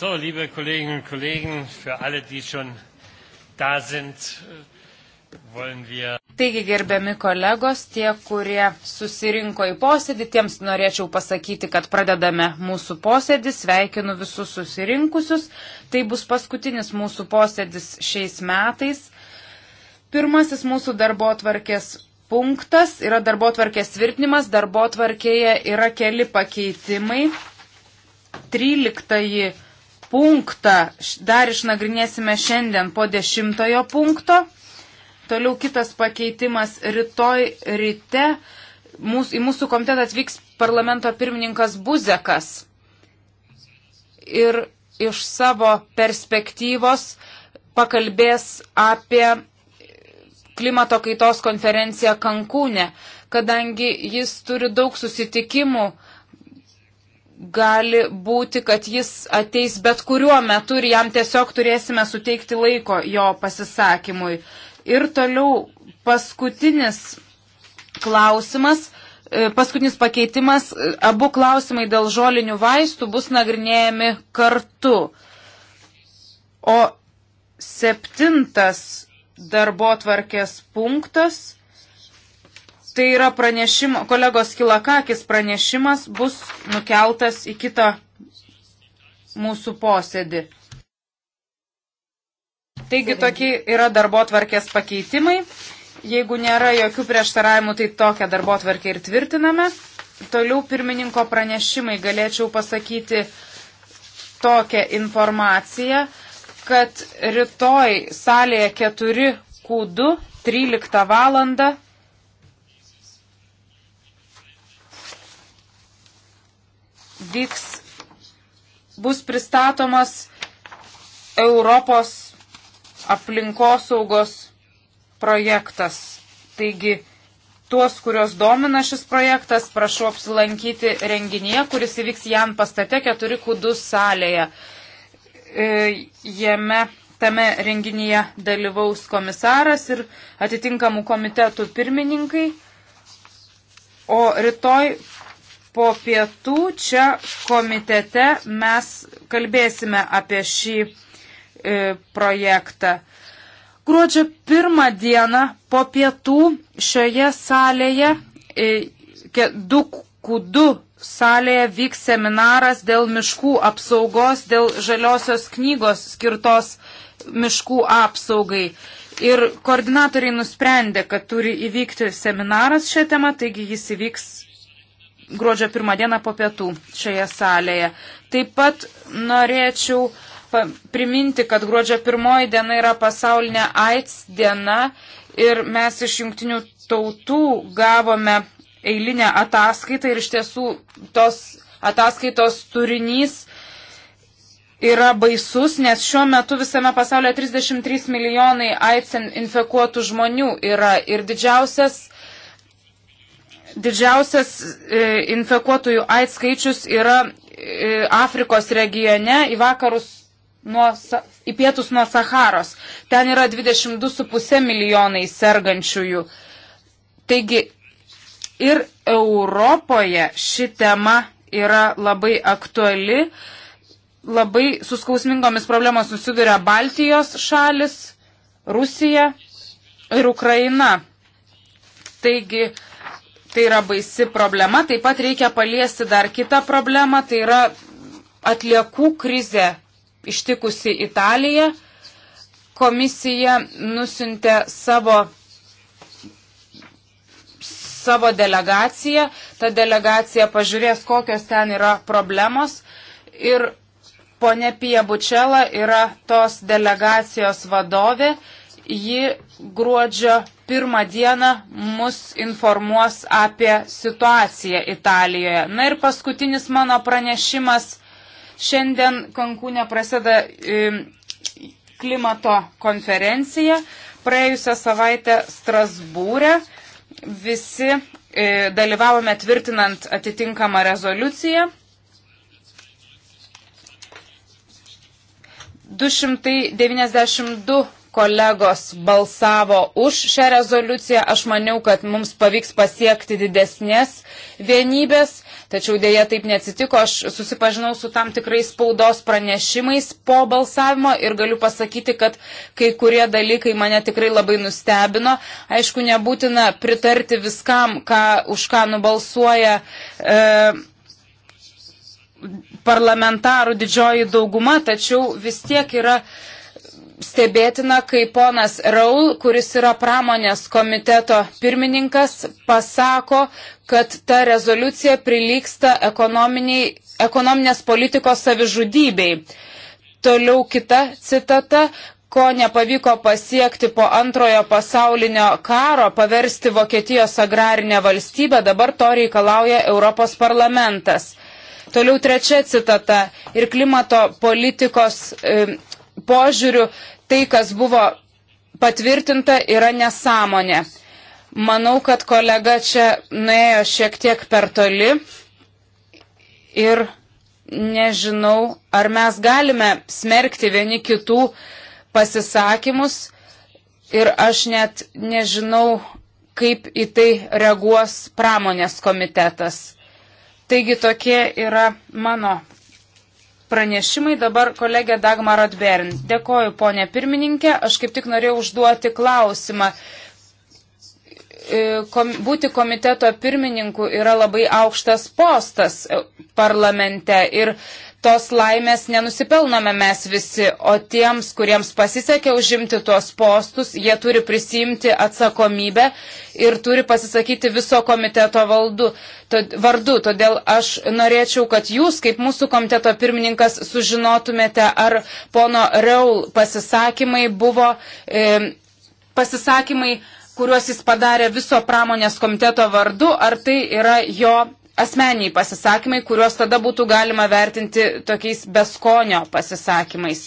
So, liebe Kolleginnen und Kollegen, für alle, die schon da sind, wollen wir. Taigi, gerbiami kolegos, tie, kurie susirinko į posėdį, tiems norėčiau pasakyti, kad pradedame mūsų posėdį, sveikinu visus susirinkusius. Tai bus paskutinis mūsų posėdis šiais metais. Pirmasis mūsų darbo atvarkės punktas yra darbo atvarkės tvirtinimas. Darbo atvarkėje yra keli pakeitimai. 13 punktą dar išnagrinėsime šiandien po dešimtojo punkto. Toliau kitas pakeitimas rytoj ryte. Mūsų, į mūsų komitetą atvyks parlamento pirmininkas Buzekas. Ir iš savo perspektyvos pakalbės apie klimato kaitos konferenciją Kankūne, kadangi jis turi daug susitikimų uh, gali būti, kad jis ateis bet kuriuo metu ir jam tiesiog turėsime suteikti laiko jo pasisakymui. Ir toliau paskutinis klausimas, e, paskutinis pakeitimas, e, abu klausimai dėl žolinių vaistų bus nagrinėjami kartu. O septintas darbo tvarkės punktas Tai yra pranešimo, kolegos Kilakakis pranešimas bus nukeltas į kitą mūsų posėdį. Taigi tokie yra darbo tvarkės pakeitimai. Jeigu nėra jokių prieštaravimų, tai tokią darbo tvarkę ir tvirtiname. Toliau pirmininko pranešimai galėčiau pasakyti tokią informaciją, kad rytoj salėje 4 kūdų 13 valandą vyks, bus pristatomas Europos aplinkosaugos projektas. Taigi, tuos, kurios domina šis projektas, prašau apsilankyti renginyje, kuris įvyks jam pastate 4Q2 salėje. E, jame tame renginyje dalyvaus komisaras ir atitinkamų komitetų pirmininkai. O rytoj po pietų čia komitete mes kalbėsime apie šį e, projektą. Gruodžio pirmą dieną po pietų šioje salėje, e, 2Q2 salėje vyks seminaras dėl miškų apsaugos, dėl žaliosios knygos skirtos miškų apsaugai. Ir koordinatoriai nusprendė, kad turi įvykti seminaras šią temą, taigi jis įvyks gruodžio pirmą dieną po pietų šioje salėje. Taip pat norėčiau priminti, kad gruodžio pirmoji diena yra pasaulinė AIDS diena ir mes iš jungtinių tautų gavome eilinę ataskaitą ir iš tiesų tos ataskaitos turinys yra baisus, nes šiuo metu visame pasaulyje 33 milijonai AIDS infekuotų žmonių yra ir didžiausias Didžiausias e, infekuotųjų AIDS skaičius yra e, Afrikos regione į vakarus nuo, į pietus nuo Saharos. Ten yra 22,5 milijonai sergančiųjų. Taigi ir Europoje ši tema yra labai aktuali. Labai suskausmingomis problemos susiduria Baltijos šalis, Rusija ir Ukraina. Taigi tai yra baisi problema. Taip pat reikia paliesti dar kitą problemą, tai yra atliekų krizė ištikusi Italiją. Komisija nusintė savo, savo delegaciją, ta delegacija pažiūrės, kokios ten yra problemos ir ponė Pija Bučela yra tos delegacijos vadovė ji gruodžio pirmą dieną mus informuos apie situaciją Italijoje. Na ir paskutinis mano pranešimas. Šiandien Kankūne prasideda klimato konferencija. Praėjusią savaitę Strasbūrė visi e, dalyvavome tvirtinant atitinkamą rezoliuciją. 292 kolegos balsavo už šią rezoliuciją. Aš maniau, kad mums pavyks pasiekti didesnės vienybės, tačiau dėja taip neatsitiko. Aš susipažinau su tam tikrais spaudos pranešimais po balsavimo ir galiu pasakyti, kad kai kurie dalykai mane tikrai labai nustebino. Aišku, nebūtina pritarti viskam, ką, už ką nubalsuoja. E, parlamentarų didžioji dauguma, tačiau vis tiek yra uh, stebėtina, kai ponas Raul, kuris yra pramonės komiteto pirmininkas, pasako, kad ta rezoliucija prilyksta ekonominės politikos savižudybei. Toliau kita citata, ko nepavyko pasiekti po antrojo pasaulinio karo, paversti Vokietijos agrarinę valstybę, dabar to reikalauja Europos parlamentas. Toliau trečia citata ir klimato politikos. E, požiūriu tai, kas buvo patvirtinta, yra nesąmonė. Manau, kad kolega čia nuėjo šiek tiek per toli ir nežinau, ar mes galime smerkti vieni kitų pasisakymus ir aš net nežinau, kaip į tai reaguos pramonės komitetas. Taigi tokie yra mano pranešimai. Dabar kolegė Dagmar Atbern. Dėkoju, ponė pirmininkė. Aš kaip tik norėjau užduoti klausimą. E, kom, būti komiteto pirmininku yra labai aukštas postas e, parlamente ir tos laimės nenusipelnome mes visi, o tiems, kuriems pasisekė užimti tuos postus, jie turi prisimti atsakomybę ir turi pasisakyti viso komiteto valdu, to, vardu. Todėl aš norėčiau, kad jūs, kaip mūsų komiteto pirmininkas, sužinotumėte, ar pono Reul pasisakymai buvo e, pasisakymai kuriuos jis padarė viso pramonės komiteto vardu, ar tai yra jo asmeniai pasisakymai, kuriuos tada būtų galima vertinti tokiais beskonio pasisakymais.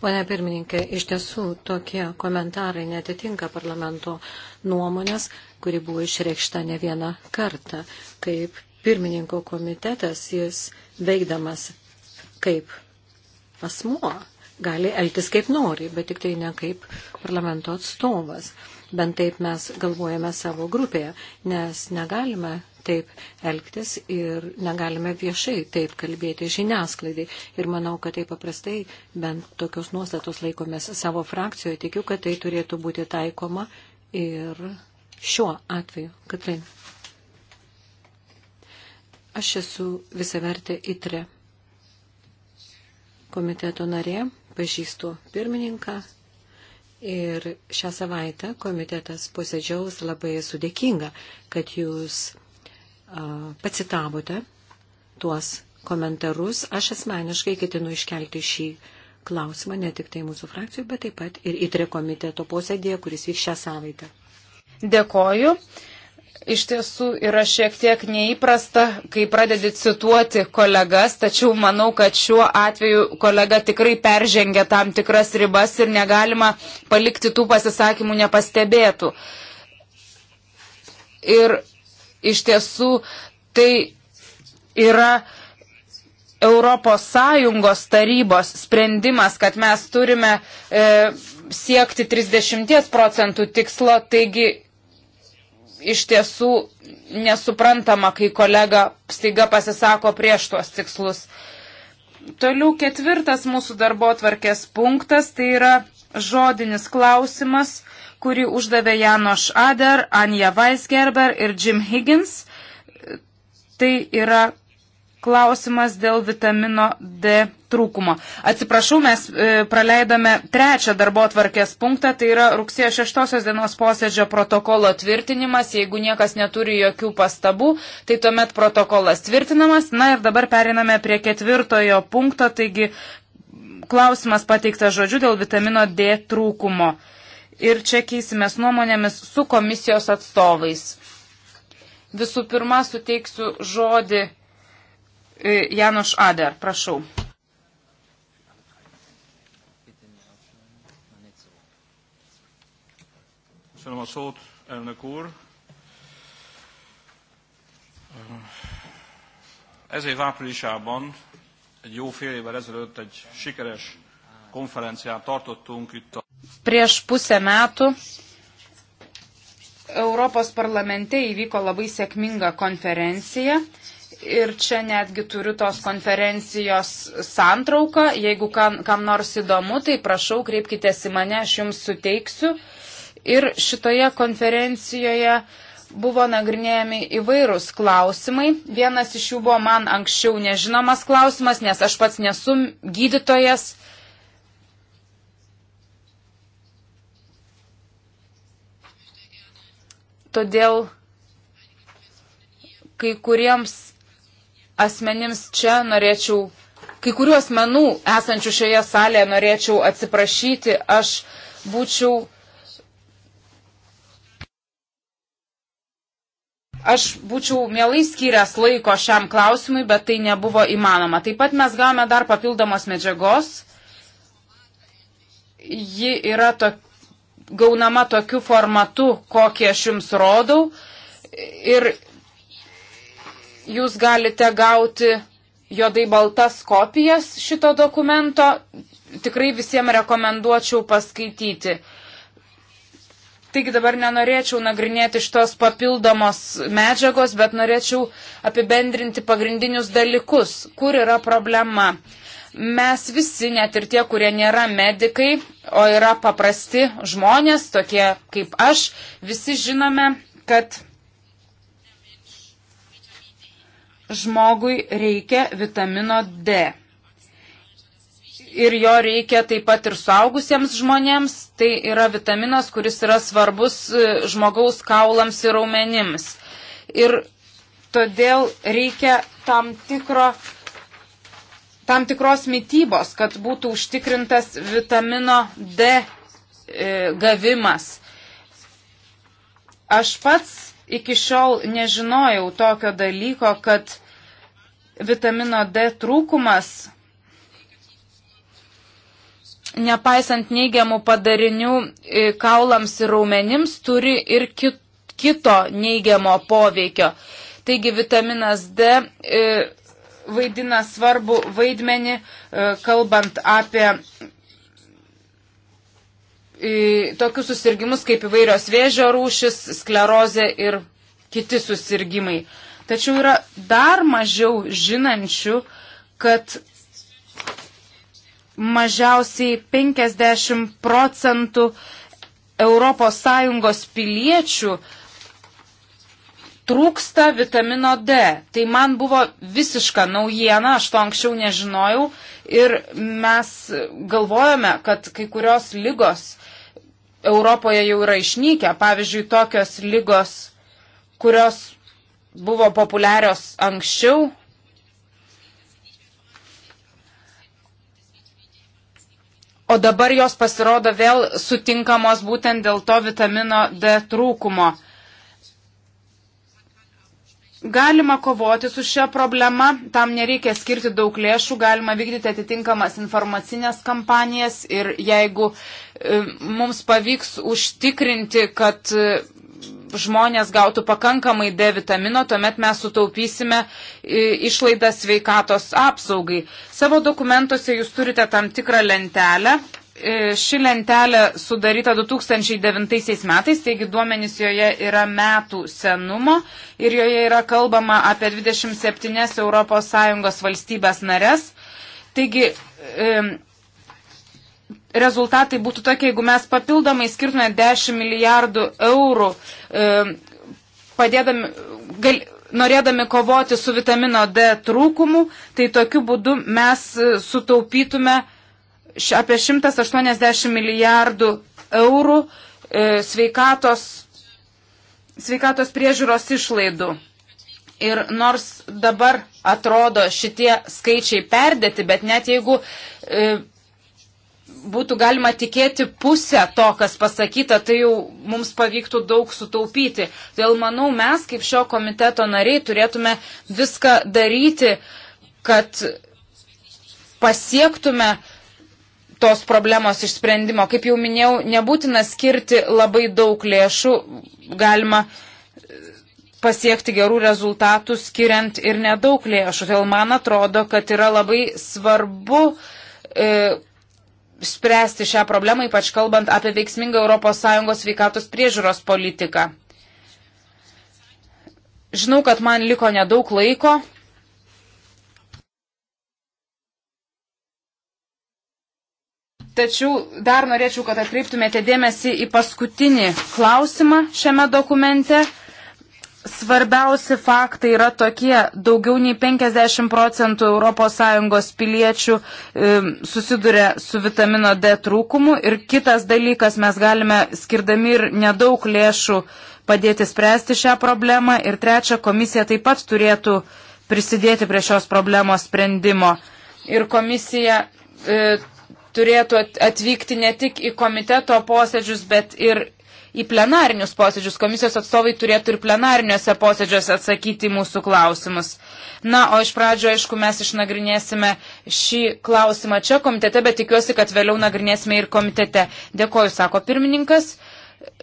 Pone pirmininkė, iš tiesų tokie komentarai netitinka parlamento nuomonės, kuri buvo išreikšta ne vieną kartą. Kaip pirmininko komitetas, jis veikdamas kaip asmuo gali elgtis kaip nori, bet tik tai ne kaip parlamento atstovas bent taip mes galvojame savo grupėje, nes negalime taip elgtis ir negalime viešai taip kalbėti žiniasklaidai. Ir manau, kad taip paprastai bent tokios nuostatos laikomės savo frakcijoje. Tikiu, kad tai turėtų būti taikoma ir šiuo atveju. Katlin. Aš esu visavertė ITRE komiteto narė, pažįstu pirmininką Ir šią savaitę komitetas posėdžiaus labai sudėkinga, kad jūs uh, pacitavote tuos komentarus. Aš asmeniškai ketinu iškelti šį klausimą ne tik tai mūsų frakcijų, bet taip pat ir įtre komiteto posėdėje, kuris vyks šią savaitę. Dėkoju iš tiesų yra šiek tiek neįprasta, kai pradedi cituoti kolegas, tačiau manau, kad šiuo atveju kolega tikrai peržengia tam tikras ribas ir negalima palikti tų pasisakymų nepastebėtų. Ir iš tiesų tai yra Europos Sąjungos tarybos sprendimas, kad mes turime e, siekti 30 procentų tikslo, taigi iš tiesų nesuprantama, kai kolega staiga pasisako prieš tuos tikslus. Toliau ketvirtas mūsų darbo tvarkės punktas, tai yra žodinis klausimas, kurį uždavė Janoš Ader, Anja Weisgerber ir Jim Higgins. Tai yra klausimas dėl vitamino D trūkumo. Atsiprašau, mes e, praleidome trečią darbo tvarkės punktą, tai yra rugsėjo 6 dienos posėdžio protokolo tvirtinimas. Jeigu niekas neturi jokių pastabų, tai tuomet protokolas tvirtinamas. Na ir dabar periname prie ketvirtojo punkto, taigi klausimas pateiktas žodžiu dėl vitamino D trūkumo. Ir čia keisimės nuomonėmis su komisijos atstovais. Visų pirma, suteiksiu žodį E, Januš Ader, prašau. Köszönöm a szót, elnök úr. Ez év áprilisában, egy jó fél évvel ezelőtt egy sikeres konferenciát tartottunk itt a... Prieš pusę metų Europos parlamente įvyko labai sėkminga konferencija Ir čia netgi turiu tos konferencijos santrauką. Jeigu kam, kam nors įdomu, tai prašau, kreipkitės į mane, aš jums suteiksiu. Ir šitoje konferencijoje buvo nagrinėjami įvairūs klausimai. Vienas iš jų buvo man anksčiau nežinomas klausimas, nes aš pats nesu gydytojas. Todėl kai kuriems asmenims čia norėčiau, kai kurių asmenų esančių šioje salėje norėčiau atsiprašyti, aš būčiau. Aš būčiau mielai skyręs laiko šiam klausimui, bet tai nebuvo įmanoma. Taip pat mes gavome dar papildomos medžiagos. Ji yra to, gaunama tokiu formatu, kokį aš jums rodau. Ir jūs galite gauti jodai baltas kopijas šito dokumento. Tikrai visiems rekomenduočiau paskaityti. Taigi dabar nenorėčiau nagrinėti šitos papildomos medžiagos, bet norėčiau apibendrinti pagrindinius dalykus, kur yra problema. Mes visi, net ir tie, kurie nėra medikai, o yra paprasti žmonės, tokie kaip aš, visi žinome, kad žmogui reikia vitamino D. Ir jo reikia taip pat ir suaugusiems žmonėms. Tai yra vitaminas, kuris yra svarbus e, žmogaus kaulams ir raumenims. Ir todėl reikia tam, tikro, tam tikros mytybos, kad būtų užtikrintas vitamino D e, gavimas. Aš pats iki šiol nežinojau tokio dalyko, kad vitamino D trūkumas, nepaisant neigiamų padarinių e, kaulams ir raumenims, turi ir kito neigiamo poveikio. Taigi vitaminas D e, vaidina svarbu vaidmenį, e, kalbant apie tokius susirgymus kaip įvairios vėžio rūšis, sklerozė ir kiti susirgymai. Tačiau yra dar mažiau žinančių, kad mažiausiai 50 procentų ES piliečių trūksta vitamino D. Tai man buvo visiška naujiena, aš to anksčiau nežinojau ir mes galvojame, kad kai kurios lygos Europoje jau yra išnykę, pavyzdžiui, tokios lygos, kurios buvo populiarios anksčiau. O dabar jos pasirodo vėl sutinkamos būtent dėl to vitamino D trūkumo. Galima kovoti su šia problema, tam nereikia skirti daug lėšų, galima vykdyti atitinkamas informacinės kampanijas ir jeigu e, mums pavyks užtikrinti, kad e, žmonės gautų pakankamai D vitamino, tuomet mes sutaupysime e, išlaidas sveikatos apsaugai. Savo dokumentuose jūs turite tam tikrą lentelę. E, ši lentelė sudaryta 2009 metais, taigi duomenys joje yra metų senumo ir joje yra kalbama apie 27 ES valstybės nares. Taigi, rezultatai būtų tokie, jeigu mes papildomai skirtume 10 milijardų eurų, e, padėdami, gal, norėdami kovoti su vitamino D trūkumu, tai tokiu būdu mes e, sutaupytume apie 180 milijardų eurų e, sveikatos, sveikatos priežiūros išlaidų. Ir nors dabar atrodo šitie skaičiai perdėti, bet net jeigu e, būtų galima tikėti pusę to, kas pasakyta, tai jau mums pavyktų daug sutaupyti. Todėl manau, mes kaip šio komiteto nariai turėtume viską daryti, kad pasiektume tos problemos išsprendimo. Kaip jau minėjau, nebūtina skirti labai daug lėšų, galima pasiekti gerų rezultatų, skiriant ir nedaug lėšų. Todėl man atrodo, kad yra labai svarbu, e, spręsti šią problemą, ypač kalbant apie veiksmingą ES sveikatos priežiūros politiką. Žinau, kad man liko nedaug laiko. Tačiau dar norėčiau, kad atkreiptumėte dėmesį į paskutinį klausimą šiame dokumente. Svarbiausi faktai yra tokie, daugiau nei 50 procentų ES piliečių e, susiduria su vitamino D trūkumu ir kitas dalykas, mes galime skirdami ir nedaug lėšų padėti spręsti šią problemą ir trečia, komisija taip pat turėtų prisidėti prie šios problemos sprendimo. Ir komisija e, turėtų atvykti ne tik į komiteto posėdžius, bet ir į plenarinius posėdžius. Komisijos atstovai turėtų ir plenariniuose posėdžiuose atsakyti mūsų klausimus. Na, o iš pradžio, aišku, mes išnagrinėsime šį klausimą čia komitete, bet tikiuosi, kad vėliau nagrinėsime ir komitete. Dėkoju, sako pirmininkas.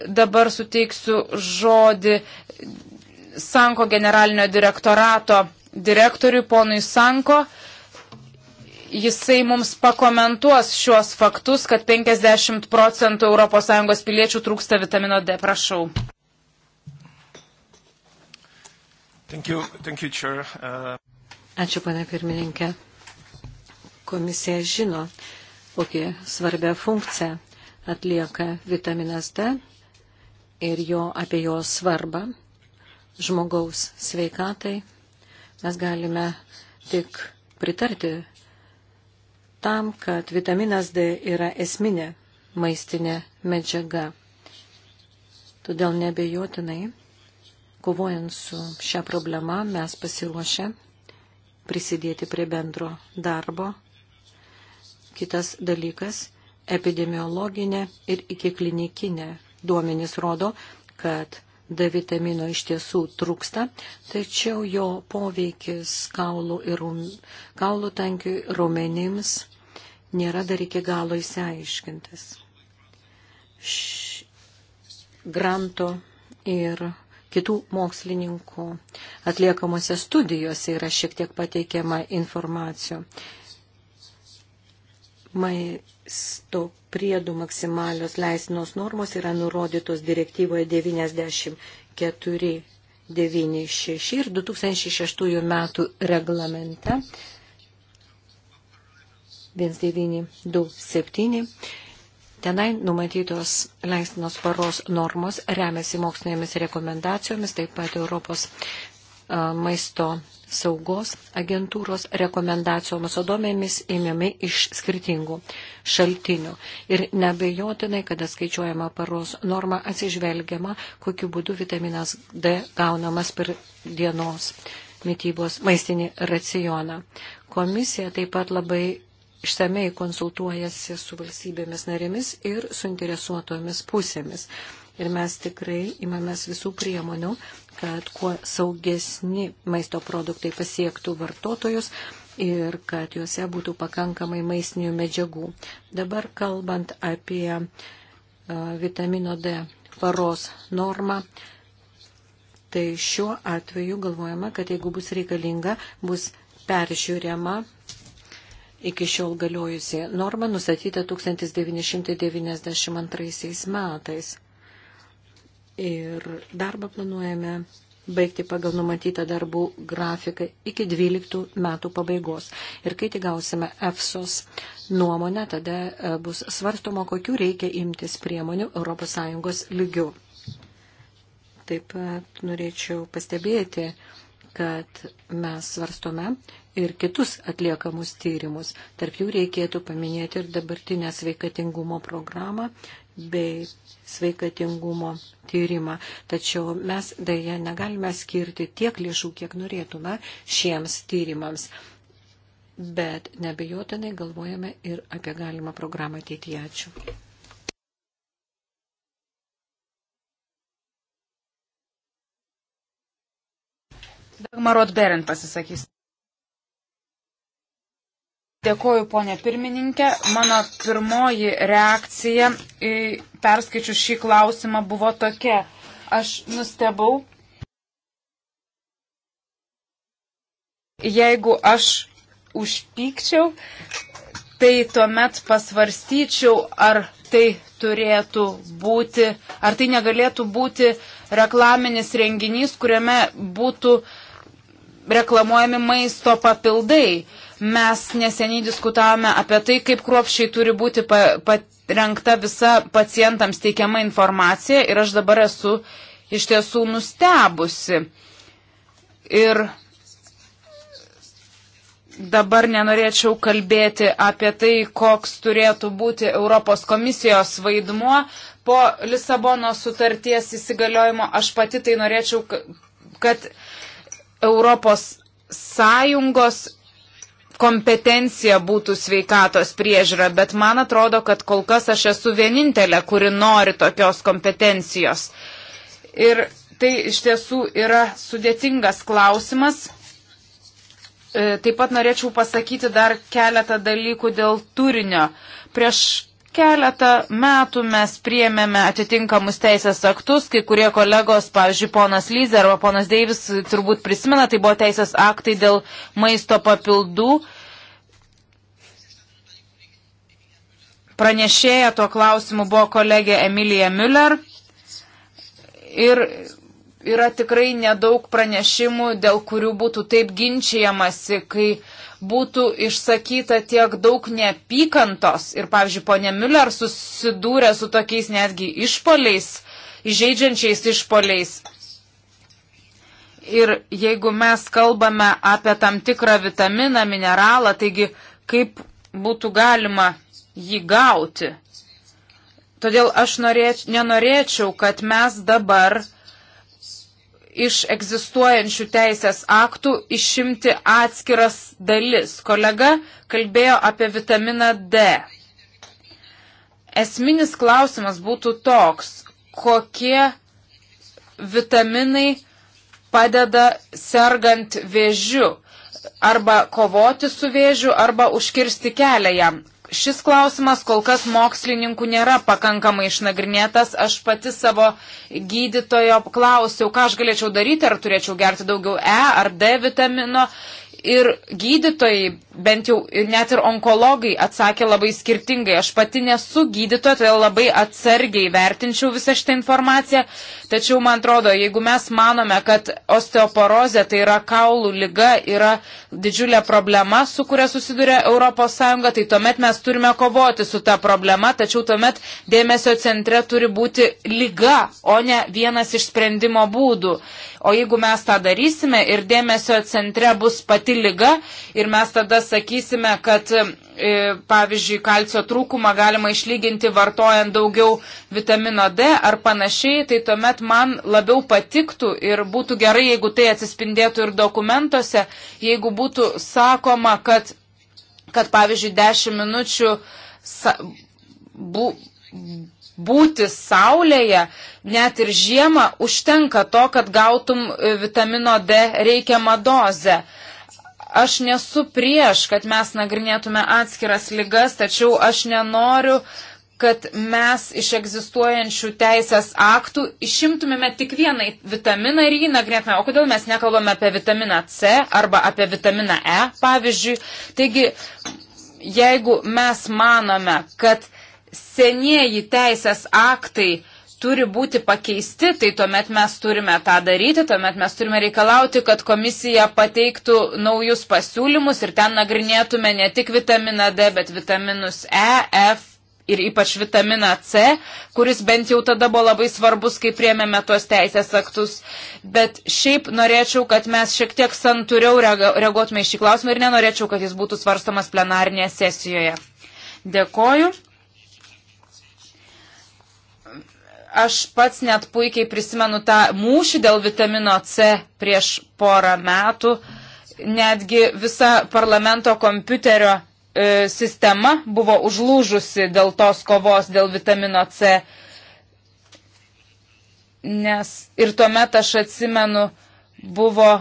Dabar suteiksiu žodį Sanko generalinio direktorato direktoriui ponui Sanko jisai mums pakomentuos šiuos faktus, kad 50 procentų ES piliečių trūksta vitamino D. Prašau. Thank you, thank you, Chair. uh... Ačiū, pane pirmininkė. Komisija žino, kokį svarbę funkciją atlieka vitaminas D ir jo apie jo svarbą žmogaus sveikatai. Mes galime tik pritarti tam, kad vitaminas D yra esminė maistinė medžiaga. Todėl nebejotinai, kovojant su šią problemą, mes pasiruošę prisidėti prie bendro darbo. Kitas dalykas - epidemiologinė ir ikiklinikinė duomenys rodo, kad D vitamino iš tiesų trūksta, tačiau jo poveikis kaulų, ir, kaulų tankiui raumenims nėra dar iki galo įsiaiškintas. Š... Granto ir kitų mokslininkų atliekamose studijose yra šiek tiek pateikiama informacijų. Maisto priedų maksimalios leistinos normos yra nurodytos direktyvoje 94 96 ir 2006 metų reglamente 1927. Tenai numatytos leistinos paros normos remiasi mokslinėmis rekomendacijomis, taip pat Europos maisto saugos agentūros rekomendacijomis, o duomenys ėmėmi iš skirtingų šaltinių. Ir nebejotinai, kada skaičiuojama paros norma, atsižvelgiama, kokiu būdu vitaminas D gaunamas per dienos mytybos maistinį racioną. Komisija taip pat labai išsamei konsultuojasi su valstybėmis narėmis ir suinteresuotomis pusėmis. Ir mes tikrai imamės visų priemonių, kad kuo saugesni maisto produktai pasiektų vartotojus ir kad juose būtų pakankamai maistinių medžiagų. Dabar kalbant apie e, vitamino D paros normą, tai šiuo atveju galvojama, kad jeigu bus reikalinga, bus peržiūrima iki šiol galiojusi norma nustatyta 1992 metais. Ir darbą planuojame baigti pagal numatytą darbų grafiką iki 12 metų pabaigos. Ir kai tik gausime EFSOS nuomonę, tada e, bus svarstoma, kokiu reikia imtis priemonių ES lygių. Taip pat norėčiau pastebėti, kad mes svarstome ir kitus atliekamus tyrimus. Tarp jų reikėtų paminėti ir dabartinę sveikatingumo programą bei sveikatingumo tyrimą. Tačiau mes dėja negalime skirti tiek lėšų, kiek norėtume šiems tyrimams. Bet nebejotinai galvojame ir apie galimą programą ateityje. Ačiū. Dagmarot Berent pasisakys. Dėkoju, ponė pirmininkė. Mano pirmoji reakcija, perskaičiu šį klausimą, buvo tokia. Aš nustebau. Jeigu aš užpykčiau, tai tuomet pasvarstyčiau, ar tai turėtų būti, ar tai negalėtų būti reklaminis renginys, kuriame būtų uh, reklamuojami maisto papildai. Mes neseniai diskutavome apie tai, kaip kruopščiai turi būti pa, parengta visa pacientams teikiama informacija ir aš dabar esu iš tiesų nustebusi. Ir dabar nenorėčiau kalbėti apie tai, koks turėtų būti Europos komisijos vaidmuo po Lisabono sutarties įsigaliojimo. Aš pati tai norėčiau, kad Europos Sąjungos kompetencija būtų sveikatos priežiūra, bet man atrodo, kad kol kas aš esu vienintelė, kuri nori tokios kompetencijos. Ir tai iš tiesų yra sudėtingas klausimas. E, taip pat norėčiau pasakyti dar keletą dalykų dėl turinio. Prieš keletą metų mes priemėme atitinkamus teisės aktus, kai kurie kolegos, pavyzdžiui, ponas Lyze arba ponas Deivis turbūt prisimena, tai buvo teisės aktai dėl maisto papildų. Pranešėja tuo klausimu buvo kolegė Emilija Müller. Ir yra tikrai nedaug pranešimų, dėl kurių būtų taip ginčiamasi, kai uh, būtų išsakyta tiek daug neapykantos ir, pavyzdžiui, ponė Miller susidūrė su tokiais netgi išpoliais, įžeidžiančiais išpoliais. Ir jeigu mes kalbame apie tam tikrą vitaminą, mineralą, taigi kaip būtų galima jį gauti. Todėl aš norėč, nenorėčiau, kad mes dabar uh, iš egzistuojančių teisės aktų išimti atskiras dalis. Kolega kalbėjo apie vitaminą D. Esminis klausimas būtų toks, kokie vitaminai padeda sergant vėžiu arba kovoti su vėžiu, arba užkirsti kelią jam šis klausimas kol kas mokslininkų nėra pakankamai išnagrinėtas. Aš pati savo gydytojo klausiau, ką aš galėčiau daryti, ar turėčiau gerti daugiau E ar D vitamino. Ir gydytojai bent jau net ir onkologai atsakė labai skirtingai. Aš pati nesu gydytoja, todėl labai atsargiai vertinčiau visą šitą informaciją. Tačiau man atrodo, jeigu mes manome, kad osteoporozė tai yra kaulų lyga, yra didžiulė problema, su kuria susiduria ES, tai tuomet mes turime kovoti su ta problema, tačiau tuomet dėmesio centre turi būti lyga, o ne vienas iš sprendimo būdų. O jeigu mes tą darysime ir dėmesio centre bus pati lyga ir mes tada pasakysime, kad e, pavyzdžiui kalcio trūkumą galima išlyginti vartojant daugiau vitamino D ar panašiai, tai tuomet man labiau patiktų ir būtų gerai, jeigu tai atsispindėtų ir dokumentuose, jeigu būtų sakoma, kad, kad pavyzdžiui 10 minučių sa, bu, būti saulėje, net ir žiemą, užtenka to, kad gautum e, vitamino D reikiamą dozę. Aš nesu prieš, kad mes nagrinėtume atskiras lygas, tačiau aš nenoriu, kad mes iš egzistuojančių teisės aktų išimtumėme tik vieną vitaminą ir jį nagrinėtume. O kodėl mes nekalbame apie vitaminą C arba apie vitaminą E, pavyzdžiui? Taigi, jeigu mes manome, kad senieji teisės aktai turi būti pakeisti, tai tuomet mes turime tą daryti, tuomet mes turime reikalauti, kad komisija pateiktų naujus pasiūlymus ir ten nagrinėtume ne tik vitaminą D, bet vitaminus E, F ir ypač vitaminą C, kuris bent jau tada buvo labai svarbus, kai priemėme tuos teisės aktus. Bet šiaip norėčiau, kad mes šiek tiek santūriau reaguotume iš šį klausimą ir nenorėčiau, kad jis būtų svarstamas plenarinėje sesijoje. Dėkoju. Aš pats net puikiai prisimenu tą mūšį dėl vitamino C prieš porą metų. Netgi visa parlamento kompiuterio e, sistema buvo užlūžusi dėl tos kovos dėl vitamino C. Nes ir tuomet aš atsimenu, buvo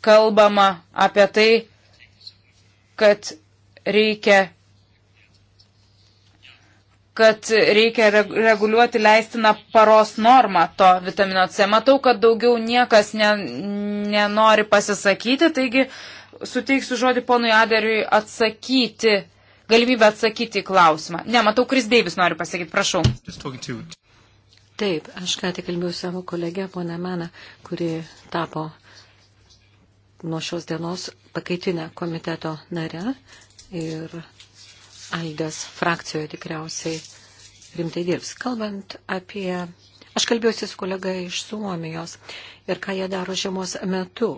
kalbama apie tai, kad reikia kad reikia reguliuoti leistiną paros normą to vitamino C. Matau, kad daugiau niekas ne, nenori pasisakyti, taigi suteiksiu žodį ponui Aderiui atsakyti, galimybę atsakyti į klausimą. Ne, matau, Kris Deivis nori pasakyti, prašau. Taip, aš ką tik kalbėjau savo kolegę, poną Meną, kuri tapo nuo šios dienos pakaitinę komiteto narę ir Aldės frakcijoje tikriausiai rimtai dirbs. Kalbant apie Aš kalbėjausi su kolega iš Suomijos ir ką jie daro žiemos metu.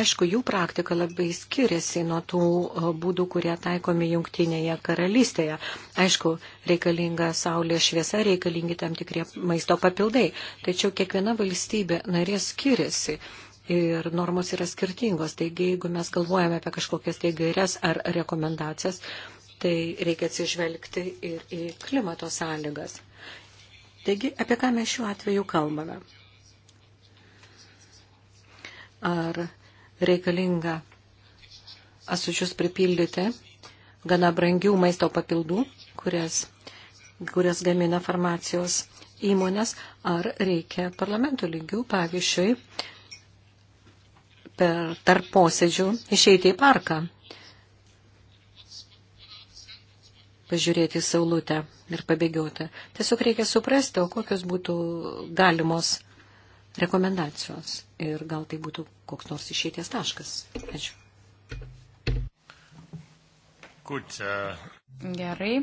Aišku, jų praktika labai skiriasi nuo tų e, būdų, kurie taikomi jungtinėje karalystėje. Aišku, reikalinga saulės šviesa, reikalingi tam tikrie maisto papildai. Tačiau kiekviena valstybė narė skiriasi ir normos yra skirtingos. Taigi, jeigu mes galvojame apie kažkokias tai gairias ar rekomendacijas, tai reikia atsižvelgti ir į klimato sąlygas. Taigi, apie ką mes šiuo atveju kalbame? Ar reikalinga asučius pripildyti gana brangių maisto papildų, kurias, kurias gamina farmacijos įmonės, ar reikia parlamento lygių, pavyzdžiui, per tarp posėdžių išeiti į parką, pažiūrėti į saulutę ir pabėgioti. Tiesiog reikia suprasti, o kokios būtų galimos rekomendacijos ir gal tai būtų koks nors išeities taškas. Ačiū. Good, uh... Äh, Gerai.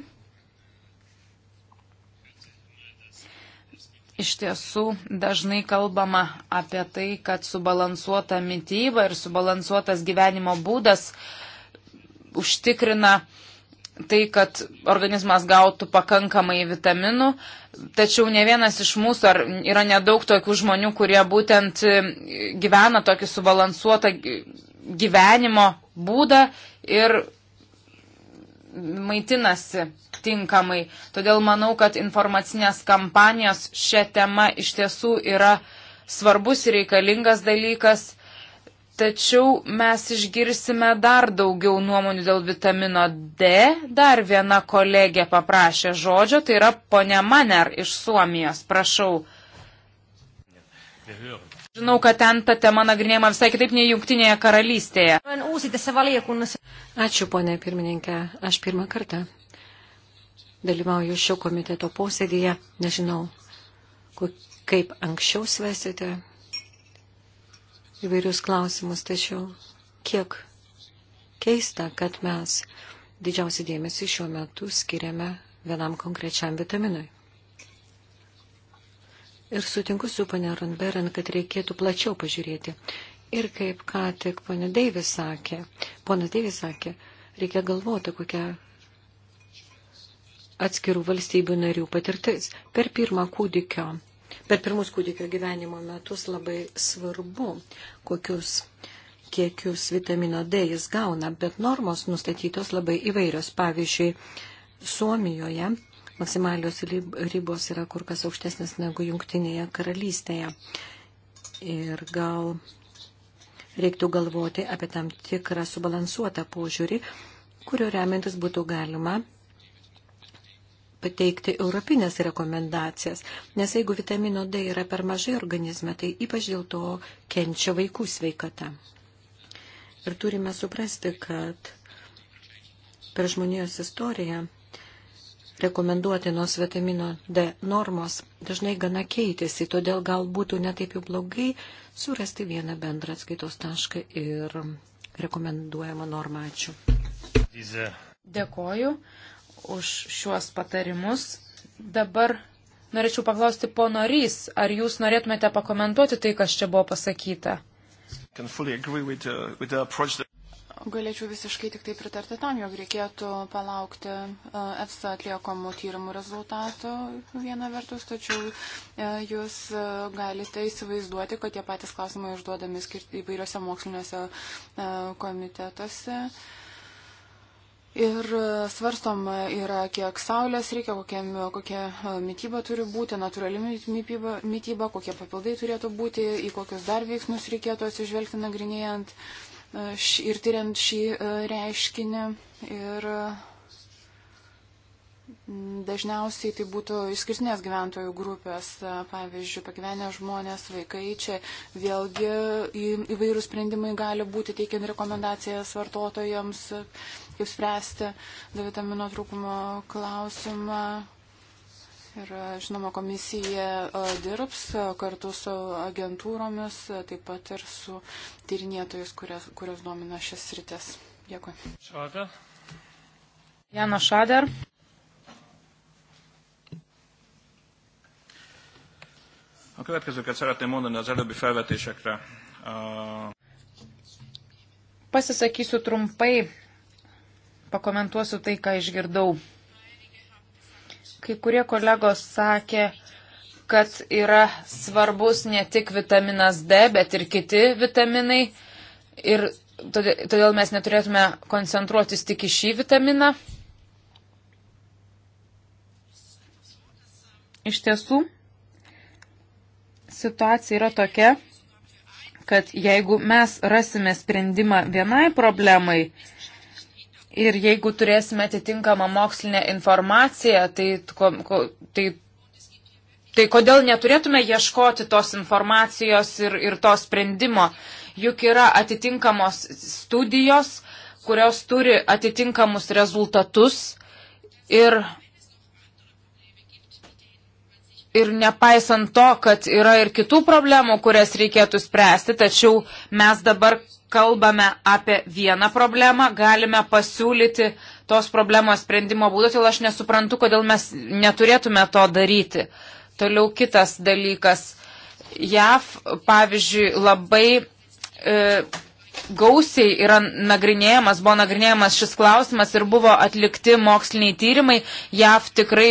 Iš tiesų dažnai kalbama apie tai, kad subalansuota mytyba ir subalansuotas gyvenimo būdas užtikrina tai, kad organizmas gautų pakankamai vitaminų, tačiau ne vienas iš mūsų, ar yra nedaug tokių žmonių, kurie būtent e, gyvena tokį subalansuotą gyvenimo būdą ir maitinasi tinkamai. Todėl manau, kad informacinės kampanijos šią temą iš tiesų yra svarbus ir reikalingas dalykas. Tačiau mes išgirsime dar daugiau nuomonių dėl vitamino D. Dar viena kolegė paprašė žodžio, tai yra ponia Maner iš Suomijos. Prašau. Nehören. Žinau, kad ten ta tema nagrinėjama visai kitaip nei jungtinėje karalystėje. Ačiū, ponė pirmininkė. Aš pirmą kartą dalyvauju šio komiteto posėdėje. Nežinau, kaip anksčiau svesite įvairius klausimus, tačiau kiek keista, kad mes didžiausią dėmesį šiuo metu skiriame vienam konkrečiam vitaminui. Ir sutinku su pane Ronberen, kad reikėtų plačiau pažiūrėti. Ir kaip ką tik ponė Deivis sakė, ponas Deivis sakė, reikia galvoti, kokia atskirų valstybių narių patirtis. Per pirmą kūdikio, per pirmus kūdikio gyvenimo metus labai svarbu, kokius kiekius vitamino D jis gauna, bet normos nustatytos labai įvairios. Pavyzdžiui, Suomijoje maksimalios ribos yra kur kas aukštesnės negu jungtinėje karalystėje. Ir gal reiktų galvoti apie tam tikrą subalansuotą požiūrį, kurio remiantis būtų galima pateikti europinės rekomendacijas, nes jeigu vitamino D yra per mažai organizme, tai ypač dėl to kenčia vaikų sveikata. Ir turime suprasti, kad per žmonijos istoriją rekomenduotinos vitamino D normos dažnai gana keitėsi, todėl gal būtų netaip jau blogai surasti vieną bendrą atskaitos tašką ir rekomenduojamą normą. Ačiū. Dėkoju už šiuos patarimus. Dabar norėčiau paklausti pono Rys, ar jūs norėtumėte pakomentuoti tai, kas čia buvo pasakyta? Uh, with the, with the that... Galėčiau visiškai tik tai pritarti tam, jog reikėtų palaukti e, EFSA atliekamų tyrimų rezultatų viena vertus, tačiau e, jūs e, galite įsivaizduoti, kad tie patys klausimai užduodami įvairiose moksliniuose komitetuose. Ir svarstoma yra, kiek saulės reikia, kokia, kokia mytyba turi būti, natūrali mytyba, mytyba, kokie papildai turėtų būti, į kokius dar veiksmus reikėtų atsižvelgti nagrinėjant uh, ir tyriant šį e, reiškinį. Ir Dažniausiai tai būtų išskirtinės gyventojų grupės, e, pavyzdžiui, pagyvenę žmonės, vaikai, čia vėlgi įvairių sprendimai gali būti teikiant rekomendacijas vartotojams, kaip spręsti vitamino trūkumo klausimą, Ir žinoma, komisija e, dirbs e, kartu su agentūromis, e, taip pat ir su tyrinėtojais, kurios, kurios domina šias sritis. Dėkui. Šader. Jana Šader. A következőket szeretném mondani az előbbi felvetésekre. Pasisakysiu trumpai, pakomentuosiu tai, ką išgirdau Kai kurie kolegos sakė, kad yra svarbus ne tik vitaminas D, bet ir kiti vitaminai. Ir todėl mes neturėtume koncentruotis tik į šį vitaminą. Iš tiesų, situacija yra tokia, kad jeigu mes rasime sprendimą vienai problemai, Ir jeigu turėsime atitinkamą mokslinę informaciją, tai, ko, ko, tai, tai kodėl neturėtume ieškoti tos informacijos ir, ir to sprendimo? Juk yra atitinkamos studijos, kurios turi atitinkamus rezultatus ir ir nepaisant to, kad yra ir kitų problemų, kurias reikėtų spręsti, tačiau mes dabar kalbame apie vieną problemą, galime pasiūlyti tos problemos sprendimo būdus, tai jau aš nesuprantu, kodėl mes neturėtume to daryti. Toliau kitas dalykas. JAV, pavyzdžiui, labai e, gausiai yra nagrinėjamas, buvo nagrinėjamas šis klausimas ir buvo atlikti moksliniai tyrimai. JAV tikrai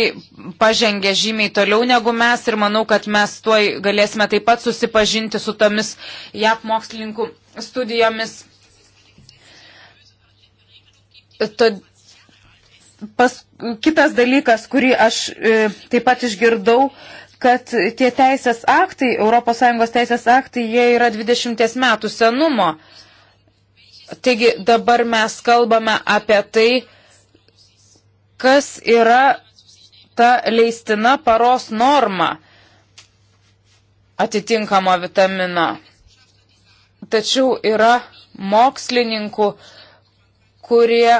pažengė žymiai toliau negu mes ir manau, kad mes tuoj galėsime taip pat susipažinti su tomis JAV mokslininkų studijomis. Tad pas, kitas dalykas, kurį aš e, taip pat išgirdau, kad tie teisės aktai, ES teisės aktai, jie yra 20 metų senumo. E, Taigi dabar mes kalbame apie tai, kas yra ta leistina paros norma atitinkamo vitamino. Tačiau yra mokslininkų, kurie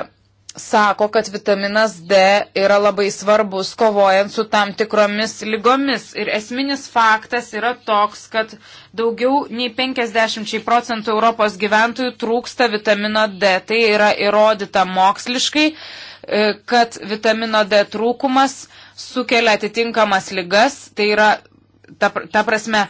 sako, kad vitaminas D yra labai svarbus kovojant su tam tikromis lygomis. Ir esminis faktas yra toks, kad daugiau nei 50 procentų Europos gyventojų trūksta vitamino D. Tai yra įrodyta moksliškai, e, kad vitamino D trūkumas sukelia atitinkamas lygas. Tai yra, ta, ta prasme,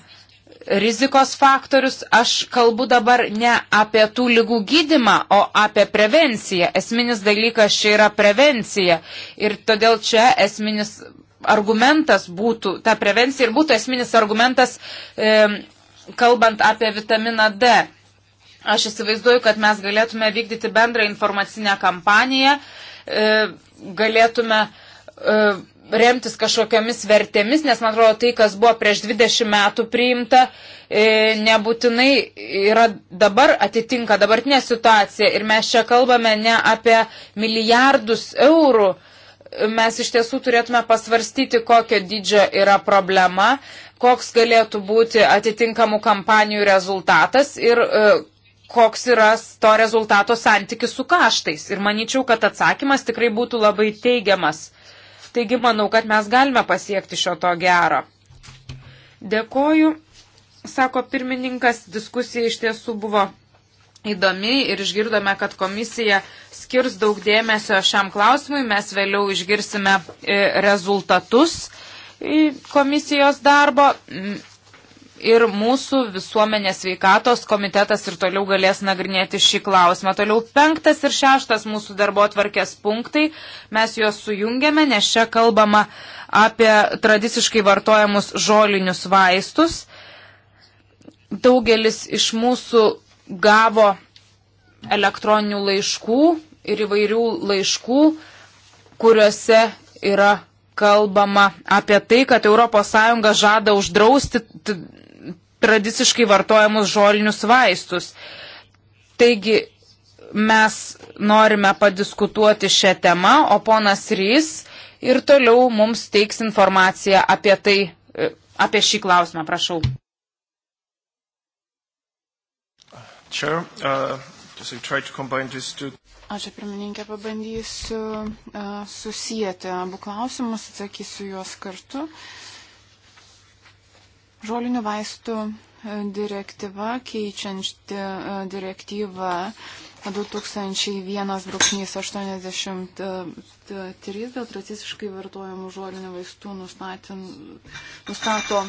rizikos faktorius, aš kalbu dabar ne apie tų lygų gydimą, o apie prevenciją. Esminis dalykas čia yra prevencija. Ir todėl čia esminis argumentas būtų, ta prevencija ir būtų esminis argumentas, e, kalbant apie vitaminą D. Aš įsivaizduoju, kad mes galėtume vykdyti bendrą informacinę kampaniją, e, galėtume e, remtis kažkokiamis vertėmis, nes man atrodo, tai, kas buvo prieš 20 metų priimta, e, nebūtinai yra dabar atitinka dabartinė situacija. Ir mes čia kalbame ne apie milijardus eurų. Mes iš tiesų turėtume pasvarstyti, kokio dydžio yra problema, koks galėtų būti atitinkamų kampanijų rezultatas ir e, koks yra to rezultato santykis su kaštais. Ir manyčiau, kad atsakymas tikrai būtų labai teigiamas. Taigi manau, kad mes galime pasiekti šio to gero. Dėkoju, sako pirmininkas, diskusija iš tiesų buvo įdomi ir išgirdome, kad komisija skirs daug dėmesio šiam klausimui. Mes vėliau išgirsime e, rezultatus e, komisijos darbo ir mūsų visuomenės veikatos komitetas ir toliau galės nagrinėti šį klausimą. Toliau penktas ir šeštas mūsų darbo atvarkės punktai. Mes juos sujungiame, nes čia kalbama apie tradiciškai vartojamus žolinius vaistus. Daugelis iš mūsų gavo elektroninių laiškų ir įvairių laiškų, kuriuose yra kalbama apie tai, kad ES žada uždrausti tradiciškai vartojamus žolinius vaistus. Taigi mes norime padiskutuoti šią temą, o ponas Rys ir toliau mums teiks informaciją apie tai, e, apie šį klausimą, prašau. Čia, uh... Ačiū pirmininkė, pabandysiu uh, susijęti abu klausimus, atsakysiu juos kartu. Uh, Žolinių vaistų e, direktyva keičianti e, direktyvą 2001-83 dėl tradiciškai vartojamų žolinių vaistų nustatin, nustato e,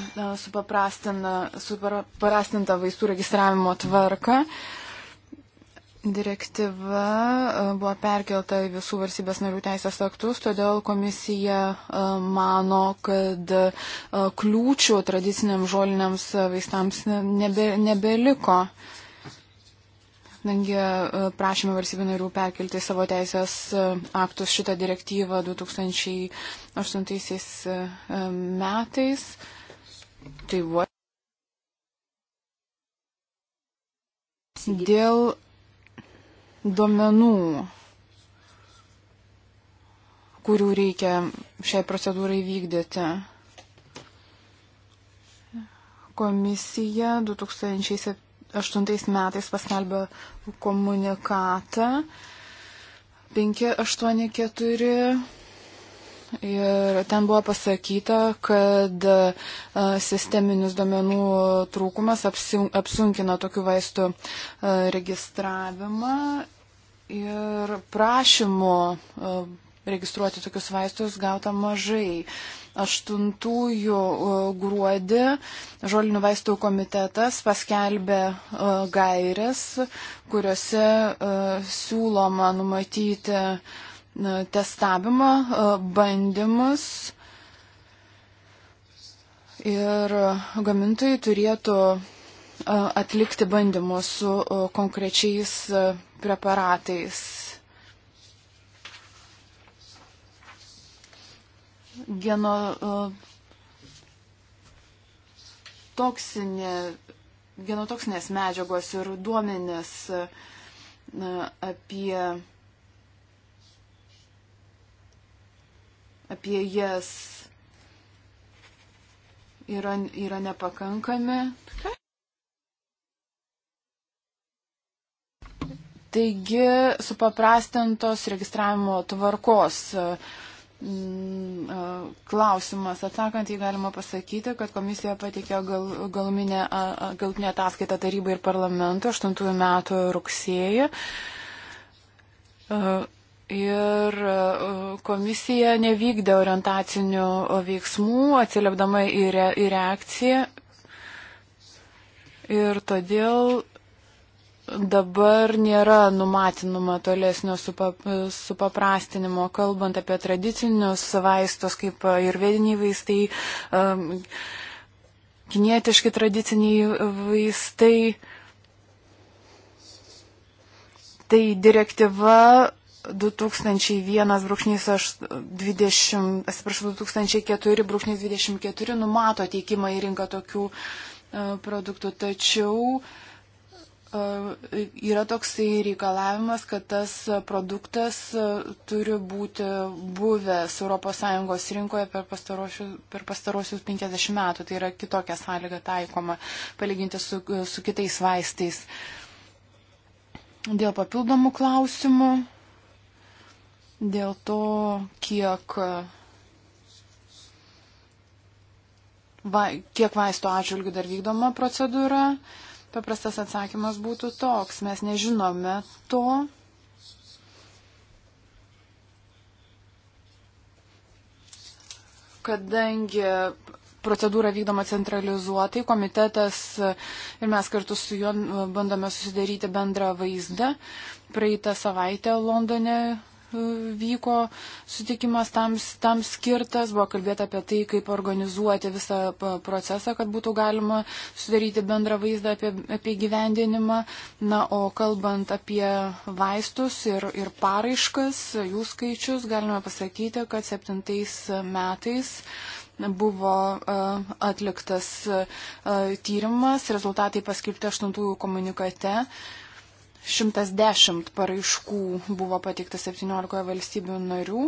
supaprastintą vaistų registravimo tvarką. Direktyva e, buvo perkelta į visų valstybės narių teisės aktus, todėl komisija e, mano, kad e, kliūčių tradiciniam žoliniams vaistams nebe, nebeliko. Kadangi prašymė valstybių narių perkelti savo teisės aktus šitą direktyvą 2008 metais, tai buvo. Dėl duomenų, kurių reikia šiai procedūrai vykdyti. Komisija 2008 metais paskelbė komunikatą 584 Ir ten buvo pasakyta, kad sisteminis domenų trūkumas apsunkina tokių vaistų registravimą ir prašymų e, registruoti tokius vaistus gauta mažai. 8 e, gruodį Žolinių vaistų komitetas paskelbė e, gairias, kuriuose siūloma numatyti testavimą, bandymus ir gamintojai turėtų atlikti bandymus su konkrečiais preparatais. Geno toksinė, genotoksinės medžiagos ir duomenės apie, apie jas yra, yra nepakankami. Taigi, supaprastintos registravimo tvarkos mm, klausimas. Atsakant, jį galima pasakyti, kad komisija pateikė gal, galuminę, galutinę ataskaitą tarybai ir parlamentui 8 metų rugsėjį. Ir komisija nevykdė orientacinių veiksmų, atsiliepdama į, re, į reakciją. Ir todėl dabar nėra numatinama tolesnio supaprastinimo, kalbant apie tradicinius vaistus, kaip ir vediniai vaistai, um, kinietiški tradiciniai vaistai. Tai direktyva 2004-24 numato teikimą į rinką tokių e, produktų, tačiau uh, yra toksai reikalavimas, kad tas produktas turi būti buvęs ES rinkoje per pastarosius, per pastarosius 50 metų. Tai yra kitokia sąlyga taikoma palyginti su, su kitais vaistais. Dėl papildomų klausimų, dėl to, kiek, va, kiek vaisto atžvilgių dar vykdoma procedūra. Uh, Paprastas atsakymas būtų toks, mes nežinome to. Kadangi procedūra vykdoma centralizuotai, komitetas ir mes kartu su juo bandome susidaryti bendrą vaizdą. Praeitą savaitę Londone vyko sutikimas tam, tam skirtas, buvo kalbėta apie tai, kaip organizuoti visą procesą, kad būtų galima sudaryti bendrą vaizdą apie, apie gyvendinimą. Na, o kalbant apie vaistus ir, ir paraiškas, jų skaičius, galime pasakyti, kad septintais metais buvo e, atliktas e, tyrimas, rezultatai paskelbti aštuntųjų komunikate. 110 paraiškų buvo pateikta 17 valstybių narių.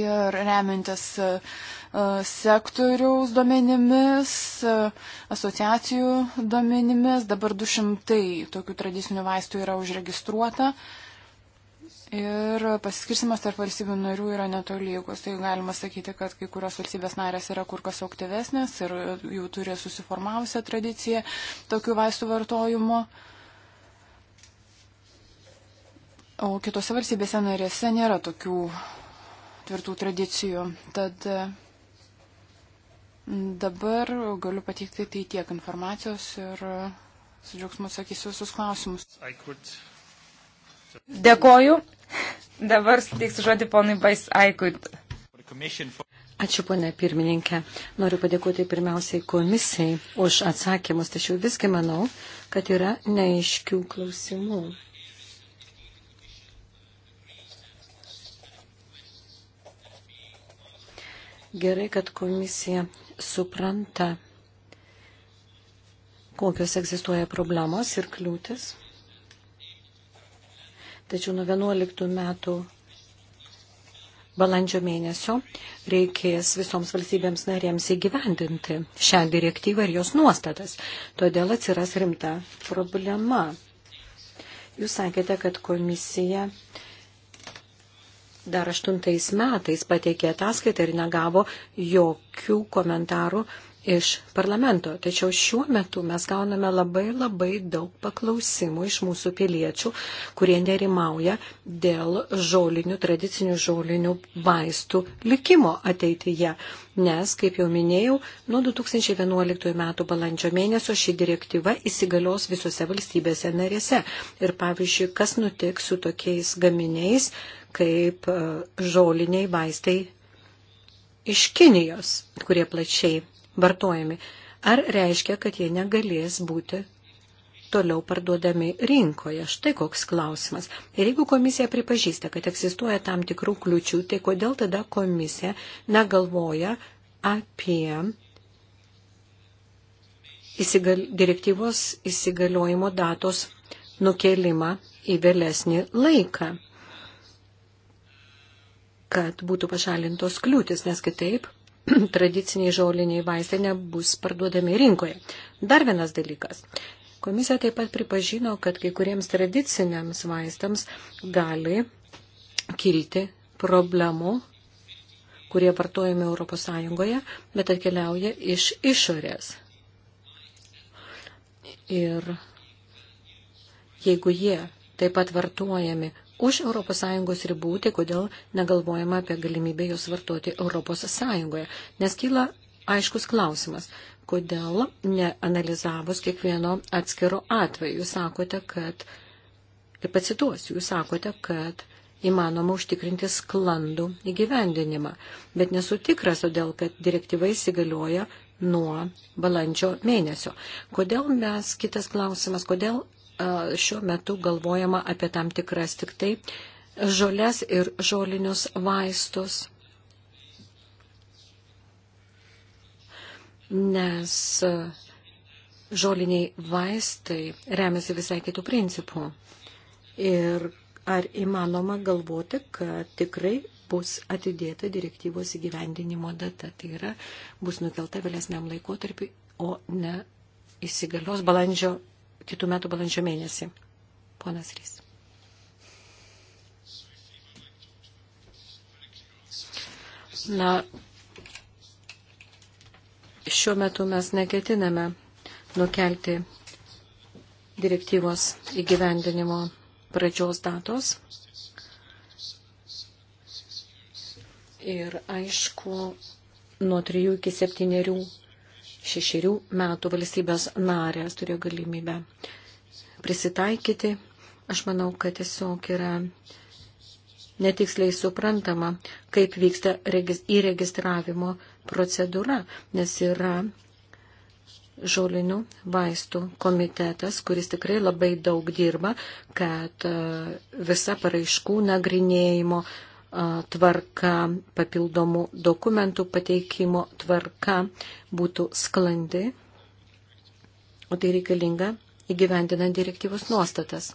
Ir remintis e, sektoriaus duomenimis, e, asociacijų duomenimis, dabar 200 tokių tradicinių vaistų yra užregistruota. Ir pasiskirsimas tarp valstybių narių yra netolygus. Tai galima sakyti, kad kai kurios valstybės narės yra kur kas aktyvesnės ir jau turi susiformavusią tradiciją tokių vaistų vartojimo. Uh, O kitose valstybėse narėse nėra tokių tvirtų tradicijų. Tad dabar galiu pateikti tai tiek informacijos ir su džiaugsmu atsakysiu visus klausimus. Could... Dėkoju. Dabar suteiksiu žodį ponui Bais Aikut. Ačiū, ponė pirmininkė. Noriu padėkoti pirmiausiai komisijai už atsakymus, tačiau visgi manau, kad yra neaiškių klausimų. Gerai, kad komisija supranta, kokios egzistuoja problemos ir kliūtis. Tačiau nuo 11 metų balandžio mėnesio reikės visoms valstybėms narėms įgyvendinti šią direktyvą ir jos nuostatas. Todėl atsiras rimta problema. Jūs sakėte, kad komisija uh, dar aštuntais metais pateikė ataskaitą ir negavo jokių komentarų iš parlamento. Tačiau šiuo metu mes gauname labai labai daug paklausimų iš mūsų piliečių, kurie nerimauja dėl žolinių, tradicinių žolinių vaistų likimo ateityje. Nes, kaip jau minėjau, nuo 2011 metų balandžio mėnesio ši direktyva įsigalios visose valstybėse narėse. Ir pavyzdžiui, kas nutiks su tokiais gaminiais, kaip e, žoliniai vaistai iš Kinijos, kurie plačiai vartojami. Ar reiškia, kad jie negalės būti toliau parduodami rinkoje? Štai koks klausimas. Ir jeigu komisija pripažįsta, kad egzistuoja tam tikrų kliučių, tai kodėl tada komisija negalvoja apie įsigal, direktyvos įsigaliojimo datos nukelimą į vėlesnį laiką? kad būtų pašalintos kliūtis, nes kitaip tradiciniai žoliniai vaistai nebus parduodami rinkoje. Dar vienas dalykas. Komisija taip pat pripažino, kad kai kuriems tradiciniams vaistams gali kilti problemų, kurie vartojami ES, bet atkeliauja iš išorės. Ir jeigu jie taip pat vartojami už ES ribų, tai kodėl negalvojama apie galimybę jos vartoti ES, nes kyla aiškus klausimas, kodėl neanalizavus kiekvieno atskiro atveju. Jūs sakote, kad, ir pacituosiu, jūs sakote, kad įmanoma užtikrinti sklandų įgyvendinimą, bet nesu tikras, todėl kad direktyva įsigalioja nuo balandžio mėnesio. Kodėl mes, kitas klausimas, kodėl šiuo metu galvojama apie tam tikras tik tai žolės ir žolinius vaistus. Nes žoliniai vaistai remiasi visai kitų principų. Ir ar įmanoma galvoti, kad tikrai bus atidėta direktyvos įgyvendinimo data. Tai yra, bus nukelta vėlesniam laikotarpiu, o ne įsigalios balandžio kitų metų balandžio mėnesį. Ponas Rys. Na, šiuo metu mes neketiname nukelti direktyvos įgyvendinimo pradžios datos. Ir aišku, nuo 3 iki 7 šešerių metų valstybės narės turėjo galimybę prisitaikyti. Aš manau, kad tiesiog yra netiksliai suprantama, kaip vyksta įregistravimo procedūra, nes yra žolinių vaistų komitetas, kuris tikrai labai daug dirba, kad e, visa paraiškų nagrinėjimo tvarka, papildomų dokumentų pateikimo tvarka būtų sklandi, o tai reikalinga įgyvendinant direktyvos nuostatas.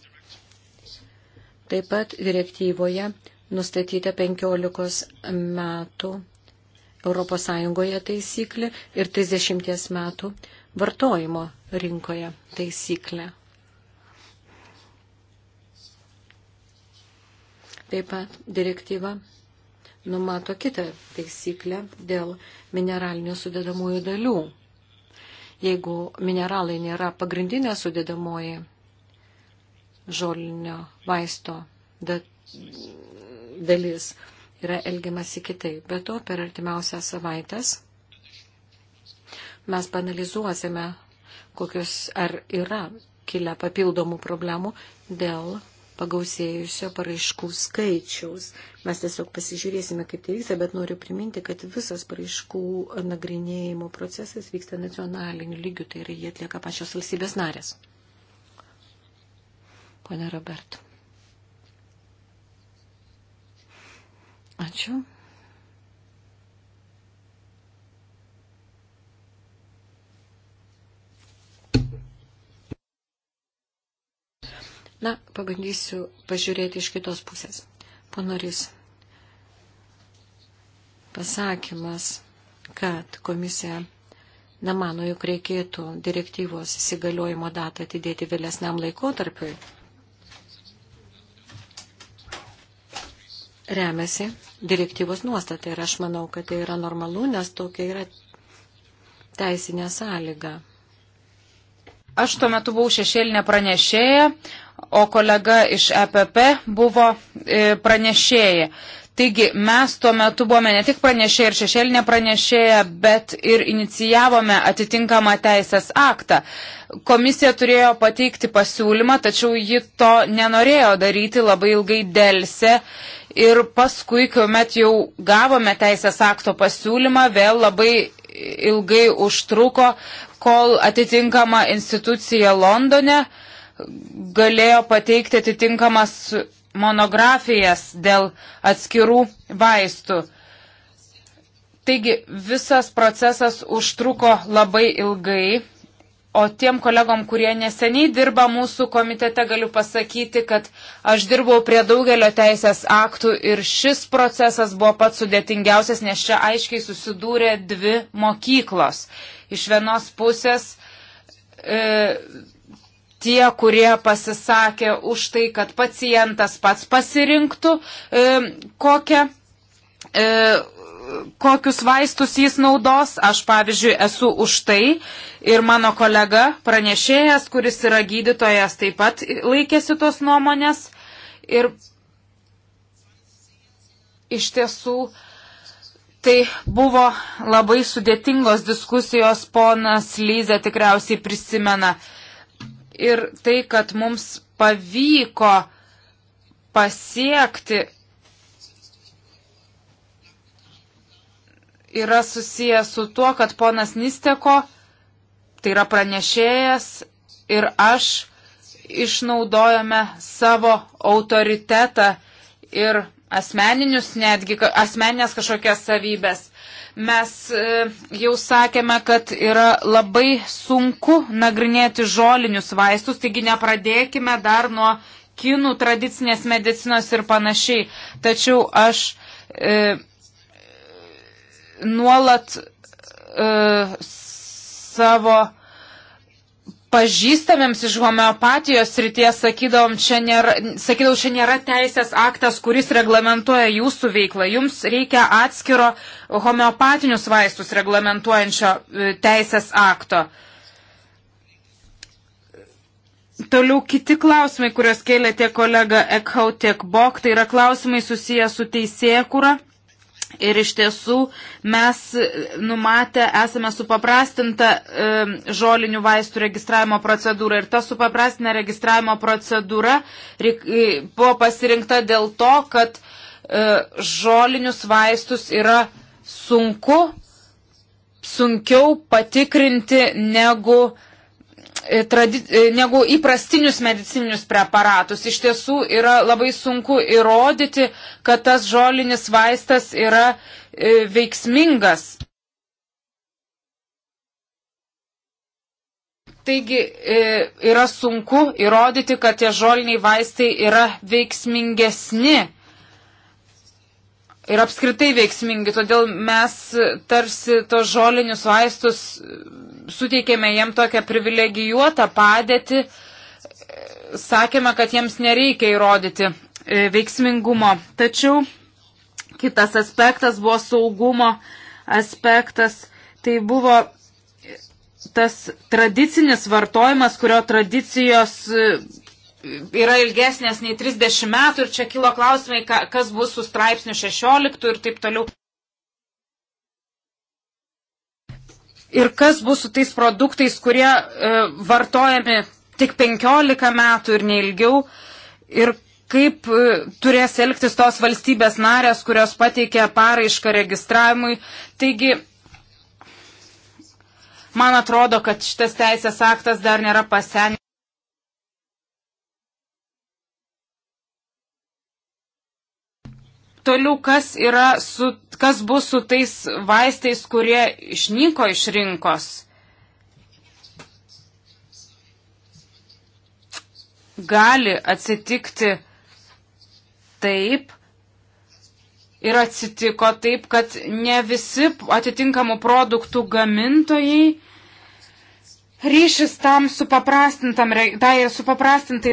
Taip pat direktyvoje nustatyta 15 metų ES taisyklė ir 30 metų vartojimo rinkoje taisyklė. Taip pat direktyva numato kitą taisyklę dėl mineralinių sudedamųjų dalių. Jeigu mineralai nėra pagrindinė sudedamoji žolinio vaisto da, dalis, yra elgiamasi kitaip. Be to, per artimiausią savaitęs mes panalizuosime, kokius ar yra kilę papildomų problemų dėl pagausėjusio paraiškų skaičiaus. Mes tiesiog pasižiūrėsime, kaip tai vyksta, bet noriu priminti, kad visas paraiškų nagrinėjimo procesas vyksta nacionaliniu lygiu, tai yra jie atlieka pačios valstybės narės. Pone Robert. Ačiū. Na, pabandysiu pažiūrėti iš kitos pusės. Ponorys pasakymas, kad komisija nemano, jog reikėtų direktyvos įsigaliojimo datą atidėti vėlesniam laikotarpiui, remiasi direktyvos nuostatai ir aš manau, kad tai yra normalu, nes tokia yra teisinė sąlyga. Aš tuo metu buvau šešėlinė pranešėja, o kolega iš EPP buvo e, pranešėja. Taigi mes tuo metu buvome ne tik pranešėja ir šešėlinė pranešėja, bet ir inicijavome atitinkamą teisės aktą. Komisija turėjo pateikti pasiūlymą, tačiau ji to nenorėjo daryti, labai ilgai dėlse. Ir paskui, kuomet jau gavome teisės akto pasiūlymą, vėl labai ilgai užtruko, kol atitinkama institucija Londone galėjo pateikti atitinkamas monografijas dėl atskirų vaistų. Taigi visas procesas užtruko labai ilgai O tiem kolegom, kurie neseniai dirba mūsų komitete, galiu pasakyti, kad aš dirbau prie daugelio teisės aktų ir šis procesas buvo pats sudėtingiausias, nes čia aiškiai susidūrė dvi mokyklos. Iš vienos pusės e, tie, kurie pasisakė už tai, kad pacientas pats pasirinktų e, kokią e, kokius vaistus jis naudos. Aš, pavyzdžiui, esu už tai ir mano kolega pranešėjas, kuris yra gydytojas, taip pat laikėsi tos nuomonės. Ir iš tiesų tai buvo labai sudėtingos diskusijos, ponas Lyze tikriausiai prisimena. Ir tai, kad mums pavyko pasiekti yra susijęs su tuo, kad ponas Nisteko, tai yra pranešėjas ir aš išnaudojame savo autoritetą ir asmeninius netgi, asmeninės kažkokias savybės. Mes e, jau sakėme, kad yra labai sunku nagrinėti žolinius vaistus, taigi nepradėkime dar nuo kinų tradicinės medicinos ir panašiai. Tačiau aš e, nuolat uh, savo pažįstamiems iš homeopatijos ryties sakydavom, čia nėra, sakydavau, čia nėra teisės aktas, kuris reglamentuoja jūsų veiklą. Jums reikia atskiro homeopatinius vaistus reglamentuojančio e, teisės akto. Toliau kiti klausimai, kuriuos kėlė tiek kolega Ekhau, tiek Bok, tai yra klausimai susiję su teisėkura. Ir iš tiesų mes numatę esame supaprastintą e, žolinių vaistų registravimo procedūrą. Ir ta supaprastinė registravimo procedūra reik, e, buvo pasirinkta dėl to, kad e, žolinius vaistus yra sunku, sunkiau patikrinti negu e, E, tradi, e, negu įprastinius medicininius preparatus. Iš tiesų yra labai sunku įrodyti, kad tas žolinis vaistas yra e, veiksmingas. Taigi yra sunku įrodyti, kad tie žoliniai vaistai yra veiksmingesni ir apskritai veiksmingi. Todėl mes tarsi tos žolinius vaistus suteikėme jiem tokią privilegijuotą padėtį, sakėme, kad jiems nereikia įrodyti e, veiksmingumo. Tačiau kitas aspektas buvo saugumo aspektas. Tai buvo tas tradicinis vartojimas, kurio tradicijos e, yra ilgesnės nei 30 metų ir čia kilo klausimai, kas bus su straipsniu 16 ir taip toliau. ir kas bus su tais produktais, kurie e, vartojami tik 15 metų ir neilgiau, ir kaip e, turės elgtis tos valstybės narės, kurios pateikė paraišką registravimui. Taigi, man atrodo, kad šitas teisės aktas dar nėra pasenęs. Toliau, kas, su, kas bus su tais vaistais, kurie išnyko iš rinkos? Gali atsitikti taip, ir atsitiko taip, kad ne visi atitinkamų produktų gamintojai ryšis tam tai supaprastintai tai su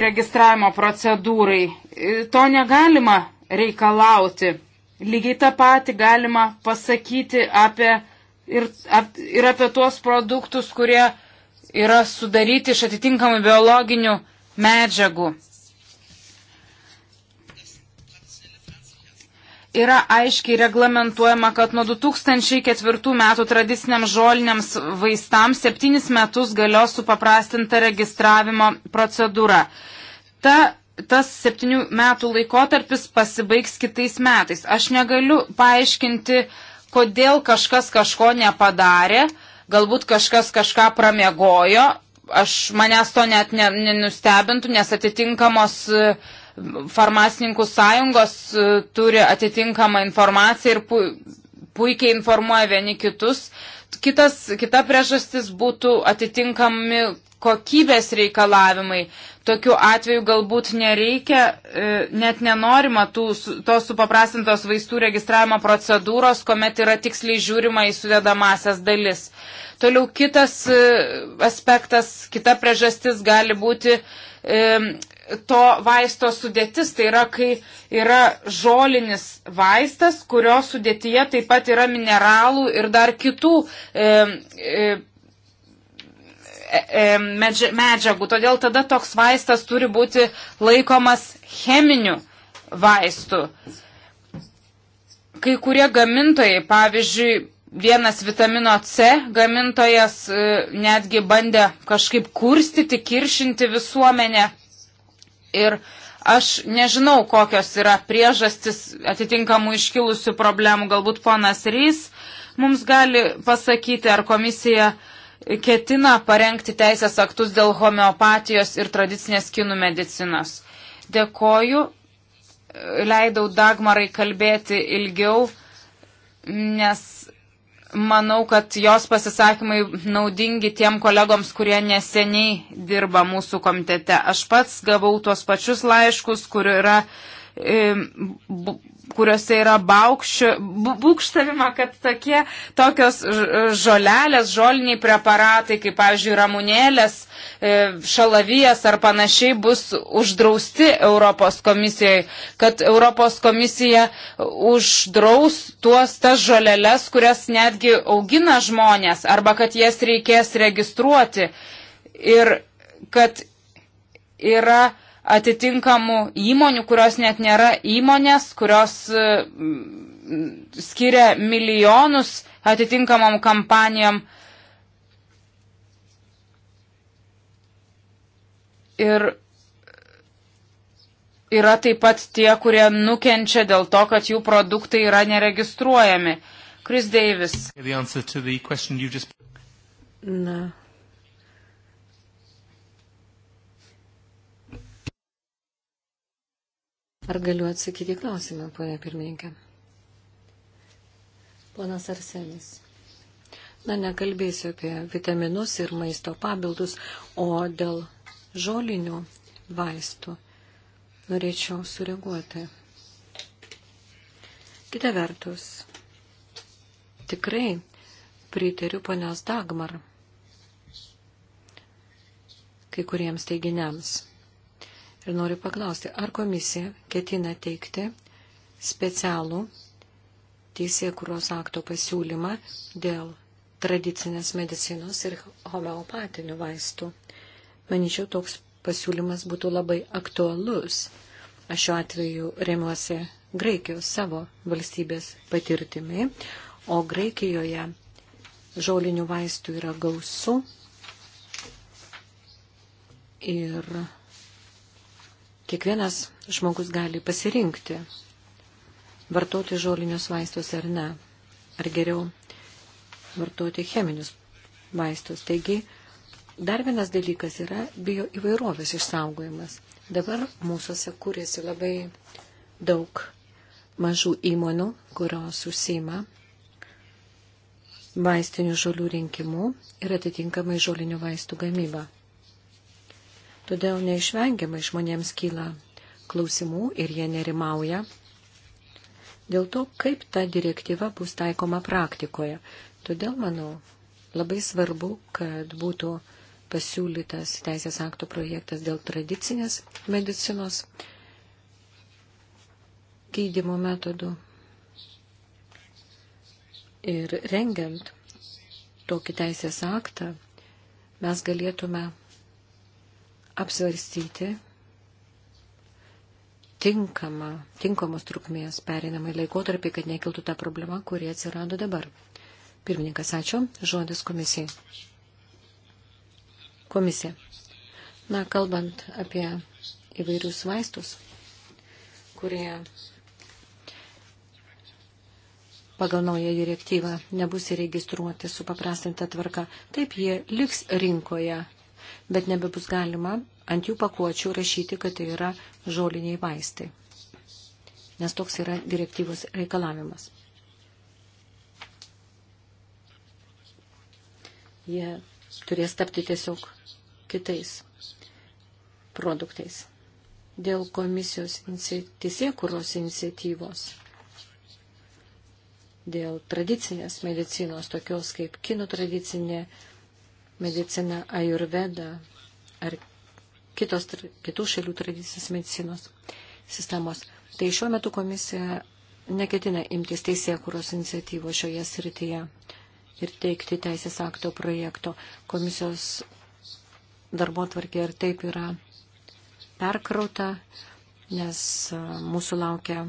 registravimo procedūrai. E, to negalima reikalauti. Lygiai tą patį galima pasakyti apie ir, ap, ir apie tuos produktus, kurie yra sudaryti iš atitinkamų biologinių medžiagų. Yra aiškiai reglamentuojama, kad nuo 2004 metų tradiciniams žoliniams vaistams septynis metus galios supaprastinta registravimo procedūra. Ta tas septynių metų laikotarpis pasibaigs kitais metais. Aš negaliu paaiškinti, kodėl kažkas kažko nepadarė, galbūt kažkas kažką pramiegojo, aš manęs to net nenustebintų, nes atitinkamos e, farmacininkų sąjungos e, turi atitinkamą informaciją ir puikiai informuoja vieni kitus. Kitas, kita priežastis būtų atitinkami kokybės reikalavimai. Tokiu atveju galbūt nereikia, e, net nenorima tų, tos supaprastintos vaistų registravimo procedūros, kuomet yra tiksliai žiūrima į sudėdamasias dalis. Toliau kitas e, aspektas, kita priežastis gali būti e, to vaisto sudėtis. Tai yra, kai yra žolinis vaistas, kurio sudėtyje taip pat yra mineralų ir dar kitų e, e, e, e medžiagų. Todėl tada toks vaistas turi būti laikomas cheminiu vaistu. Kai kurie gamintojai, pavyzdžiui, vienas vitamino C gamintojas e, netgi bandė kažkaip kurstyti, kiršinti visuomenę. Ir aš nežinau, kokios yra priežastis atitinkamų iškilusių problemų. Galbūt ponas Rys mums gali pasakyti, ar komisija ketina parengti teisės aktus dėl homeopatijos ir tradicinės kinų medicinos. Dėkoju, leidau Dagmarai kalbėti ilgiau, nes manau, kad jos pasisakymai naudingi tiem kolegoms, kurie neseniai dirba mūsų komitete. Aš pats gavau tuos pačius laiškus, kur yra e, kuriuose yra baukščio, būkštavimą, kad tokie, tokios žolelės, žoliniai preparatai, kaip, pavyzdžiui, ramunėlės, e, šalavijas ar panašiai bus uždrausti Europos komisijoje, kad Europos komisija uždraus tuos tas žolelės, kurias netgi augina žmonės, arba kad jas reikės registruoti ir kad yra atitinkamų įmonių, kurios net nėra įmonės, kurios e, skiria milijonus atitinkamam kampanijam. Ir yra taip pat tie, kurie nukenčia dėl to, kad jų produktai yra neregistruojami. Chris Davis. Na, Ar galiu atsakyti klausimą, ponia pirmininkė? Ponas Arsenis. Na, nekalbėsiu apie vitaminus ir maisto papildus, o dėl žolinių vaistų norėčiau sureaguoti. Kita vertus, tikrai pritariu ponios Dagmar kai kuriems teiginiams. Ir noriu paklausti, ar komisija ketina teikti specialų teisėkuros akto pasiūlymą dėl tradicinės medicinos ir homeopatinių vaistų. Manyčiau, toks pasiūlymas būtų labai aktualus. Aš šiuo atveju remiuosi Graikijos savo valstybės patirtimi, o Graikijoje žolinių vaistų yra gausu ir kiekvienas žmogus gali pasirinkti, vartoti žolinius vaistus ar ne, ar geriau vartoti cheminius vaistus. Taigi, dar vienas dalykas yra bio įvairovės išsaugojimas. Dabar mūsųse kūrėsi labai daug mažų įmonių, kurios užsima vaistinių žolių rinkimu ir atitinkamai žolinių vaistų gamybą. Todėl neišvengiamai žmonėms kyla klausimų ir jie nerimauja dėl to, kaip ta direktyva bus taikoma praktikoje. Todėl, manau, labai svarbu, kad būtų pasiūlytas teisės aktų projektas dėl tradicinės medicinos gydimo metodų. Ir rengiant tokį teisės aktą, mes galėtume apsvarstyti tinkamą, tinkamos trukmės perinamą laikotarpį, kad nekiltų ta problema, kurie atsirado dabar. Pirmininkas, ačiū. Žodis komisijai. Komisija. Na, kalbant apie įvairius vaistus, kurie pagal naują direktyvą nebus įregistruoti su paprastinta tvarka. Taip jie liks rinkoje bet nebebus galima ant jų pakuočių rašyti, kad tai yra žoliniai vaistai. Nes toks yra direktyvos reikalavimas. Jie turės tapti tiesiog kitais produktais. Dėl komisijos teisėkuros iniciatyvos, dėl tradicinės medicinos, tokios kaip kino tradicinė medicina, medicina, ajurveda ar kitos, kitų šalių tradicinės medicinos sistemos. Tai šiuo metu komisija neketina imtis teisėkuros iniciatyvos šioje srityje ir teikti teisės akto projekto. Komisijos darbo tvarkė ir taip yra perkrauta, nes mūsų laukia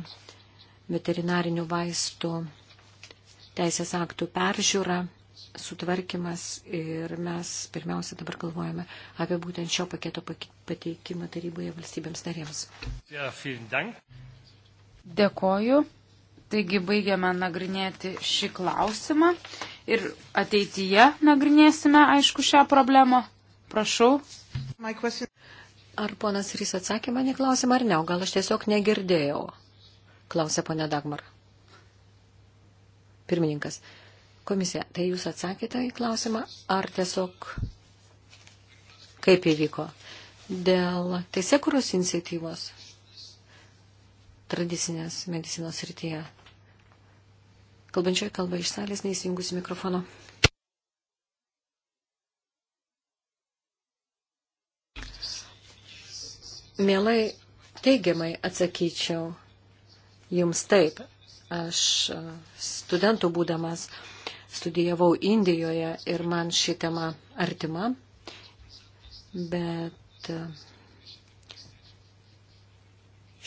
veterinarinių vaistų teisės aktų peržiūra sutvarkymas ir mes pirmiausia dabar galvojame apie būtent šio paketo pateikimą taryboje valstybėms narėms. Dėkoju. Taigi baigiame nagrinėti šį klausimą ir ateityje nagrinėsime, aišku, šią problemą. Prašau. Ar ponas Rys atsakė man į klausimą ar ne, o gal aš tiesiog negirdėjau? Klausė ponė Dagmar. Pirmininkas. Komisija, tai jūs atsakėte į klausimą, ar tiesiog kaip įvyko? Dėl teisėkuros iniciatyvos tradicinės medicinos rytyje. Kalbančioji kalba iš salės, neįsijungusi mikrofono. Mielai teigiamai atsakyčiau jums taip. Aš e, studentų būdamas uh, studijavau Indijoje ir man ši tema artima, bet e,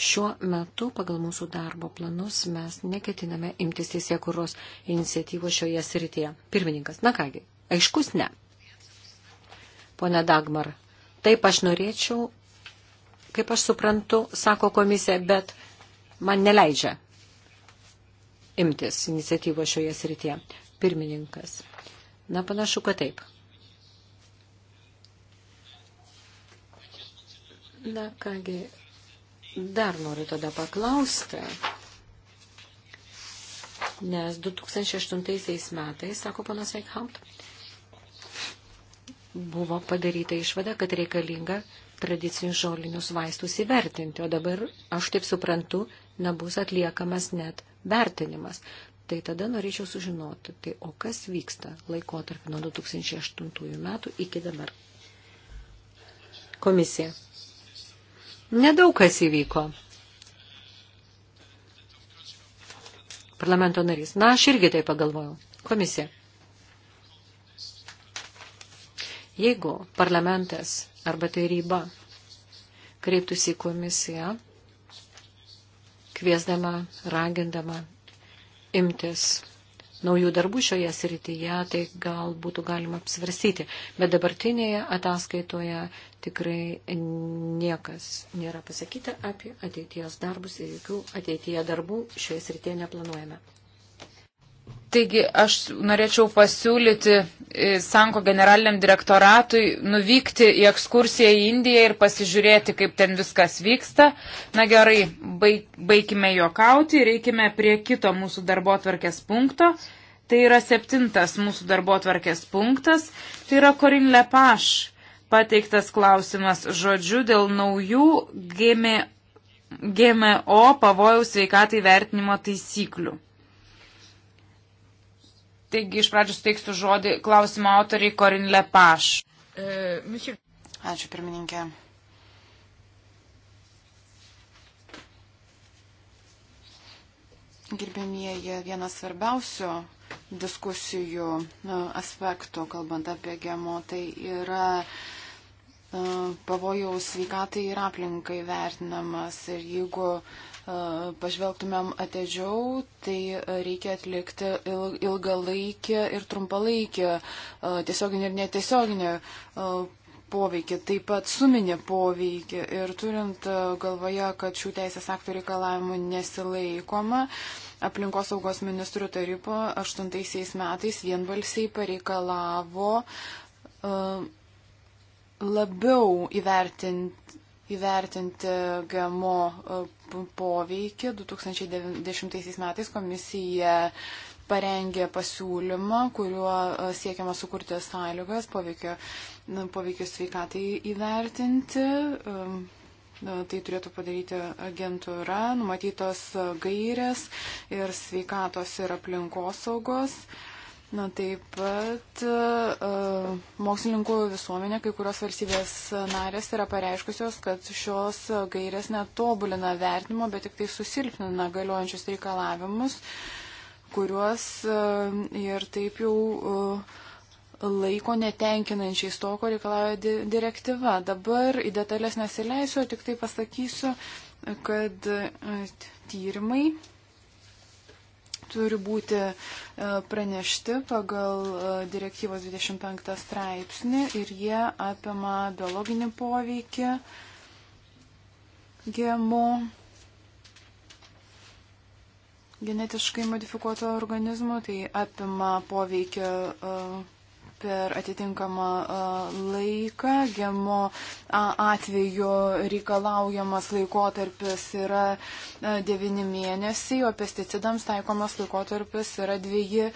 šiuo metu pagal mūsų darbo planus mes neketiname imtis teisėkuros iniciatyvos šioje srityje. Pirmininkas, na kągi, aiškus ne. Pone Dagmar, taip aš norėčiau, kaip aš suprantu, sako komisija, bet man neleidžia imtis iniciatyvos šioje srityje. Pirmininkas. Na, panašu, kad taip. Na, kągi, dar noriu tada paklausti, nes 2008 metais, sako panas Eichhaupt, buvo padaryta išvada, kad reikalinga tradicinius žolinius vaistus įvertinti, o dabar, aš taip suprantu, nebus atliekamas net vertinimas tai tada norėčiau sužinoti, tai o kas vyksta laiko tarp nuo 2008 metų iki dabar. Komisija. Nedaug kas įvyko. Parlamento narys. Na, aš irgi tai pagalvojau. Komisija. Jeigu parlamentas arba taryba kreiptųsi į komisiją, kviesdama, ragindama imtis naujų darbų šioje srityje, tai gal būtų galima apsvarsyti. Bet dabartinėje ataskaitoje tikrai niekas nėra pasakyta apie ateities darbus ir jokių ateityje darbų šioje srityje neplanuojame. Taigi aš norėčiau pasiūlyti e, Sanko generaliniam direktoratui nuvykti į ekskursiją į Indiją ir pasižiūrėti, kaip ten viskas vyksta. Na gerai, baig, baigime juokauti ir reikime prie kito mūsų darbo atvarkės punkto. Tai yra septintas mūsų darbo atvarkės punktas. Tai yra Korin Lepaš pateiktas klausimas žodžiu dėl naujų GMO pavojaus veikatai vertinimo taisyklių. Taigi iš pradžių suteiksiu žodį klausimo autoriai Korin Lepaš. E, Ačiū pirmininkė. Gerbėmieji, vienas svarbiausių diskusijų e, aspektų, kalbant apie gemo, tai yra e, pavojaus sveikatai ir aplinkai vertinamas. Ir jeigu uh, pažvelgtumėm atidžiau, tai reikia atlikti ilgalaikį ir trumpalaikį tiesioginį ir netiesioginį poveikį, taip pat suminį poveikį. Ir turint galvoje, kad šių teisės aktų reikalavimų nesilaikoma, aplinkosaugos ministrų taryba 8 metais vienbalsiai pareikalavo uh, labiau įvertinti, įvertinti GMO poveikį. 2010 metais komisija parengė pasiūlymą, kuriuo e, siekiama sukurti sąlygas poveikio, poveikio sveikatai įvertinti. Tai turėtų padaryti agentūra, numatytos gairės ir sveikatos ir aplinkosaugos. saugos Na taip pat e, mokslininkų visuomenė, kai kurios valstybės narės yra pareiškusios, kad šios gairės netobulina vertinimo, bet tik tai susilpnina galiojančius reikalavimus, kuriuos e, ir taip jau e, laiko netenkinančiais to, ko reikalauja di direktyva. Dabar į detalės nesileisiu, tik tai pasakysiu, kad tyrimai turi būti e, pranešti pagal e, direktyvos 25 straipsnį ir jie apima biologinį poveikį GMO genetiškai modifikuoto organizmo, tai apima poveikį uh, per atitinkamą laiką. Gemo atveju reikalaujamas laikotarpis yra 9 mėnesiai, o pesticidams taikomas laikotarpis yra 2,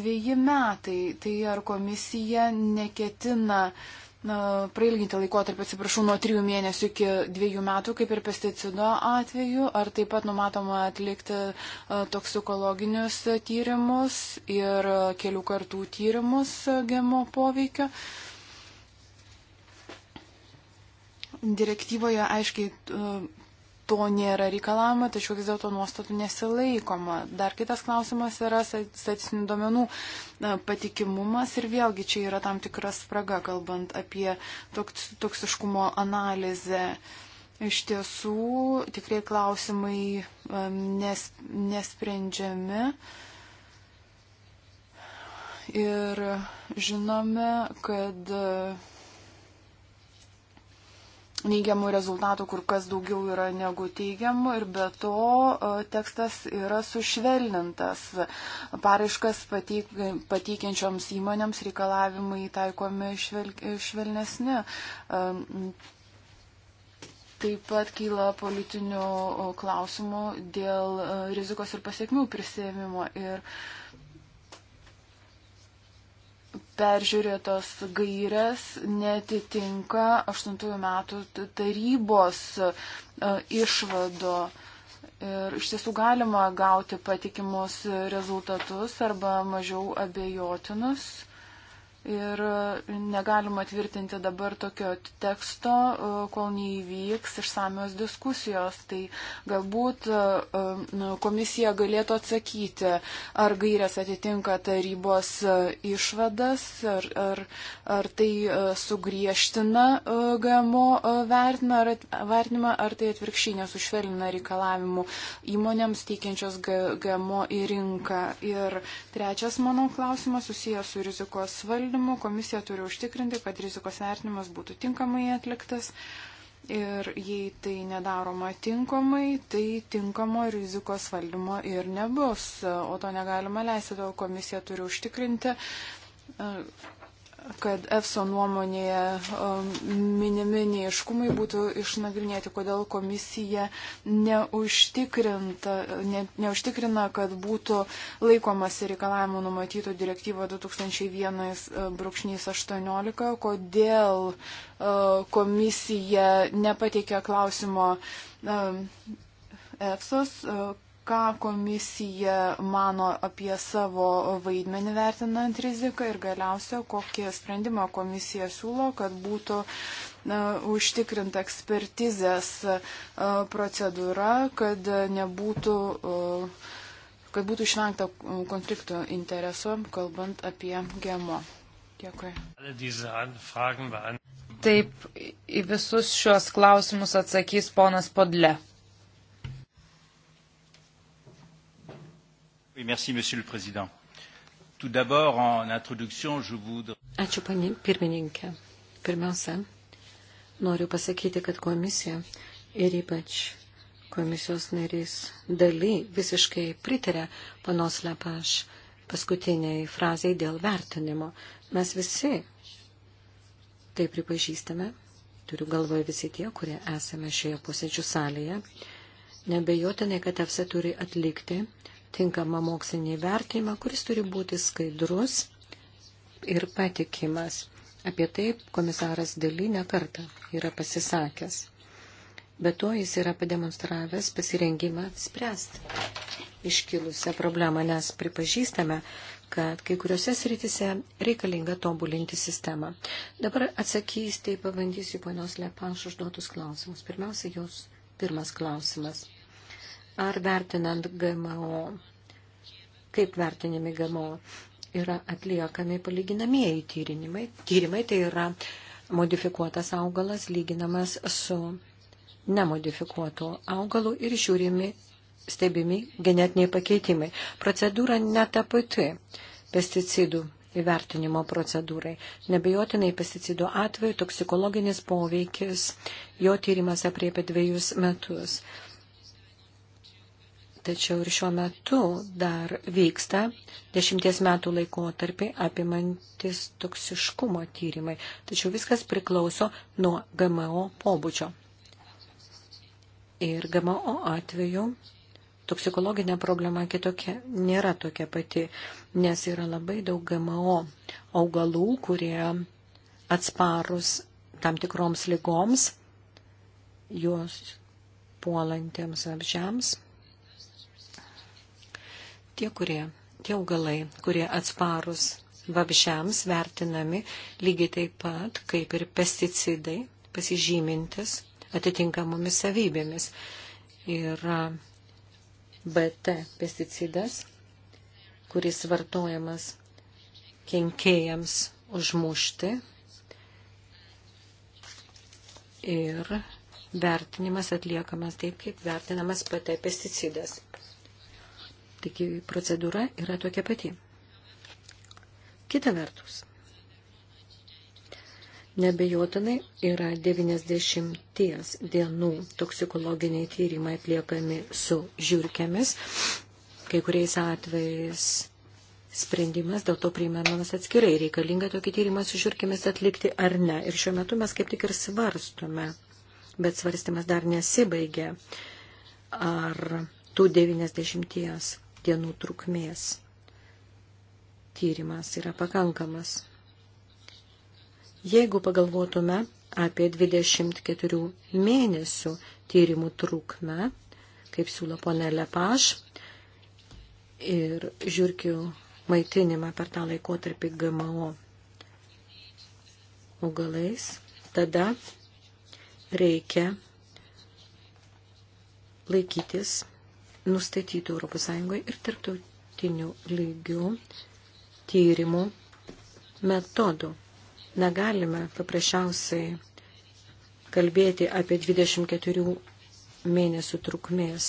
2 metai. Tai ar komisija neketina uh, na, prailginti laikotarpį, atsiprašau, nuo 3 mėnesių iki 2 metų, kaip ir pesticido atveju, ar taip pat numatoma atlikti e, toksikologinius tyrimus ir e, kelių kartų tyrimus e, gemo poveikio. Direktyvoje aiškiai to nėra reikalavimo, tačiau vis dėlto nuostatų nesilaikoma. Dar kitas klausimas yra statistinių duomenų patikimumas ir vėlgi čia yra tam tikras spraga, kalbant apie toksiškumo analizę. Iš tiesų, tikrai klausimai nes, nesprendžiami. Ir žinome, kad neigiamų rezultatų kur kas daugiau yra negu teigiamų ir be to e, tekstas yra sušvelnintas. Paraiškas pateik, pateikiančioms įmonėms reikalavimai taikomi švel, švelnesni. E, taip pat kyla politinių klausimų dėl e, rizikos ir pasiekmių prisėmimo. Ir uh, peržiūrėtos gairės netitinka 8 metų tarybos e, išvado. Ir iš tiesų galima gauti patikimus rezultatus arba mažiau abejotinus. Ir negalima tvirtinti dabar tokio teksto, e, kol neįvyks išsamios diskusijos. Tai galbūt e, e, komisija galėtų atsakyti, ar gairės atitinka tarybos išvadas, ar, ar, ar tai sugriežtina GMO vertinimą, ar tai atvirkščiai nesušvelina reikalavimų įmonėms teikiančios GMO į rinką. Ir trečias mano klausimas susijęs su rizikos valdymu valdymu. Komisija turi užtikrinti, kad rizikos vertinimas būtų tinkamai atliktas. Ir jei tai nedaroma tinkamai, tai tinkamo rizikos valdymo ir nebus. O to negalima leisti, todėl komisija turi užtikrinti kad EFSO nuomonėje um, minimi neiškumai būtų išnagrinėti, kodėl komisija ne, neužtikrina, kad būtų laikomasi reikalavimų numatytų direktyvo uh, 2001-18, kodėl uh, komisija nepateikė klausimo um, EFSOS, uh, ką komisija mano apie savo vaidmenį vertinant riziką ir galiausia, kokie sprendimą komisija siūlo, kad būtų užtikrinta ekspertizės e, procedūra, kad nebūtų e, kad būtų išvengta konflikto intereso, kalbant apie GMO. Dėkui. Taip, į visus šios klausimus atsakys ponas Podle. Oui, merci, monsieur le président. Tout d'abord, en introduction, je voudrais. Ačiū, panė pirmininkė. Pirmiausia, noriu pasakyti, kad komisija ir ypač komisijos narys daly visiškai pritarė panos Lepaš paskutiniai frazai dėl vertinimo. Mes visi tai pripažįstame, turiu galvoje visi tie, kurie esame šioje posėdžių salėje. Nebejotinai, kad EFSA turi atlikti tinkamą mokslinį vertinimą, kuris turi būti skaidrus ir patikimas. Apie tai komisaras Dėly nekarta yra pasisakęs. Be to jis yra pademonstravęs pasirengimą spręsti iškilusią problemą, nes pripažįstame, kad kai kuriuose sritise reikalinga tobulinti sistemą. Dabar atsakys, tai pabandysiu ponios Lepanš užduotus klausimus. Pirmiausia, jūs pirmas klausimas ar vertinant GMO, kaip vertinami GMO, yra atliekami palyginamieji tyrinimai. Tyrimai tai yra modifikuotas augalas lyginamas su nemodifikuotų augalų ir žiūrimi, stebimi genetiniai pakeitimai. Procedūra netapati pesticidų įvertinimo procedūrai. Nebejotinai pesticidų atveju toksikologinis poveikis, jo tyrimas apriepia dviejus metus tačiau ir šiuo metu dar vyksta dešimties metų laikotarpį apimantis toksiškumo tyrimai, tačiau viskas priklauso nuo GMO pobūdžio. Ir GMO atveju toksikologinė problema kitokia, nėra tokia pati, nes yra labai daug GMO augalų, kurie atsparus tam tikroms lygoms, juos puolantiems apžiams tie, kurie, tie augalai, kurie atsparus vabžiams vertinami lygiai taip pat, kaip ir pesticidai, pasižymintis atitinkamomis savybėmis. Ir BT pesticidas, kuris vartojamas kenkėjams užmušti. Ir vertinimas atliekamas taip, kaip vertinamas PT pesticidas. Taigi procedūra yra tokia pati. Kita vertus, Nebejotinai yra 90 dienų toksikologiniai tyrimai atliekami su žiūrkėmis. Kai kuriais atvejais sprendimas dėl to priimamas atskirai. Reikalinga tokį tyrimą su žiūrkėmis atlikti ar ne. Ir šiuo metu mes kaip tik ir svarstome, bet svarstymas dar nesibaigė. Ar tų 90 dienų trukmės. Tyrimas yra pakankamas. Jeigu pagalvotume apie 24 mėnesių tyrimų trukmę, kaip siūlo ponė Lepaš, ir žiūrkių maitinimą per tą laikotarpį GMO augalais, tada reikia laikytis nustatytų ES ir tarptautinių lygių tyrimų metodų. Negalime paprasčiausiai kalbėti apie 24 mėnesių trukmės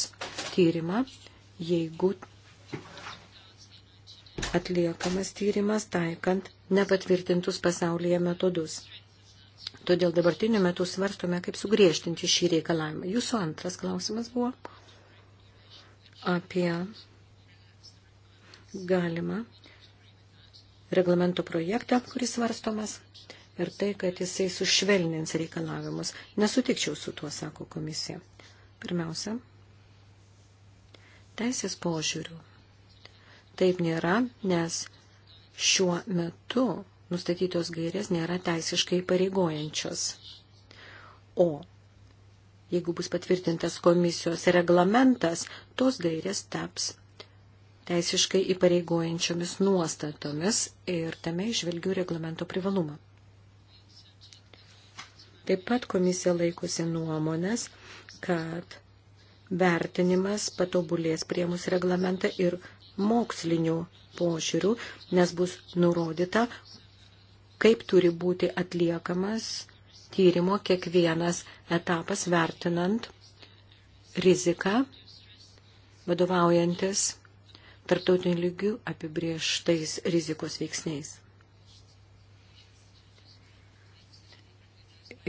tyrimą, jeigu atliekamas tyrimas taikant nepatvirtintus pasaulyje metodus. Todėl dabartiniu metu svarstome, kaip sugriežtinti šį reikalavimą. Jūsų antras klausimas buvo apie galimą reglamento projektą, kuris svarstomas, ir tai, kad jisai sušvelnins reikalavimus. Nesutikčiau su tuo, sako komisija. Pirmiausia, teisės požiūrių. Taip nėra, nes šiuo metu nustatytos gairės nėra teisiškai pareigojančios. O jeigu bus patvirtintas komisijos reglamentas, tos gairės taps teisiškai įpareigojančiomis nuostatomis ir tame išvelgiu reglamento privalumą. Taip pat komisija laikosi nuomonės, kad vertinimas patobulės priemus reglamentą ir mokslinių požiūrių, nes bus nurodyta, kaip turi būti atliekamas tyrimo kiekvienas etapas vertinant riziką, vadovaujantis tarptautinių lygių apibrieštais rizikos veiksniais.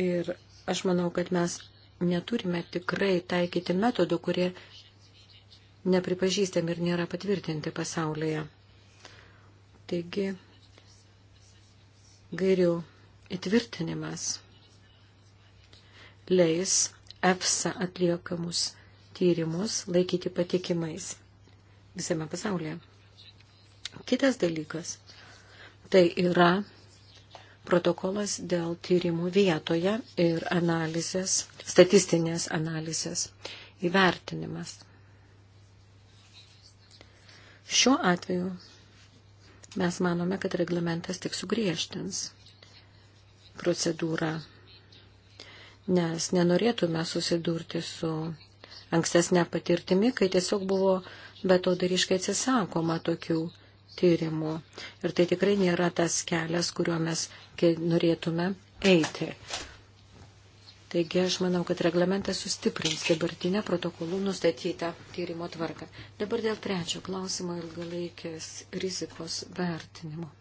Ir aš manau, kad mes neturime tikrai taikyti metodų, kurie nepripažįstami ir nėra patvirtinti pasaulyje. Taigi, gairių įtvirtinimas leis EFSA atliekamus tyrimus laikyti patikimais visame pasaulyje. Kitas dalykas – tai yra protokolas dėl tyrimų vietoje ir analizės, statistinės analizės įvertinimas. Šiuo atveju mes manome, kad reglamentas tik sugriežtins procedūrą nes nenorėtume susidurti su ankstesnė patirtimi, kai tiesiog buvo betodariškai atsisakoma tokių tyrimų. Ir tai tikrai nėra tas kelias, kuriuo mes norėtume eiti. Taigi aš manau, kad reglamentas sustiprins dabartinę protokolų nustatytą tyrimo tvarką. Dabar dėl trečio klausimo ilgalaikės rizikos vertinimo.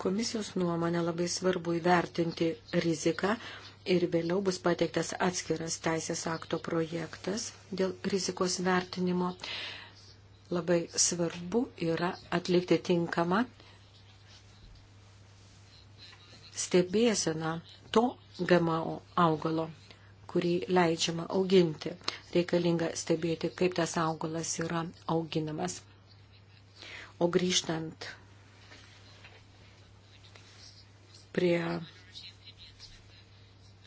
Komisijos nuomonė labai svarbu įvertinti riziką ir vėliau bus pateiktas atskiras teisės akto projektas dėl rizikos vertinimo. Labai svarbu yra atlikti tinkamą stebėseną to GMO augalo, kurį leidžiama auginti. Reikalinga stebėti, kaip tas augalas yra auginamas. O grįžtant prie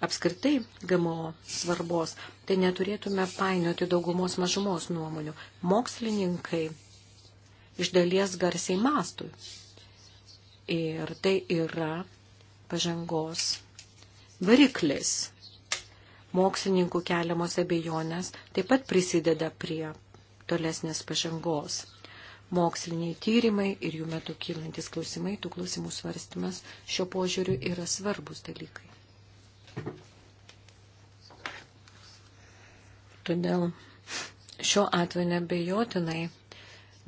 apskritai GMO svarbos, tai neturėtume painioti daugumos mažumos nuomonių. Mokslininkai iš dalies garsiai mastui. Ir tai yra pažangos variklis. Mokslininkų keliamos abejonės taip pat prisideda prie tolesnės pažangos moksliniai tyrimai ir jų metu kylantis klausimai, tų klausimų svarstymas šio požiūriu yra svarbus dalykai. Todėl šiuo atveju nebejotinai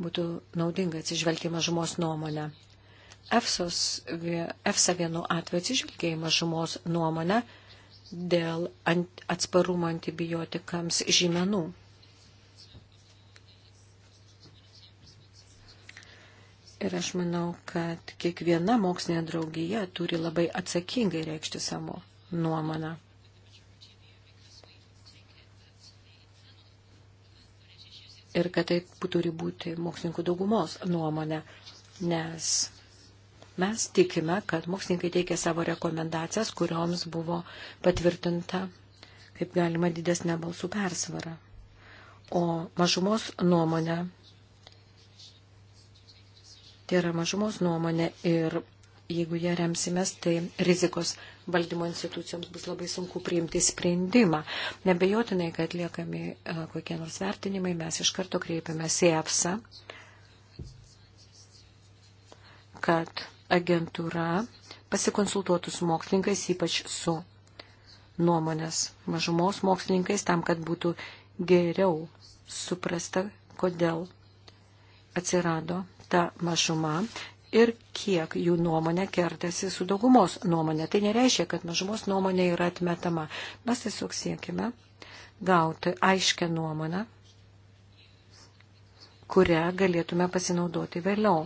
būtų naudinga atsižvelgti mažumos nuomonę. EFSOS, EFSA vienu atveju atsižvelgia į mažumos nuomonę dėl atsparumo antibiotikams žymenų. Ir aš manau, kad kiekviena mokslinė draugija turi labai atsakingai reikšti savo nuomonę. Ir kad tai turi būti mokslininkų daugumos nuomonė, nes mes tikime, kad mokslininkai teikia savo rekomendacijas, kurioms buvo patvirtinta kaip galima didesnė balsų persvara. O mažumos nuomonė Tai yra mažumos nuomonė ir jeigu ją remsimės, tai rizikos valdymo institucijoms bus labai sunku priimti sprendimą. Nebejotinai, kad atliekami e, kokie nors vertinimai, mes iš karto kreipiamės į EFSA, kad agentūra pasikonsultuotų su mokslininkais, ypač su nuomonės mažumos mokslininkais, tam, kad būtų geriau suprasta, kodėl atsirado ta mažuma ir kiek jų nuomonė kertasi su daugumos nuomonė. Tai nereiškia, kad mažumos nuomonė yra atmetama. Mes tiesiog siekime gauti aiškę nuomonę, kurią galėtume pasinaudoti vėliau.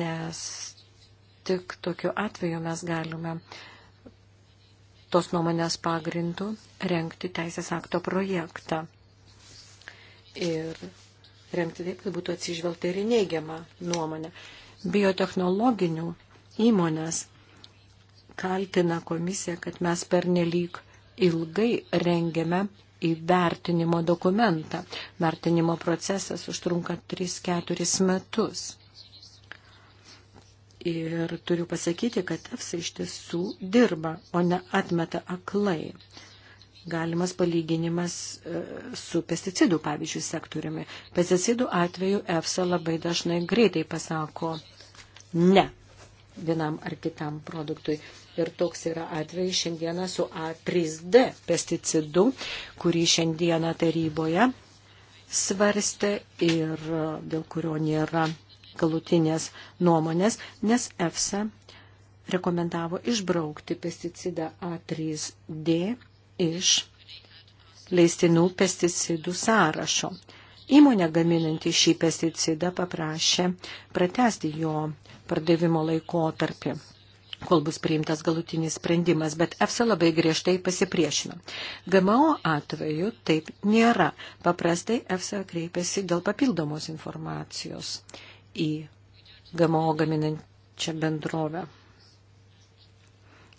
Nes tik tokiu atveju mes galime tos nuomonės pagrindų renkti teisės akto projektą. Ir rengti taip, kad būtų atsižvelgta ir neigiama nuomonė. Biotechnologinių įmonės kaltina komisiją, kad mes per nelyg ilgai rengiame įvertinimo dokumentą. Vertinimo procesas užtrunka 3-4 metus. Ir turiu pasakyti, kad EFSA iš tiesų dirba, o ne atmeta aklai galimas palyginimas e, su pesticidų, pavyzdžiui, sektoriumi. Pesticidų atveju EFSA labai dažnai greitai pasako ne vienam ar kitam produktui. Ir toks yra atvejis šiandieną su A3D pesticidu, kurį šiandieną taryboje svarstė ir e, dėl kurio nėra galutinės nuomonės, nes EFSA rekomendavo išbraukti pesticidą A3D iš leistinų pesticidų sąrašo. Įmonė gaminanti šį pesticidą paprašė pratesti jo pardavimo laikotarpį kol bus priimtas galutinis sprendimas, bet EFSA labai griežtai pasipriešino. GMO atveju taip nėra. Paprastai EFSA kreipiasi dėl papildomos informacijos į GMO gaminančią bendrovę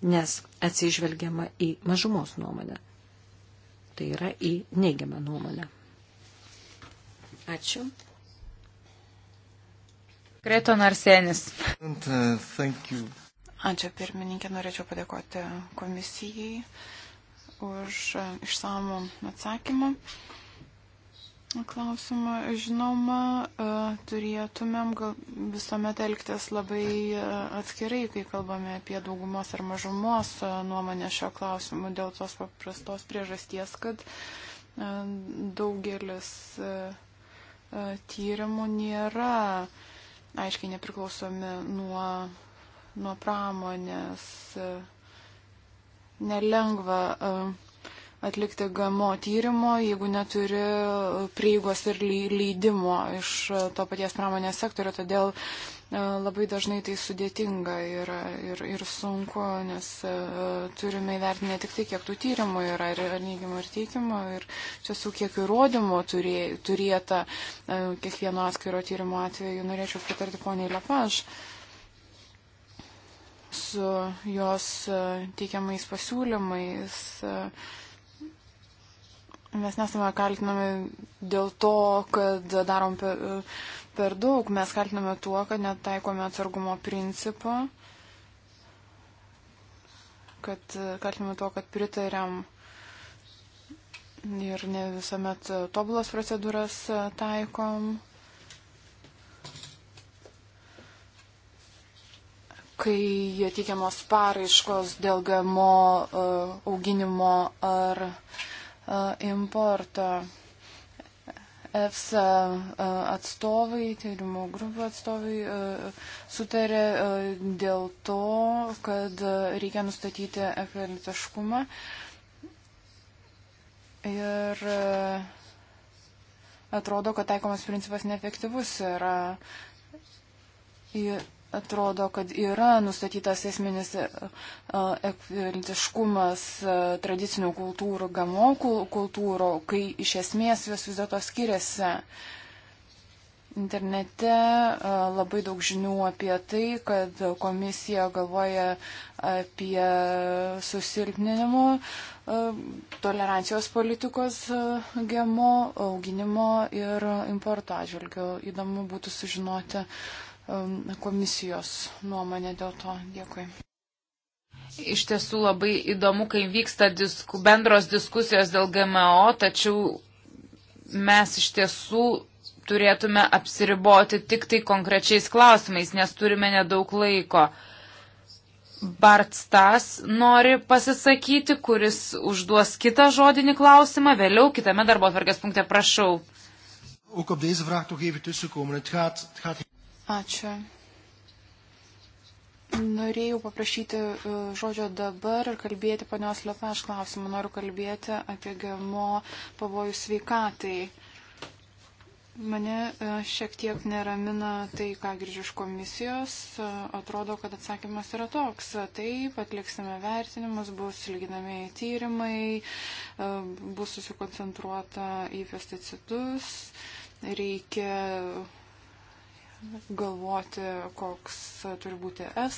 nes atsižvelgiama į mažumos nuomonę. Tai yra į neigiamą nuomonę. Ačiū. Kreton Arsenis. Uh, Ačiū pirmininkė, norėčiau padėkoti komisijai už uh, išsamų atsakymą klausimą. Žinoma, e, turėtumėm visuomet elgtis labai e, atskirai, kai kalbame apie daugumos ar mažumos e, nuomonę šio klausimu, dėl tos paprastos priežasties, kad daugelis tyrimų nėra aiškiai nepriklausomi nuo, nuo pramonės. Nelengva uh, atlikti GMO tyrimo, jeigu neturi prieigos ir leidimo iš e, to paties pramonės sektorio. Todėl e, labai dažnai tai sudėtinga ir, ir, ir sunku, nes e, turime įvertinti ne tik tai, kiek tų tyrimų yra, ir, ir neigiamų, ir teikimų, ir čia su kiek įrodymų turė, turėta kiekvieno atskiro tyrimo atveju. Norėčiau pritarti poniai Lepaž su jos teikiamais pasiūlymais. Uh, Mes nesame kaltinami dėl to, kad darom per, per daug. Mes kaltiname tuo, kad netaikome atsargumo principo. Kad kaltiname tuo, kad pritariam ir ne visuomet tobulas procedūras taikom. Kai teikiamos paraiškos dėl GMO e, auginimo ar. Uh, E, importo. EFSA e, atstovai, tyrimo grupų atstovai e, sutarė dėl to, kad reikia nustatyti ekvivalentiškumą. Ir atrodo, kad taikomas principas neefektyvus yra atrodo, kad yra nustatytas esminis e, e, ekvivalentiškumas e, tradicinių kultūrų, gamo kultūrų, kai iš esmės jos vis dėlto skiriasi. Internete labai daug žinių apie tai, kad komisija galvoja apie susilpninimo tolerancijos politikos gemo, auginimo ir importo atžvilgių. Įdomu būtų sužinoti, uh, Um, komisijos nuomonė dėl to. Dėkui. Iš tiesų labai įdomu, kai vyksta disku, bendros diskusijos dėl GMO, tačiau mes iš tiesų turėtume apsiriboti tik tai konkrečiais klausimais, nes turime nedaug laiko. Bartstas nori pasisakyti, kuris užduos kitą žodinį klausimą vėliau kitame darbo atvarkės punkte. Prašau. Ook op deze vraag toch even tussenkomen. Het gaat, het gaat... Ačiū. Norėjau paprašyti e, žodžio dabar ir kalbėti panios Lepeš klausimą. Noriu kalbėti apie GMO pavojų sveikatai. Mane e, šiek tiek neramina tai, ką girdžiu iš komisijos. E, atrodo, kad atsakymas yra toks. Taip, atliksime vertinimus, bus lyginamieji tyrimai, bus susikoncentruota į pesticidus, reikia galvoti, koks turi būti es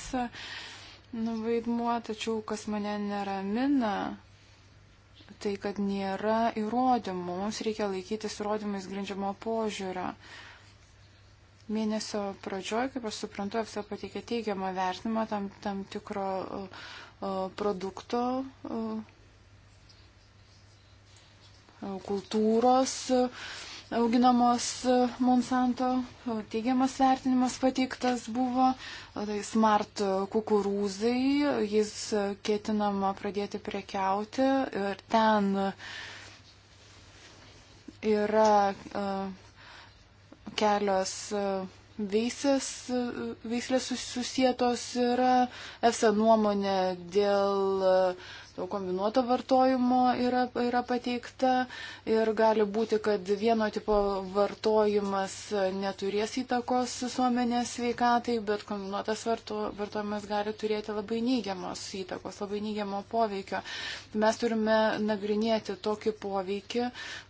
vaidmuo, tačiau kas mane neramina, tai kad nėra įrodymų, mums reikia laikytis įrodymais grindžiamo požiūrio. Mėnesio pradžioje, kaip aš suprantu, EFSA pateikė teigiamą vertinimą tam, tam tikro uh, produkto uh, kultūros. Uh, auginamos e, Monsanto, teigiamas vertinimas pateiktas buvo, e, tai smart kukurūzai, jis ketinama pradėti prekiauti ir ten yra e, kelios veisės, veislės susijėtos yra EFSA nuomonė dėl kombinuoto vartojimo yra, yra pateikta ir gali būti, kad vieno tipo vartojimas neturės įtakos visuomenės sveikatai, bet kombinuotas varto, vartojimas gali turėti labai neigiamos įtakos, labai neigiamo poveikio. Mes turime nagrinėti tokį poveikį,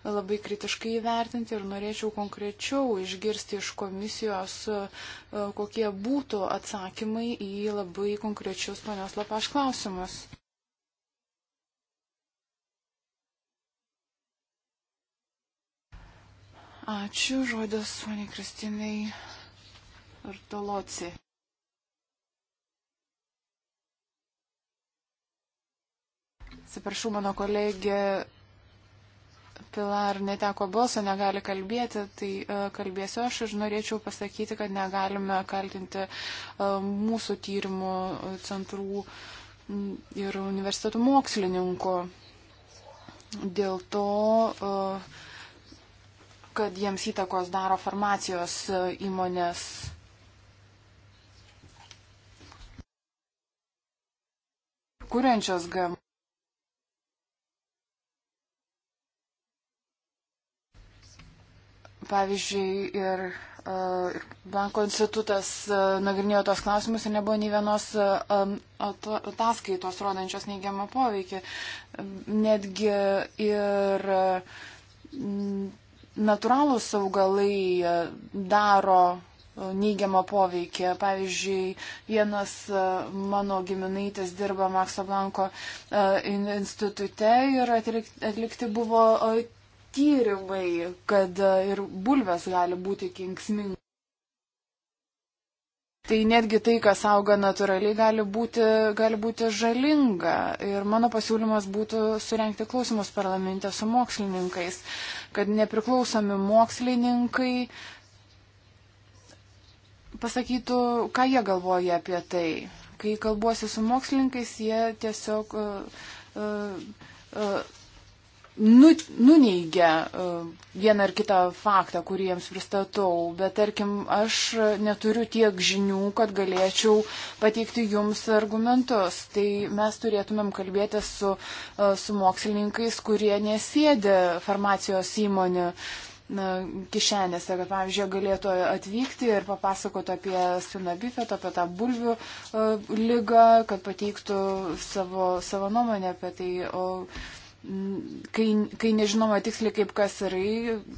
labai kritiškai įvertinti ir norėčiau konkrečiau išgirsti iš komisijos, e, kokie būtų atsakymai į labai konkrečius ponios Lapaš klausimus. Ačiū, žodis Sonė Kristinai Artoloci. Atsiprašau, mano kolegė Pilar neteko balso, negali kalbėti, tai e, kalbėsiu aš ir norėčiau pasakyti, kad negalime kaltinti e, mūsų tyrimų centrų ir universitetų mokslininkų. Dėl to uh, kad jiems įtakos daro farmacijos e, įmonės. Kuriančios gam. Pavyzdžiui, ir, e, ir banko institutas e, nagrinėjo tos klausimus ir nebuvo nei vienos ataskaitos rodančios neigiamą poveikį. Netgi ir natūralūs augalai e, daro e, neigiamą poveikį. Pavyzdžiui, vienas e, mano giminaitis dirba Makso Blanko institute ir atlikti buvo tyrimai, kad ir bulvės gali būti kenksmingos. Tai netgi tai, kas auga natūraliai, gali būti, gali būti žalinga. Ir mano pasiūlymas būtų surenkti klausimus parlamente su mokslininkais. Uh, kad nepriklausomi mokslininkai pasakytų, ką jie galvoja apie tai. Kai kalbuosi su mokslininkais, jie tiesiog uh, uh, uh, nu, nuneigia e, vieną ar kitą faktą, kurį jiems pristatau, bet tarkim, aš neturiu tiek žinių, kad galėčiau pateikti jums argumentus. Tai mes turėtumėm kalbėti su, e, su mokslininkais, kurie nesėdė farmacijos įmonių na, e, kišenėse, kad, pavyzdžiui, galėtų atvykti ir papasakoti apie spinabifetą, apie tą bulvių uh, lygą, kad pateiktų savo, savo nuomonę apie tai. O, kai, kai nežinoma tiksliai, kaip kas, yra,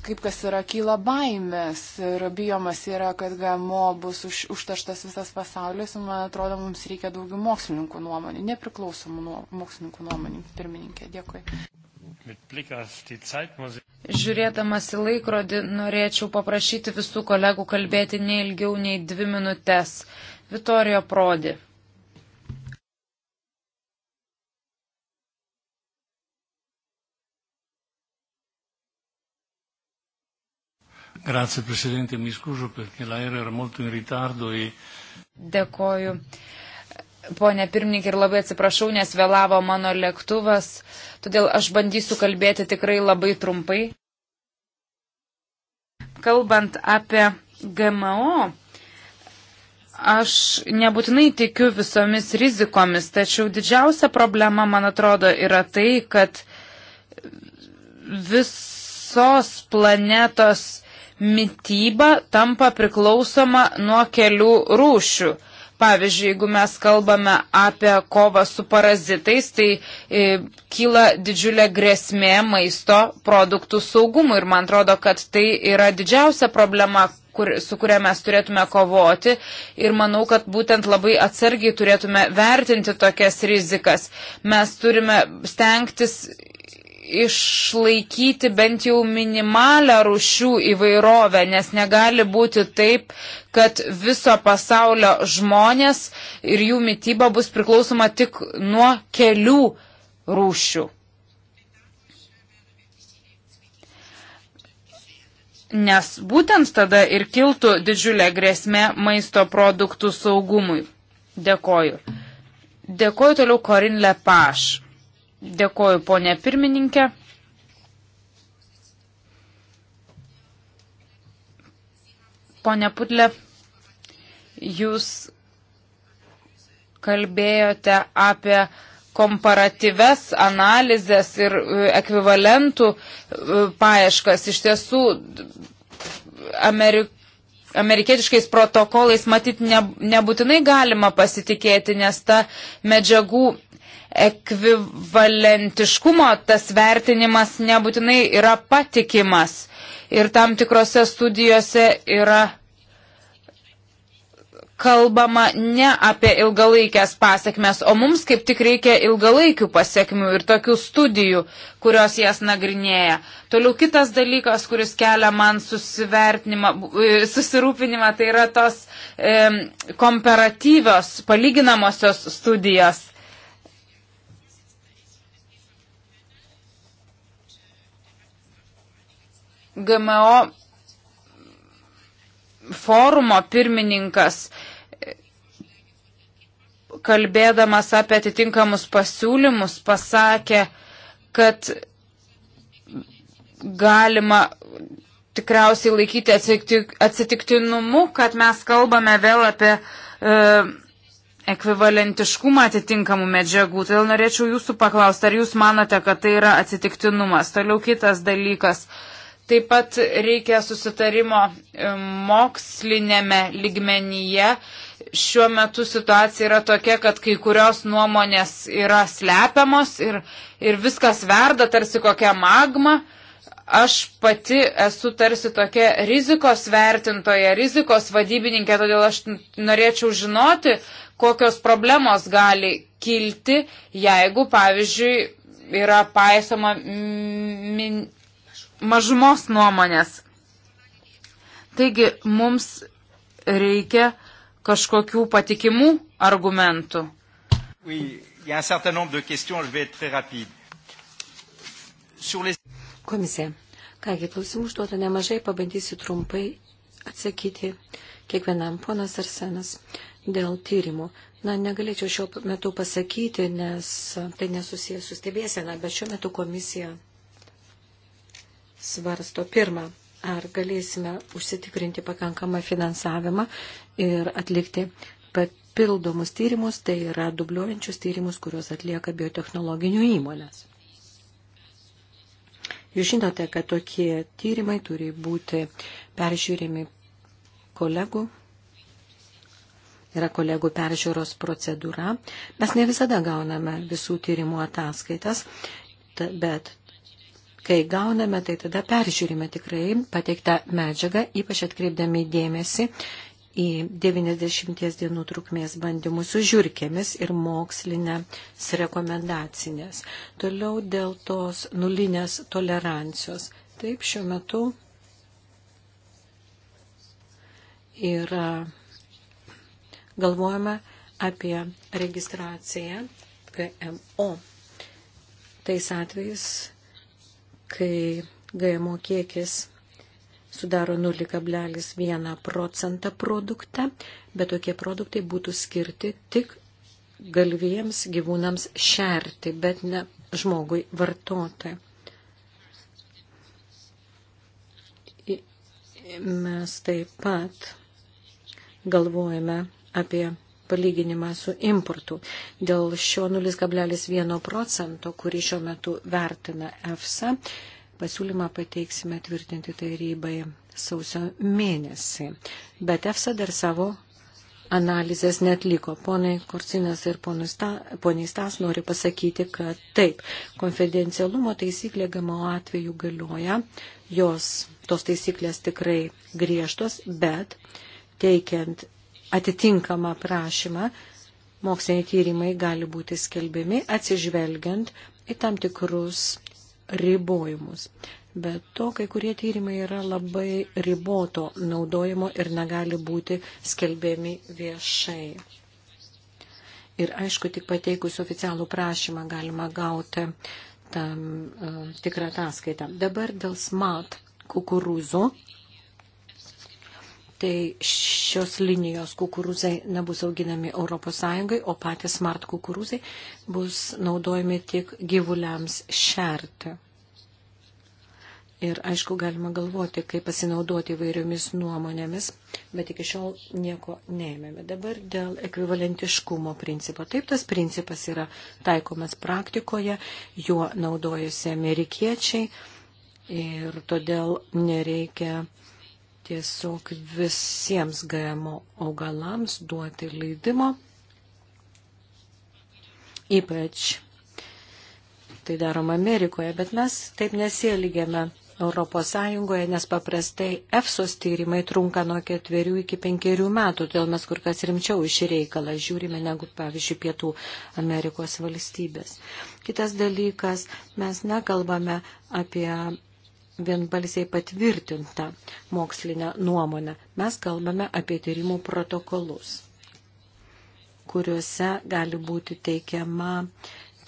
kaip kas yra, kyla baimės ir bijomas yra, kad GMO bus už, užtaštas visas pasaulis. Man atrodo, mums reikia daugiau mokslininkų nuomonių, nepriklausomų nuo, mokslininkų nuomonių. Pirmininkė, dėkui. Žiūrėdamas į laikrodį, norėčiau paprašyti visų kolegų kalbėti neilgiau nei dvi minutės. Vitorijo Prodi. Grazie, Presidente, mi scuso perché l'aereo era molto in ritardo. E... Dėkoju. Pone pirmininkė, ir labai atsiprašau, nes vėlavo mano lėktuvas, todėl aš bandysiu kalbėti tikrai labai trumpai. Kalbant apie GMO, aš nebūtinai tikiu visomis rizikomis, tačiau didžiausia problema, man atrodo, yra tai, kad visos planetos mytyba tampa priklausoma nuo kelių rūšių. Pavyzdžiui, jeigu mes kalbame apie kovą su parazitais, tai e, kyla didžiulė grėsmė maisto produktų saugumui ir man atrodo, kad tai yra didžiausia problema, kur, su kuria mes turėtume kovoti ir manau, kad būtent labai atsargiai turėtume vertinti tokias rizikas. Mes turime stengtis išlaikyti bent jau minimalę rušių įvairovę, nes negali būti taip, kad viso pasaulio žmonės ir jų mytyba bus priklausoma tik nuo kelių rūšių. Nes būtent tada ir kiltų didžiulė grėsmė maisto produktų saugumui. Dėkoju. Dėkoju toliau Korin Lepaš. Dėkoju, ponė pirmininkė. Pone Putlė, jūs kalbėjote apie komparatyves analizės ir e, ekvivalentų e, paieškas. Iš tiesų, Amerik amerikietiškais protokolais matyt ne, nebūtinai galima pasitikėti, nes ta medžiagų ekvivalentiškumo tas vertinimas nebūtinai yra patikimas. Ir tam tikrose studijose yra kalbama ne apie ilgalaikės pasiekmes, o mums kaip tik reikia ilgalaikių pasiekmių ir tokių studijų, kurios jas nagrinėja. Toliau kitas dalykas, kuris kelia man e, susirūpinimą, tai yra tos e, komparatyvios, palyginamosios studijos. GMO forumo pirmininkas, kalbėdamas apie atitinkamus pasiūlymus, pasakė, kad galima tikriausiai laikyti atsitiktinumu, kad mes kalbame vėl apie e, ekvivalentiškumą atitinkamų medžiagų. Todėl norėčiau jūsų paklausti, ar jūs manote, kad tai yra atsitiktinumas. Toliau kitas dalykas. E, Taip pat reikia susitarimo e, mokslinėme ligmenyje. Šiuo metu situacija yra tokia, kad kai kurios nuomonės yra slepiamos ir, ir viskas verda tarsi kokia magma. Aš pati esu tarsi tokia rizikos vertintoja, rizikos vadybininkė, todėl aš norėčiau žinoti, kokios problemos gali kilti, jeigu, pavyzdžiui, yra paisoma min, mažumos nuomonės. Taigi mums reikia kažkokių patikimų argumentų. Komisija, kągi klausimų užduota nemažai, pabandysiu trumpai atsakyti kiekvienam ponas Arsenas dėl tyrimų. Na, negalėčiau šiuo metu pasakyti, nes tai nesusijęs su stebėsena, bet šiuo metu komisija svarsto pirmą, ar galėsime užsitikrinti pakankamą finansavimą ir atlikti papildomus tyrimus, tai yra dubliuojančius tyrimus, kuriuos atlieka biotechnologinių įmonės. Jūs žinote, kad tokie tyrimai turi būti peržiūrimi kolegų. Yra kolegų peržiūros procedūra. Mes ne visada gauname visų tyrimų ataskaitas, bet Kai gauname, tai tada peržiūrime tikrai pateiktą medžiagą, ypač atkreipdami dėmesį į 90 dienų trukmės bandymus su žiūrkėmis ir mokslinės rekomendacinės. Toliau dėl tos nulinės tolerancijos. Taip, šiuo metu yra galvojama apie registraciją GMO. Tais atvejais kai GMO kiekis sudaro 0,1 procentą produktą, bet tokie produktai būtų skirti tik galvijams gyvūnams šerti, bet ne žmogui vartoti. Mes taip pat galvojame apie palyginimą su importu. Dėl šio 0,1 procento, kurį šiuo metu vertina EFSA, pasiūlymą pateiksime tvirtinti tarybai sausio mėnesį. Bet EFSA dar savo analizės netliko. Ponai Korsinas ir poniai Stas nori pasakyti, kad taip, konfidencialumo taisyklė GMO atveju galioja, jos tos taisyklės tikrai griežtos, bet teikiant atitinkamą prašymą, moksliniai tyrimai gali būti skelbiami atsižvelgiant į tam tikrus ribojimus. Bet to kai kurie tyrimai yra labai riboto naudojimo ir negali būti skelbiami viešai. Ir aišku, tik pateikus oficialų prašymą galima gauti tam uh, tikrą ataskaitą. Dabar dėl SMAT kukurūzų tai šios linijos kukurūzai nebus auginami ES, o patys smart kukurūzai bus naudojami tik gyvuliams šerti. Ir aišku, galima galvoti, kaip pasinaudoti vairiomis nuomonėmis, bet iki šiol nieko neėmėme. Dabar dėl ekvivalentiškumo principo. Taip, tas principas yra taikomas praktikoje, juo naudojasi amerikiečiai ir todėl nereikia uh, tiesiog visiems GMO augalams duoti leidimo. Ypač tai darom Amerikoje, bet mes taip nesielgiame Europos Sąjungoje, nes paprastai EFSOS tyrimai trunka nuo ketverių iki penkerių metų, todėl mes kur kas rimčiau iš reikalą žiūrime negu, pavyzdžiui, Pietų Amerikos valstybės. Kitas dalykas, mes nekalbame apie vienbalsiai patvirtinta mokslinė nuomonė. Mes kalbame apie tyrimų protokolus, kuriuose gali būti teikiama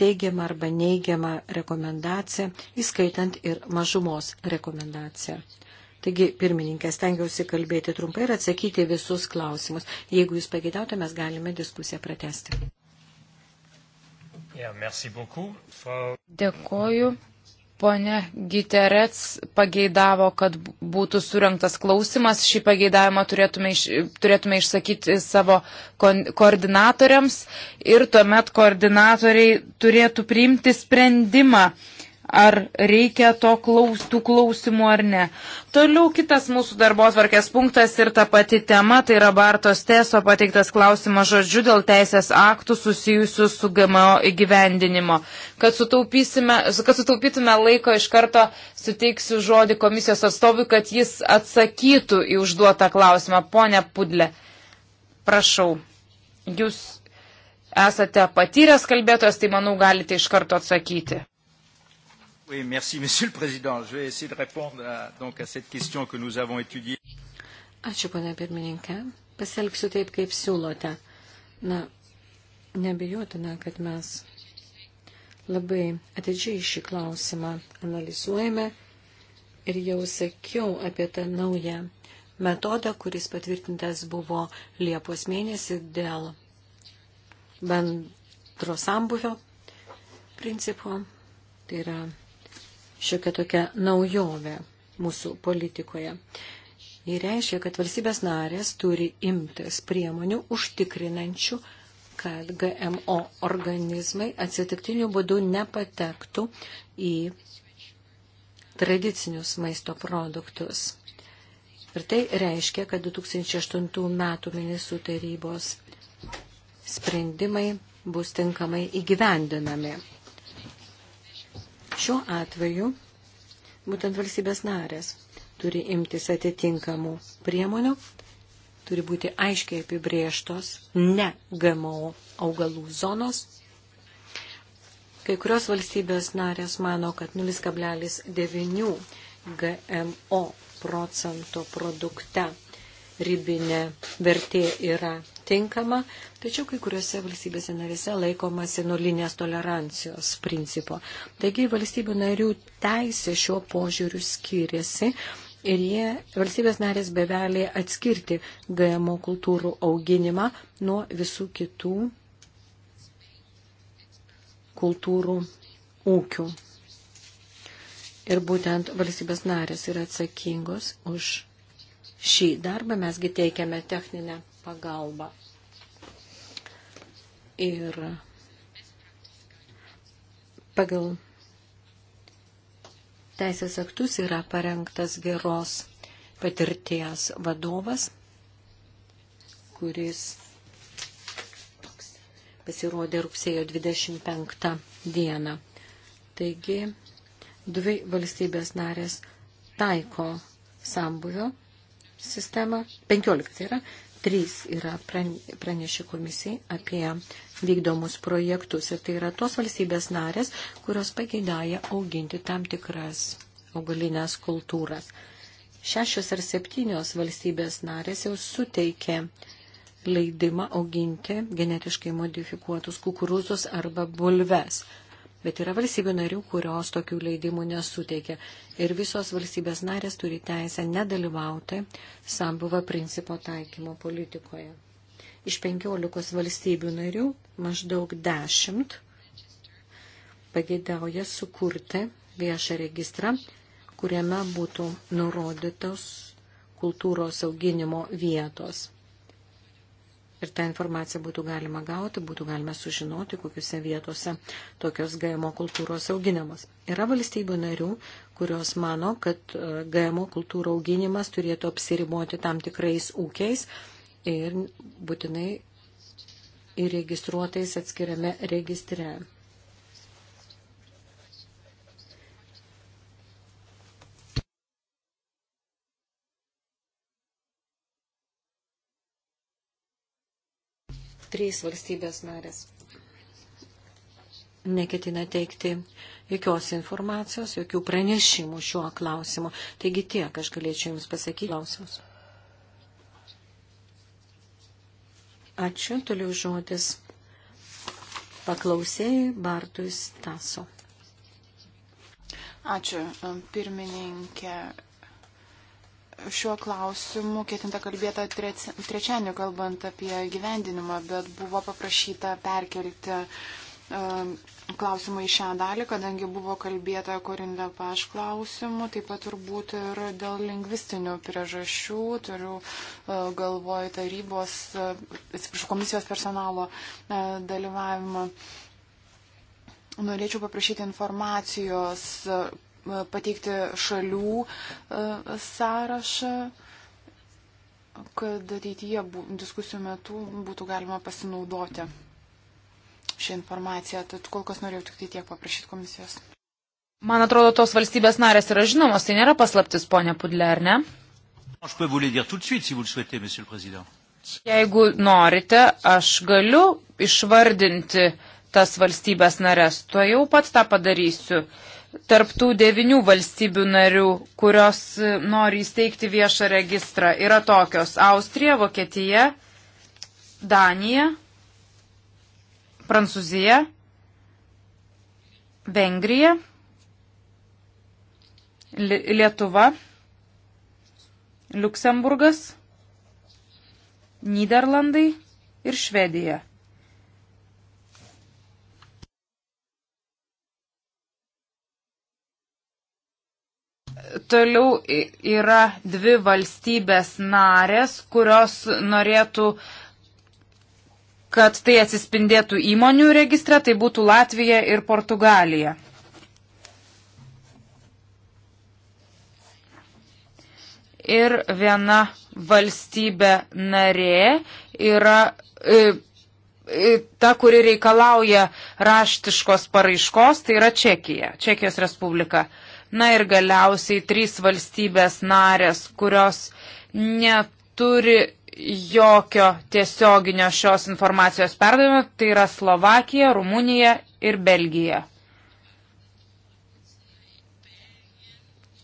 teigiama arba neigiama rekomendacija, įskaitant ir mažumos rekomendaciją. Taigi, pirmininkė, stengiausi kalbėti trumpai ir atsakyti visus klausimus. Jeigu jūs pageidautumėte, mes galime diskusiją pratesti. Dėkoju. Pone Giterec pageidavo, kad būtų surinktas klausimas. Šį pageidavimą turėtume, iš, turėtume išsakyti savo kon, koordinatoriams ir tuomet koordinatoriai turėtų priimti sprendimą. Uh, ar reikia to klaus, tų klausimų ar ne. Toliau kitas mūsų darbos varkės punktas ir ta pati tema, tai yra Bartos Teso pateiktas klausimas žodžiu dėl teisės aktų susijusių su GMO įgyvendinimo. Kad, kad sutaupytume laiko, iš karto suteiksiu žodį komisijos atstovui, kad jis atsakytų į užduotą klausimą. Pone Pudlė, prašau, jūs esate patyręs kalbėtojas, tai manau galite iš karto atsakyti. Oui, merci, Monsieur le Président. Je vais essayer de répondre à, donc, à cette question que nous avons étudiée. Ačiū, ponia pirmininkė. Pasielgsiu taip, kaip siūlote. Na, nebejotina, kad mes labai atidžiai šį klausimą analizuojame ir jau sakiau apie tą naują metodą, kuris patvirtintas buvo Liepos mėnesį dėl bendro sambuvio principo. Tai yra šiokia tokia naujovė mūsų politikoje. Jis reiškia, kad valstybės narės turi imtis priemonių užtikrinančių, kad GMO organizmai atsitiktiniu būdu nepatektų į tradicinius maisto produktus. Ir tai reiškia, kad 2008 metų ministrų tarybos sprendimai bus tinkamai įgyvendinami. Šiuo atveju būtent valstybės narės turi imtis atitinkamų priemonių, turi būti aiškiai apibrieštos ne GMO augalų zonos. Kai kurios valstybės narės mano, kad 0,9 GMO procento produkte ribinė vertė yra tinkama, tačiau kai kuriuose valstybėse narėse laikomasi nulinės tolerancijos principo. Taigi valstybių narių teisė šiuo požiūriu skiriasi. Ir jie, valstybės narės bevelė atskirti GMO kultūrų auginimą nuo visų kitų kultūrų ūkių. Ir būtent valstybės narės yra atsakingos už šį darbą. Mesgi teikiame techninę pagalba. Ir pagal teisės aktus yra parengtas geros patirties vadovas, kuris pasirodė rugsėjo 25 dieną. Taigi, dvi valstybės narės taiko sambuvio sistemą, 15 tai yra, Trys yra pranešė komisijai apie vykdomus projektus ir tai yra tos valstybės narės, kurios pageidauja auginti tam tikras augalinės kultūras. Šešios ar septynios valstybės narės jau suteikė leidimą auginti genetiškai modifikuotus kukurūzus arba bulves bet yra valstybių narių, kurios tokių leidimų nesuteikia. Ir visos valstybės narės turi teisę nedalyvauti sambuvo principo taikymo politikoje. Iš penkiolikos valstybių narių maždaug dešimt pagėdauja sukurti viešą registrą, kuriame būtų nurodytos kultūros auginimo vietos ir tą informaciją būtų galima gauti, būtų galima sužinoti, kokiuose vietose tokios GMO kultūros auginamos. Yra valstybių narių, kurios mano, kad e, GMO kultūrų auginimas turėtų apsiriboti tam tikrais ūkiais ir būtinai įregistruotais atskiriame registre. trys valstybės narės neketina teikti jokios informacijos, jokių pranešimų šiuo klausimu. Taigi tiek aš galėčiau Jums pasakyti klausimus. Ačiū, toliau žodis paklausėjai Bartui Staso. Ačiū, pirmininkė šiuo klausimu ketinta kalbėti trečiadienį, kalbant apie gyvendinimą, bet buvo paprašyta perkelti e, klausimą į šią dalį, kadangi buvo kalbėta Korinde Paš klausimu, taip pat turbūt ir dėl lingvistinių priežasčių, turiu e, galvoj tarybos, e, atsiprašau, komisijos personalo dalyvavimą. Norėčiau paprašyti informacijos, E, pateikti šalių e, sąrašą, kad ateityje diskusijų metu būtų galima pasinaudoti šią informaciją. Tad kol kas norėjau tik tai tiek paprašyti komisijos. Man atrodo, tos valstybės narės yra žinomos, tai nėra paslaptis, ponia Pudle, ar ne? Jeigu norite, aš galiu išvardinti tas valstybės narės, tuo jau pats tą padarysiu. Uh, tarptų devinių valstybių narių, kurios e, nori įsteigti viešą registrą, yra tokios - Austrija, Vokietija, Danija, Prancūzija, Vengrija, Lietuva, Luksemburgas, Niderlandai ir Švedija. Toliau yra dvi valstybės narės, kurios norėtų, kad tai atsispindėtų įmonių registre, tai būtų Latvija ir Portugalija. Ir viena valstybė narė yra. E, ta, kuri reikalauja raštiškos paraiškos, tai yra Čekija, Čekijos Respublika. Na ir galiausiai trys valstybės narės, kurios neturi jokio tiesioginio šios informacijos perdavimo, tai yra Slovakija, Rumunija ir Belgija.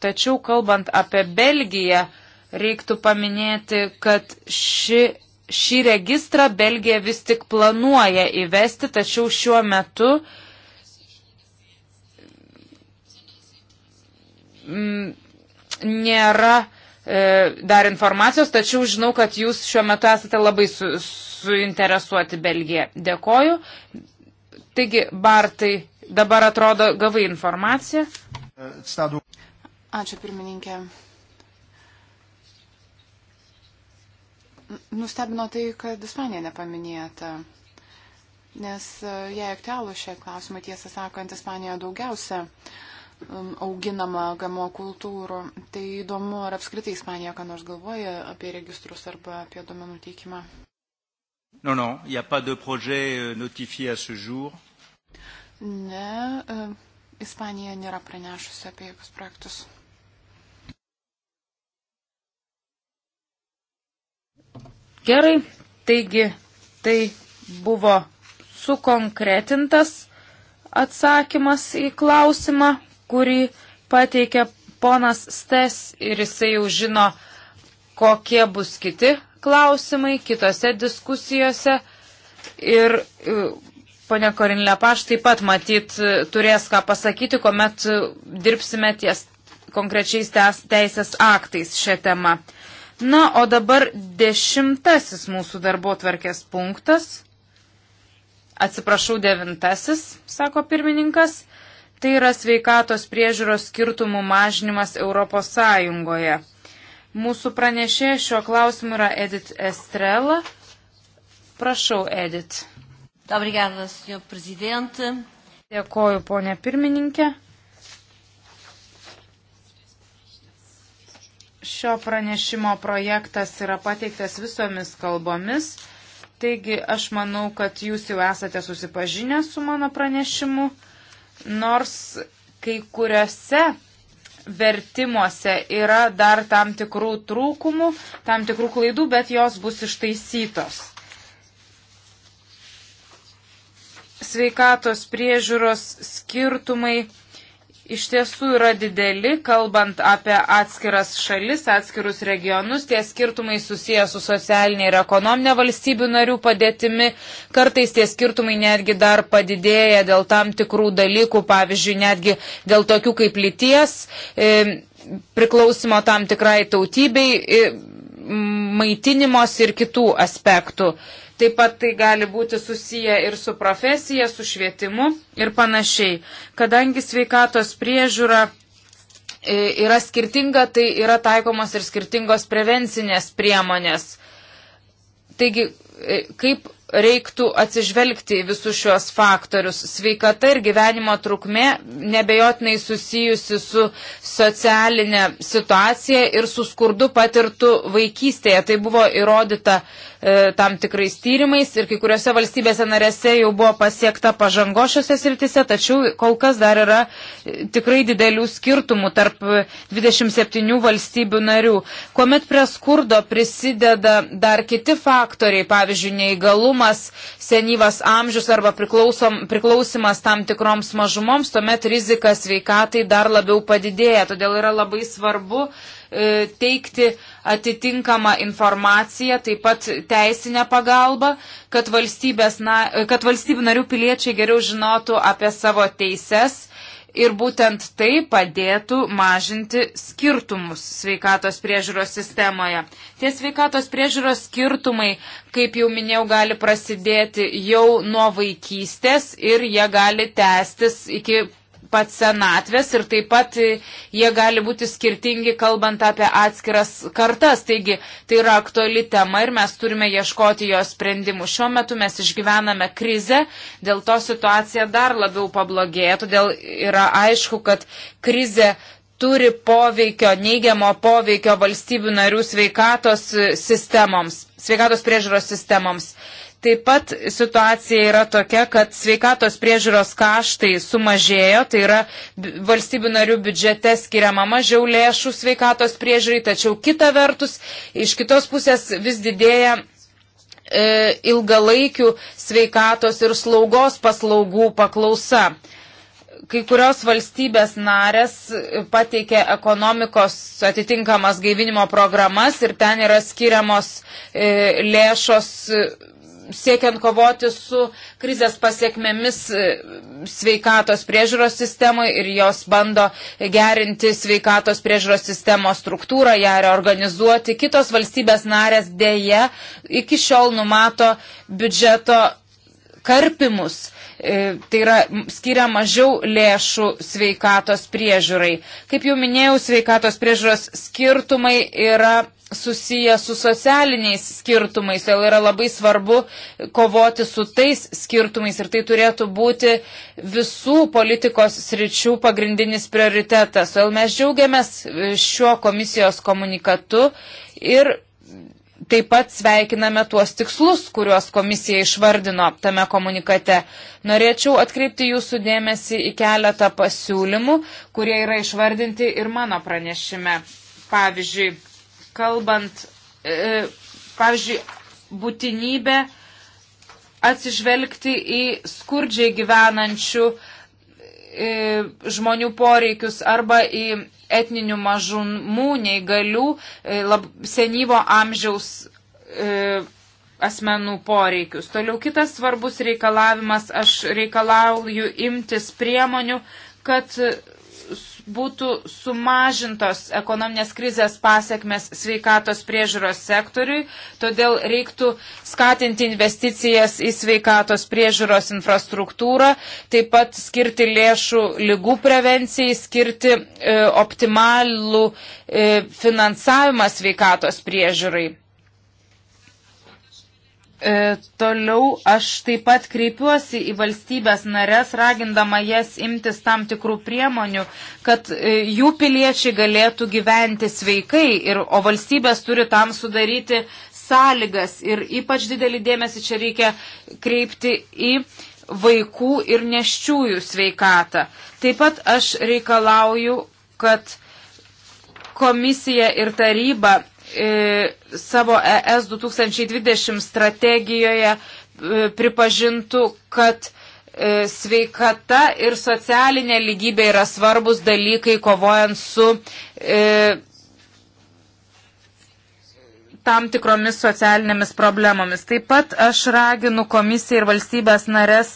Tačiau kalbant apie Belgiją, reiktų paminėti, kad ši, šį registrą Belgija vis tik planuoja įvesti, tačiau šiuo metu uh, m, mm, nėra e, dar informacijos, tačiau žinau, kad jūs šiuo metu esate labai su, suinteresuoti Belgiją. Dėkoju. Taigi, Bartai, dabar atrodo, gavai informaciją. Ačiū, pirmininkė. Nustebino tai, kad Ispanija nepaminėta. Nes e, jei aktualų šią klausimą, tiesą sakant, Ispanija daugiausia uh, Um, auginama gamo kultūrų. Tai įdomu, ar apskritai Ispanija ką nors galvoja apie registrus arba apie domenų teikimą. Non, non, il n'y a pas de projet euh, notifié à ce jour. Ne, e, Ispanija nėra pranešusi apie jokius projektus. Gerai, taigi tai buvo sukonkretintas atsakymas į klausimą kurį pateikė ponas Stes ir jisai jau žino, kokie bus kiti klausimai kitose diskusijose. Ir e, ponia Korinlė Paš taip pat matyt e, turės ką pasakyti, kuomet e, dirbsime ties konkrečiais teisės aktais šią temą. Na, o dabar dešimtasis mūsų darbo tvarkės punktas. Atsiprašau, devintasis, sako pirmininkas. Tai yra sveikatos priežiūros skirtumų mažinimas Europos Sąjungoje. Mūsų pranešė šio klausimu yra Edith Estrela. Prašau, Edith. Obrigada, senhor presidente. Dėkoju, ponė pirmininkė. Šio pranešimo projektas yra pateiktas visomis kalbomis, taigi aš manau, kad jūs jau esate susipažinę su mano pranešimu nors kai kuriuose vertimuose yra dar tam tikrų trūkumų, tam tikrų klaidų, bet jos bus ištaisytos. Sveikatos priežiūros skirtumai iš tiesų yra dideli, kalbant apie atskiras šalis, atskirus regionus, tie skirtumai susijęs su socialinė ir ekonominė valstybių narių padėtimi, kartais tie skirtumai netgi dar padidėja dėl tam tikrų dalykų, pavyzdžiui, netgi dėl tokių kaip lyties, e, priklausimo tam tikrai tautybei, e, maitinimos ir kitų aspektų. Taip pat tai gali būti susiję ir su profesija, su švietimu ir panašiai. Kadangi sveikatos priežiūra e, yra skirtinga, tai yra taikomos ir skirtingos prevencinės priemonės. Taigi, e, kaip reiktų atsižvelgti į visus šios faktorius. Sveikata ir gyvenimo trukmė nebejotinai susijusi su socialinė situacija ir su skurdu patirtu vaikystėje. Tai buvo įrodyta e, tam tikrais tyrimais ir kai kuriuose valstybėse narėse jau buvo pasiekta pažango šiuose sritise, tačiau kol kas dar yra e, tikrai didelių skirtumų tarp 27 valstybių narių. Kuomet prie skurdo prisideda dar kiti faktoriai, pavyzdžiui, neįgalumas, sergamumas, senyvas amžius arba priklausom, priklausimas tam tikroms mažumoms, tuomet rizika sveikatai dar labiau padidėja. Todėl yra labai svarbu e, teikti atitinkamą informaciją, taip pat teisinę pagalbą, kad, na, e, kad valstybių narių piliečiai geriau žinotų apie savo teises ir būtent tai padėtų mažinti skirtumus sveikatos priežiūros sistemoje. Tie sveikatos priežiūros skirtumai, kaip jau minėjau, gali prasidėti jau nuo vaikystės ir jie gali tęstis iki pat senatvės ir taip pat jie gali būti skirtingi, kalbant apie atskiras kartas. Taigi tai yra aktuali tema ir mes turime ieškoti jo sprendimų. Šiuo metu mes išgyvename krizę, dėl to situacija dar labiau pablogėja, todėl yra aišku, kad krizė turi poveikio, neigiamo poveikio valstybių narių sveikatos sistemoms, sveikatos priežiūros sistemoms. Taip pat situacija yra tokia, kad sveikatos priežiūros kaštai sumažėjo, tai yra valstybių narių biudžete skiriama mažiau lėšų sveikatos priežiūrai, tačiau kita vertus, iš kitos pusės vis didėja e, ilgalaikių sveikatos ir slaugos paslaugų paklausa. Kai kurios valstybės narės pateikė ekonomikos atitinkamas gaivinimo programas ir ten yra skiriamos e, lėšos. E, siekiant kovoti su krizės pasiekmėmis e, sveikatos priežiūros sistemoje ir jos bando gerinti sveikatos priežiūros sistemos struktūrą, ją reorganizuoti. Kitos valstybės narės dėje iki šiol numato biudžeto karpimus e, tai yra skiria mažiau lėšų sveikatos priežiūrai. Kaip jau minėjau, sveikatos priežiūros skirtumai yra susiję su socialiniais skirtumais, jau yra labai svarbu kovoti su tais skirtumais ir tai turėtų būti visų politikos sričių pagrindinis prioritetas. Jau mes džiaugiamės šiuo komisijos komunikatu ir taip pat sveikiname tuos tikslus, kuriuos komisija išvardino tame komunikate. Norėčiau atkreipti jūsų dėmesį į keletą pasiūlymų, kurie yra išvardinti ir mano pranešime. Pavyzdžiui, kalbant, e, pavyzdžiui, būtinybę atsižvelgti į skurdžiai gyvenančių e, žmonių poreikius arba į etninių mažumų, neįgalių, e, lab, senyvo amžiaus e, asmenų poreikius. Toliau kitas svarbus reikalavimas, aš reikalauju imtis priemonių, kad būtų sumažintos ekonominės krizės pasiekmes sveikatos priežiūros sektoriui, todėl reiktų skatinti investicijas į sveikatos priežiūros infrastruktūrą, taip pat skirti lėšų lygų prevencijai, skirti e, optimalų e, finansavimą sveikatos priežiūrai. E, toliau aš taip pat kreipiuosi į valstybės narės, ragindama jas imtis tam tikrų priemonių, kad e, jų piliečiai galėtų gyventi sveikai, ir, o valstybės turi tam sudaryti sąlygas. Ir ypač didelį dėmesį čia reikia kreipti į vaikų ir neščiųjų sveikatą. Taip pat aš reikalauju, kad komisija ir taryba E, savo ES 2020 strategijoje e, pripažintų, kad e, sveikata ir socialinė lygybė yra svarbus dalykai kovojant su e, tam tikromis socialinėmis problemomis. Taip pat aš raginu komisiją ir valstybės narės,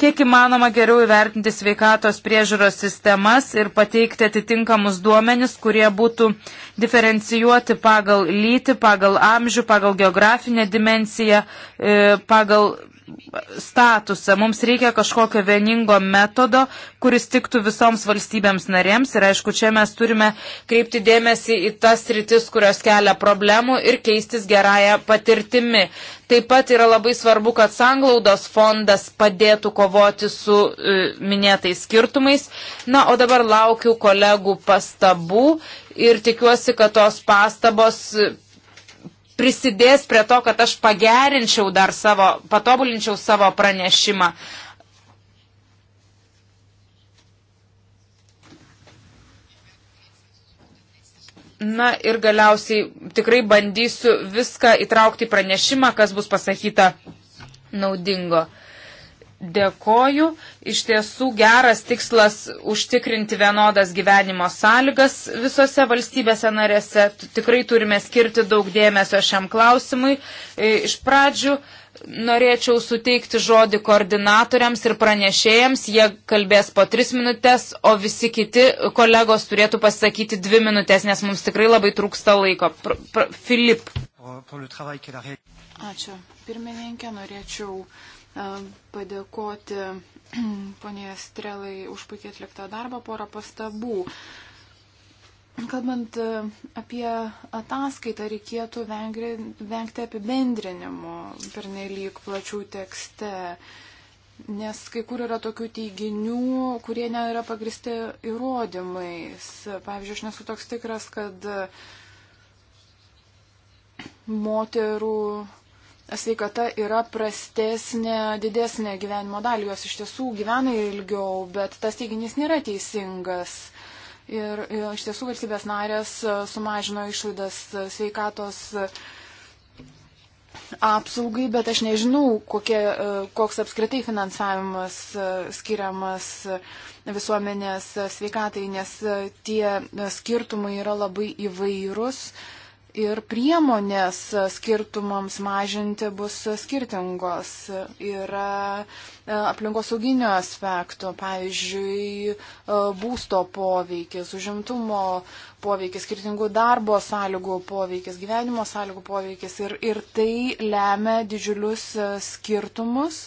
kiek įmanoma geriau įvertinti sveikatos priežiūros sistemas ir pateikti atitinkamus duomenis, kurie būtų diferencijuoti pagal lytį, pagal amžių, pagal geografinę dimenciją, e, pagal statusą. Mums reikia kažkokio vieningo metodo, kuris tiktų visoms valstybėms narėms. Ir aišku, čia mes turime kreipti dėmesį į tas rytis, kurios kelia problemų ir keistis gerąją patirtimi. Taip pat yra labai svarbu, kad sanglaudos fondas padėtų kovoti su e, minėtais skirtumais. Na, o dabar laukiu kolegų pastabų ir tikiuosi, kad tos pastabos prisidės prie to, kad aš pagerinčiau dar savo, patobulinčiau savo pranešimą. Na ir galiausiai tikrai bandysiu viską įtraukti į pranešimą, kas bus pasakyta naudingo dėkoju. Iš tiesų geras tikslas užtikrinti vienodas gyvenimo sąlygas visose valstybėse narėse. Tikrai turime skirti daug dėmesio šiam klausimui. E, iš pradžių norėčiau suteikti žodį koordinatoriams ir pranešėjams. Jie kalbės po tris minutės, o visi kiti kolegos turėtų pasakyti dvi minutės, nes mums tikrai labai trūksta laiko. Pr pr Filip. Ačiū. Pirmininkė, norėčiau padėkoti ponėje Strelai už puikiai atliktą darbą, porą pastabų. Kalbant e, apie ataskaitą, reikėtų vengri, vengti apibendrinimo per nelik plačių tekste, nes kai kur yra tokių teiginių, kurie nėra pagristi įrodymais. Pavyzdžiui, aš nesu toks tikras, kad moterų sveikata yra prastesnė, didesnė gyvenimo dalį, jos iš tiesų gyvena ilgiau, bet tas teiginys nėra teisingas. Ir iš tiesų valstybės narės e, sumažino išlaidas e, sveikatos e, apsaugai, bet aš nežinau, kokie, koks apskritai finansavimas skiriamas visuomenės sveikatai, nes tie skirtumai yra labai įvairūs ir priemonės skirtumams mažinti bus skirtingos. Yra e, aplinkosauginio aspektų, pavyzdžiui, e, būsto poveikis, užimtumo poveikis, skirtingų darbo sąlygų poveikis, gyvenimo sąlygų poveikis ir, ir tai lemia didžiulius e, skirtumus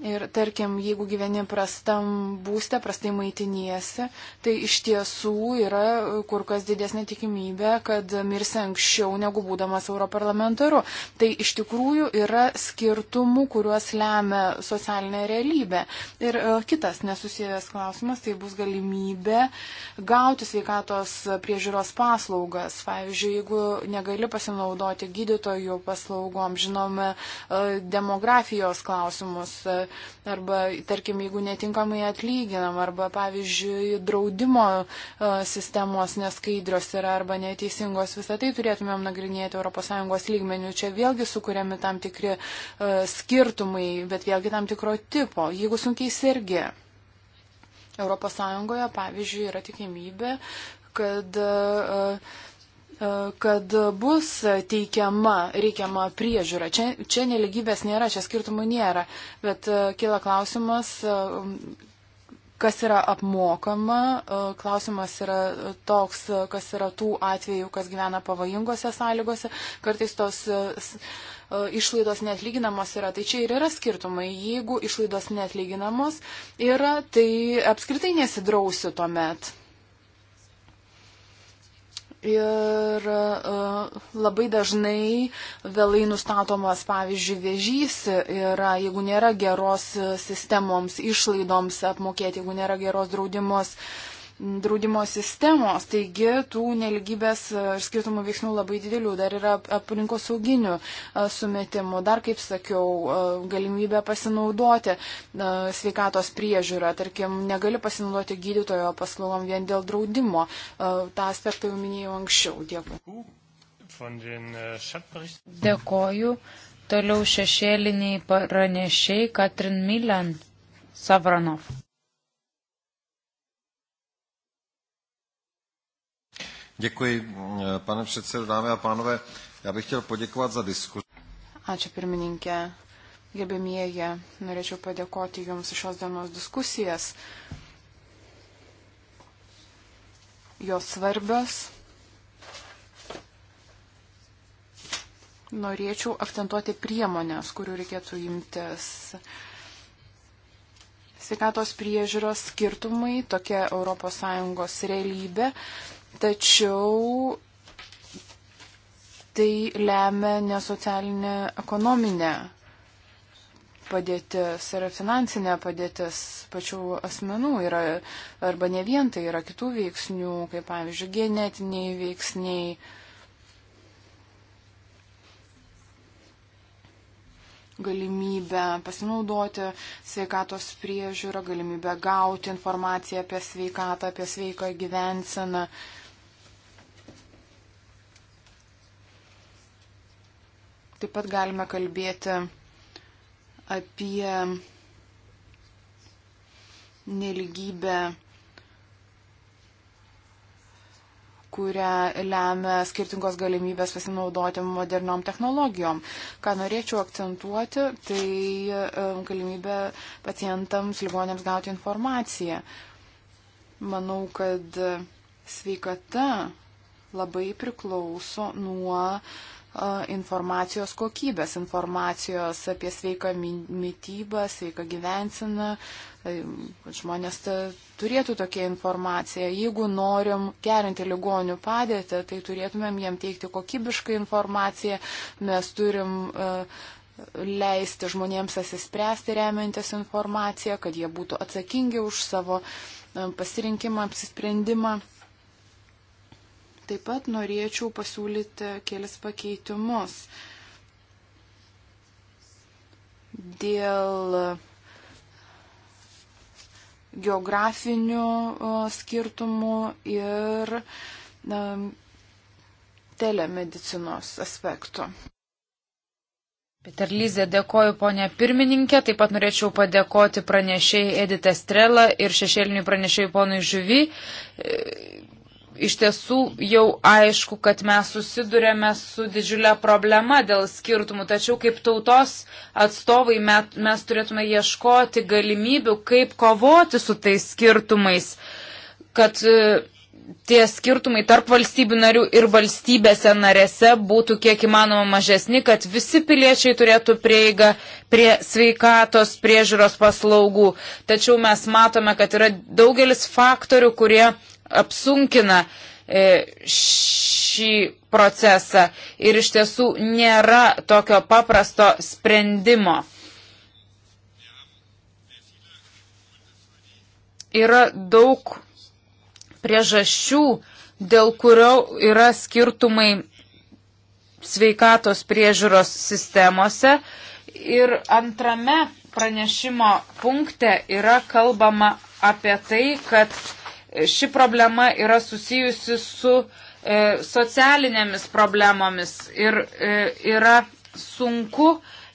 Ir tarkim, jeigu gyveni prastam būste, prastai maitiniesi, tai iš tiesų yra kur kas didesnė tikimybė, kad mirsi anksčiau negu būdamas europarlamentaru. Tai iš tikrųjų yra skirtumų, kuriuos lemia socialinė realybė. Ir e, kitas nesusijęs klausimas, tai bus galimybė gauti sveikatos priežiūros paslaugas. Pavyzdžiui, jeigu negali pasinaudoti gydytojų paslaugom, žinome e, demografijos klausimus e, arba, tarkim, jeigu netinkamai atlyginam, arba, pavyzdžiui, draudimo e, sistemos neskaidrios yra arba neteisingos, visą tai turėtumėm nagrinėti ES lygmenių. Čia vėlgi sukūrėmi tam tikri e, skirtumai, bet vėlgi tam tikro tipo, jeigu sunkiai sergi. ES, pavyzdžiui, yra tikimybė, kad uh, E, kad bus teikiama reikiama priežiūra. Čia, čia neligybės nėra, čia skirtumų nėra, bet e, kila klausimas, e, kas yra apmokama. Klausimas yra toks, kas yra tų atvejų, kas gyvena pavojingose sąlygose. Kartais tos išlaidos netlyginamos yra. Tai čia ir yra skirtumai. Jeigu išlaidos netlyginamos yra, tai apskritai nesidrausiu tuomet. Ir e, labai dažnai vėlai nustatomas, pavyzdžiui, vėžys yra, jeigu nėra geros e, sistemoms, išlaidoms apmokėti, jeigu nėra geros draudimos draudimo sistemos, taigi tų neligybės ir e, skirtumų veiksnių labai didelių, dar yra aplinkos sauginių e, sumetimų, dar, kaip sakiau, e, galimybė pasinaudoti sveikatos priežiūrą, tarkim, negali pasinaudoti gydytojo paslaugom vien dėl draudimo. Tą aspektą jau minėjau anksčiau. Dėkui. Dėkoju. Toliau šešėliniai pranešiai Katrin Milan Savranov. Děkuji, eh, pane předsedo, dámy a pánové. Já bych chtěl poděkovat za diskusiją. Ačiū pirmininkė. Gerbėmieji, norėčiau padėkoti Jums už šios dienos diskusijas. Jos svarbios. Norėčiau akcentuoti priemonės, kurių reikėtų imtis. Sveikatos priežiūros skirtumai, tokia ES realybė, tačiau tai lemia ne socialinė ekonominė padėtis yra finansinė padėtis pačių asmenų yra, arba ne vien tai yra kitų veiksnių, kaip pavyzdžiui, genetiniai veiksniai. galimybę pasinaudoti sveikatos priežiūrą, galimybę gauti informaciją apie sveikatą, apie sveiką gyvenseną. Uh, Taip pat galime kalbėti apie neligybę, kurią lemia skirtingos galimybės pasinaudoti moderniom technologijom. Ką norėčiau akcentuoti, tai galimybė pacientams, ligonėms gauti informaciją. Manau, kad sveikata labai priklauso nuo uh, informacijos kokybės, informacijos apie sveiką mytybą, sveiką gyvensiną, tai, kad žmonės turėtų tokią informaciją. Jeigu norim gerinti ligonių padėtį, tai turėtumėm jiem teikti kokybišką informaciją. Mes turim leisti žmonėms asispręsti remiantis informaciją, kad jie būtų atsakingi už savo pasirinkimą, apsisprendimą. Taip pat norėčiau pasiūlyti kelis pakeitimus dėl geografinių skirtumų ir na, telemedicinos aspektų. Peter Lyzė, dėkoju ponė pirmininkė, taip pat norėčiau padėkoti pranešėjai Edita Strela ir šešėliniui pranešėjai ponui Žuvy iš tiesų jau aišku, kad mes susidurėme su didžiulė problema dėl skirtumų, tačiau kaip tautos atstovai met, mes turėtume ieškoti galimybių, kaip kovoti su tais skirtumais, kad e, tie skirtumai tarp valstybių narių ir valstybėse narėse būtų kiek įmanoma mažesni, kad visi piliečiai turėtų prieigą prie sveikatos priežiūros paslaugų. Tačiau mes matome, kad yra daugelis faktorių, kurie apsunkina e, šį procesą ir iš tiesų nėra tokio paprasto sprendimo. Yra daug priežasčių, dėl kurio yra skirtumai sveikatos priežiūros sistemose. Ir antrame pranešimo punkte yra kalbama apie tai, kad ši problema yra susijusi su e, socialinėmis problemomis ir e, yra sunku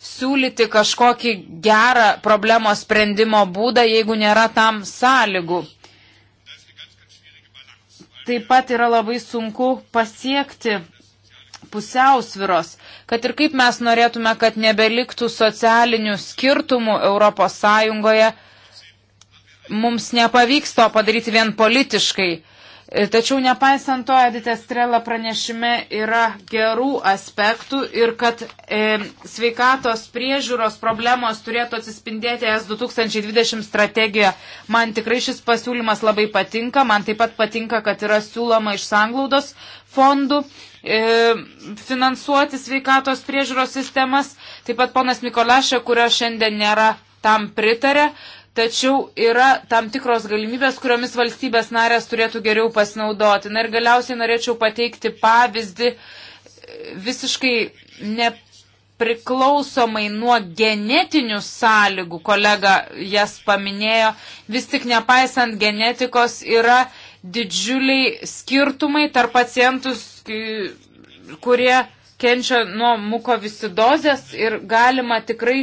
siūlyti kažkokį gerą problemos sprendimo būdą, jeigu nėra tam sąlygų. Taip pat yra labai sunku pasiekti pusiausviros, kad ir kaip mes norėtume, kad nebeliktų socialinių skirtumų Europos Sąjungoje, mums nepavyks to padaryti vien politiškai. E, tačiau nepaisant to, Edita Strela pranešime yra gerų aspektų ir kad e, sveikatos priežiūros problemos turėtų atsispindėti S 2020 strategijoje. Man tikrai šis pasiūlymas labai patinka. Man taip pat patinka, kad yra siūloma iš sanglaudos fondų e, finansuoti sveikatos priežiūros sistemas. Taip pat ponas Mikolašė, kurio šiandien nėra, tam pritarė. E, tačiau yra tam tikros galimybės, kuriomis valstybės narės turėtų geriau pasinaudoti. Na ir galiausiai norėčiau pateikti pavyzdį e, visiškai nepriklausomai nuo genetinių sąlygų, kolega jas paminėjo, vis tik nepaisant genetikos yra didžiuliai skirtumai tarp pacientus, kurie kenčia nuo mukovisidozės ir galima tikrai,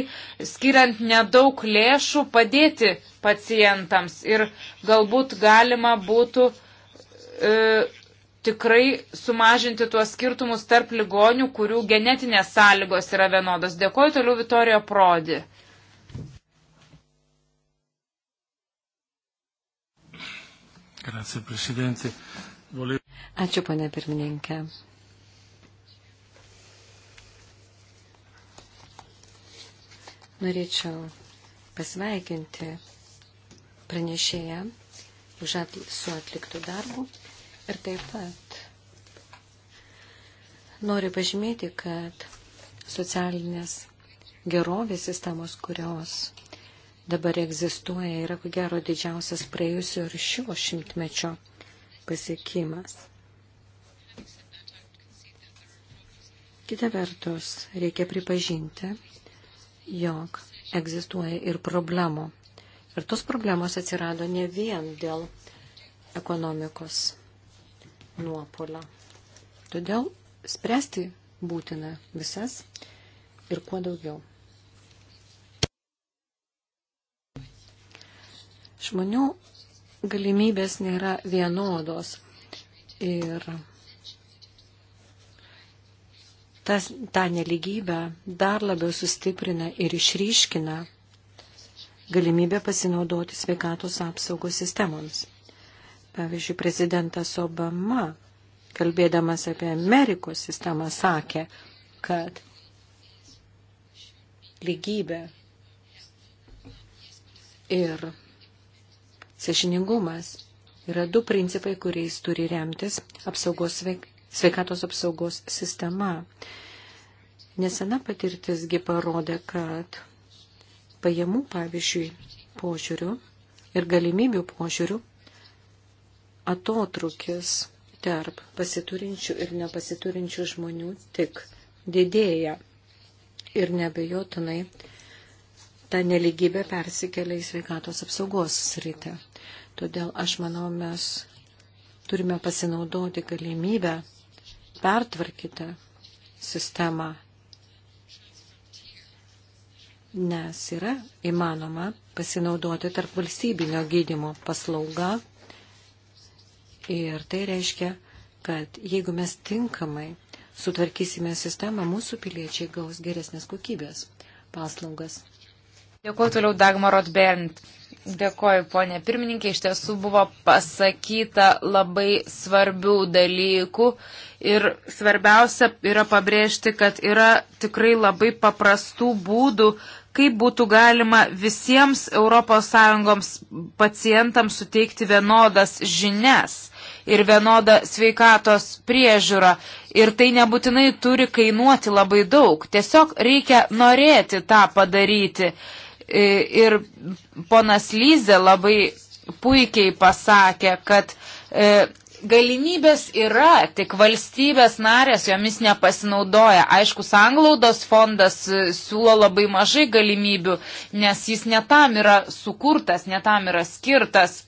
skiriant nedaug lėšų, padėti pacientams. Ir galbūt galima būtų e, tikrai sumažinti tuos skirtumus tarp ligonių, kurių genetinės sąlygos yra vienodos. Dėkuoju toliau Vitorijo Prodi. Grazie, Ačiū, ponė pirmininkė. Norėčiau pasveikinti pranešėją už atli, su atliktų darbų ir taip pat noriu pažymėti, kad socialinės gerovės sistemos, kurios dabar egzistuoja, yra ko gero didžiausias praėjusio ir šio šimtmečio pasiekimas. Kita vertus, reikia pripažinti, jog egzistuoja ir problemų. Ir tos problemos atsirado ne vien dėl ekonomikos nuopolio. Todėl spręsti būtina visas ir kuo daugiau. Žmonių galimybės nėra vienodos ir tas, tą neligybę dar labiau sustiprina ir išryškina galimybę pasinaudoti sveikatos apsaugos sistemoms. Pavyzdžiui, prezidentas Obama, kalbėdamas apie Amerikos sistemą, sakė, kad lygybė ir sešininkų yra du principai, kuriais turi remtis apsaugos sveik sveikatos apsaugos sistema. Nesena patirtisgi parodė, kad pajamų, pavyzdžiui, požiūrių ir galimybių požiūrių atotrukis tarp pasiturinčių ir nepasiturinčių žmonių tik didėja. Ir nebejotinai ta neligybė persikelia į sveikatos apsaugos sritį. Todėl aš manau, mes turime pasinaudoti galimybę pertvarkyti sistemą, nes yra įmanoma pasinaudoti tarp valstybinio gydimo paslauga ir tai reiškia, kad jeigu mes tinkamai sutvarkysime sistemą, mūsų piliečiai gaus geresnės kokybės paslaugas. Dėkuoju toliau Dagmarot Bernd. Dėkoju, ponė pirmininkė, iš tiesų buvo pasakyta labai svarbių dalykų ir svarbiausia yra pabrėžti, kad yra tikrai labai paprastų būdų, kaip būtų galima visiems ES pacientams suteikti vienodas žinias ir vienodą sveikatos priežiūrą. Ir tai nebūtinai turi kainuoti labai daug, tiesiog reikia norėti tą padaryti. Ir ponas Lyze labai puikiai pasakė, kad e, galimybės yra, tik valstybės narės jomis nepasinaudoja. Aišku, sanglaudos fondas e, siūlo labai mažai galimybių, nes jis netam yra sukurtas, netam yra skirtas.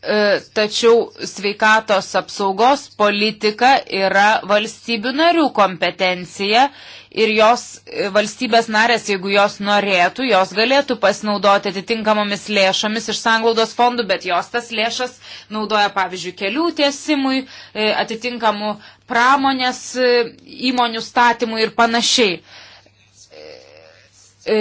E, tačiau sveikatos apsaugos politika yra valstybių narių kompetencija ir jos e, valstybės narės, jeigu jos norėtų, jos galėtų pasinaudoti atitinkamomis lėšomis iš sanglaudos fondų, bet jos tas lėšas naudoja, pavyzdžiui, kelių tiesimui, e, atitinkamų pramonės įmonių statymui ir panašiai. E,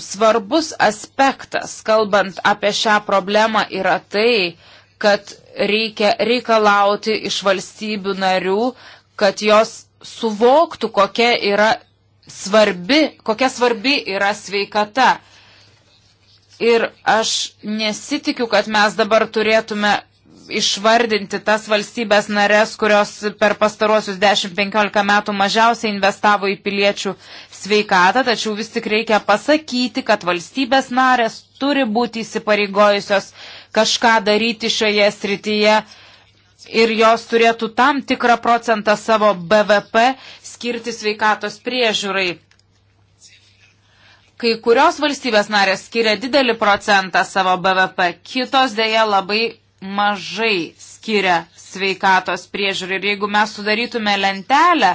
svarbus aspektas, kalbant apie šią problemą, yra tai, kad reikia reikalauti iš valstybių narių, kad jos suvoktų, kokia yra svarbi, kokia svarbi yra sveikata. Ir aš nesitikiu, kad mes dabar turėtume išvardinti tas valstybės narės, kurios per pastaruosius 10-15 metų mažiausiai investavo į piliečių sveikatą, tačiau vis tik reikia pasakyti, kad valstybės narės turi būti įsipareigojusios kažką daryti šioje srityje ir jos turėtų tam tikrą procentą savo BVP skirti sveikatos priežiūrai. Kai kurios valstybės narės skiria didelį procentą savo BVP, kitos dėja labai mažai skiria sveikatos priežiūrai. Ir jeigu mes sudarytume lentelę,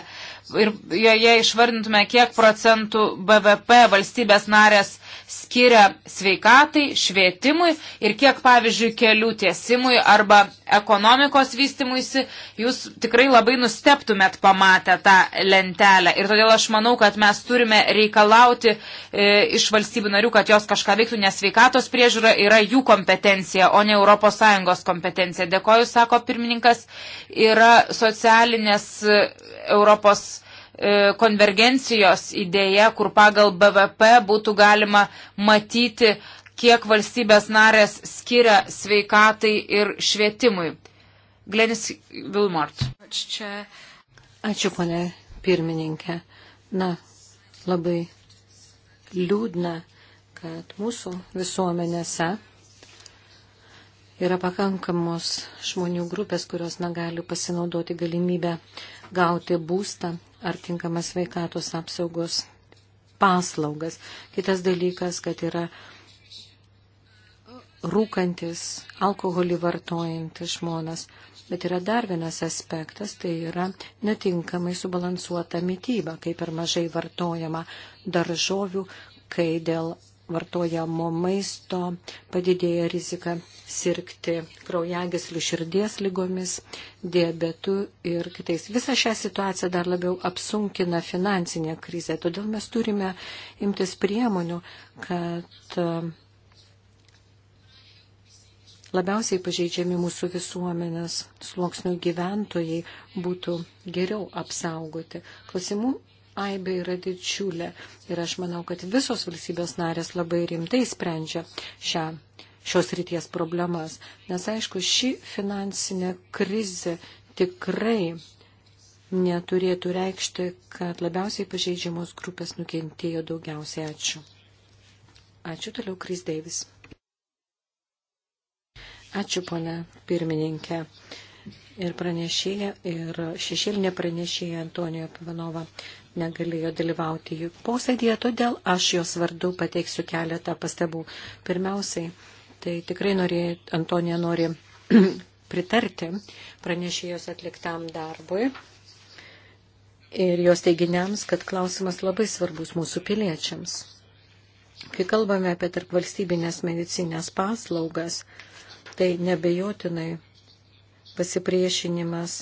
ir joje išvardintume, kiek procentų BVP valstybės narės skiria sveikatai, švietimui ir kiek, pavyzdžiui, kelių tiesimui arba ekonomikos vystimuisi, jūs tikrai labai nusteptumėt pamatę tą lentelę. Ir todėl aš manau, kad mes turime reikalauti e, iš valstybių narių, kad jos kažką veiktų, nes sveikatos priežiūra yra jų kompetencija, o ne ES kompetencija. Dėkoju, sako pirmininkas, yra socialinės e, Europos E, konvergencijos idėja, kur pagal BVP būtų galima matyti, kiek valstybės narės skiria sveikatai ir švietimui. Glenis Vilmort. Ačiū, ponė pirmininkė. Na, labai liūdna, kad mūsų visuomenėse yra pakankamos žmonių grupės, kurios negali pasinaudoti galimybę gauti būstą ar tinkamas veikatos apsaugos paslaugas. Kitas dalykas, kad yra rūkantis, alkoholį vartojantis žmonas. Bet yra dar vienas aspektas, tai yra netinkamai subalansuota mytyba, kai per mažai vartojama daržovių, kai dėl vartojamo maisto padidėja rizika sirgti kraujagislių širdies lygomis, diabetu ir kitais. Visą šią situaciją dar labiau apsunkina finansinė krizė, todėl mes turime imtis priemonių, kad e, labiausiai pažeidžiami mūsų visuomenės sluoksnių gyventojai būtų geriau apsaugoti. Klausimų aibė yra didžiulė ir aš manau, kad visos valstybės narės labai rimtai sprendžia šią, šios ryties problemas, nes aišku, ši finansinė krizė tikrai neturėtų reikšti, kad labiausiai pažeidžiamos grupės nukentėjo daugiausiai. Ačiū. Ačiū toliau, Kris Deivis. Ačiū, ponė pirmininkė ir pranešėja, ir šešėlinė pranešėja Antonijo Pavanova negalėjo dalyvauti jų posėdėje, todėl aš jos vardu pateiksiu keletą pastabų. Pirmiausiai, tai tikrai norė, Antonija nori pritarti pranešėjos atliktam darbui ir jos teiginiams, kad klausimas labai svarbus mūsų piliečiams. Kai kalbame apie tarp valstybinės medicinės paslaugas, tai nebejotinai pasipriešinimas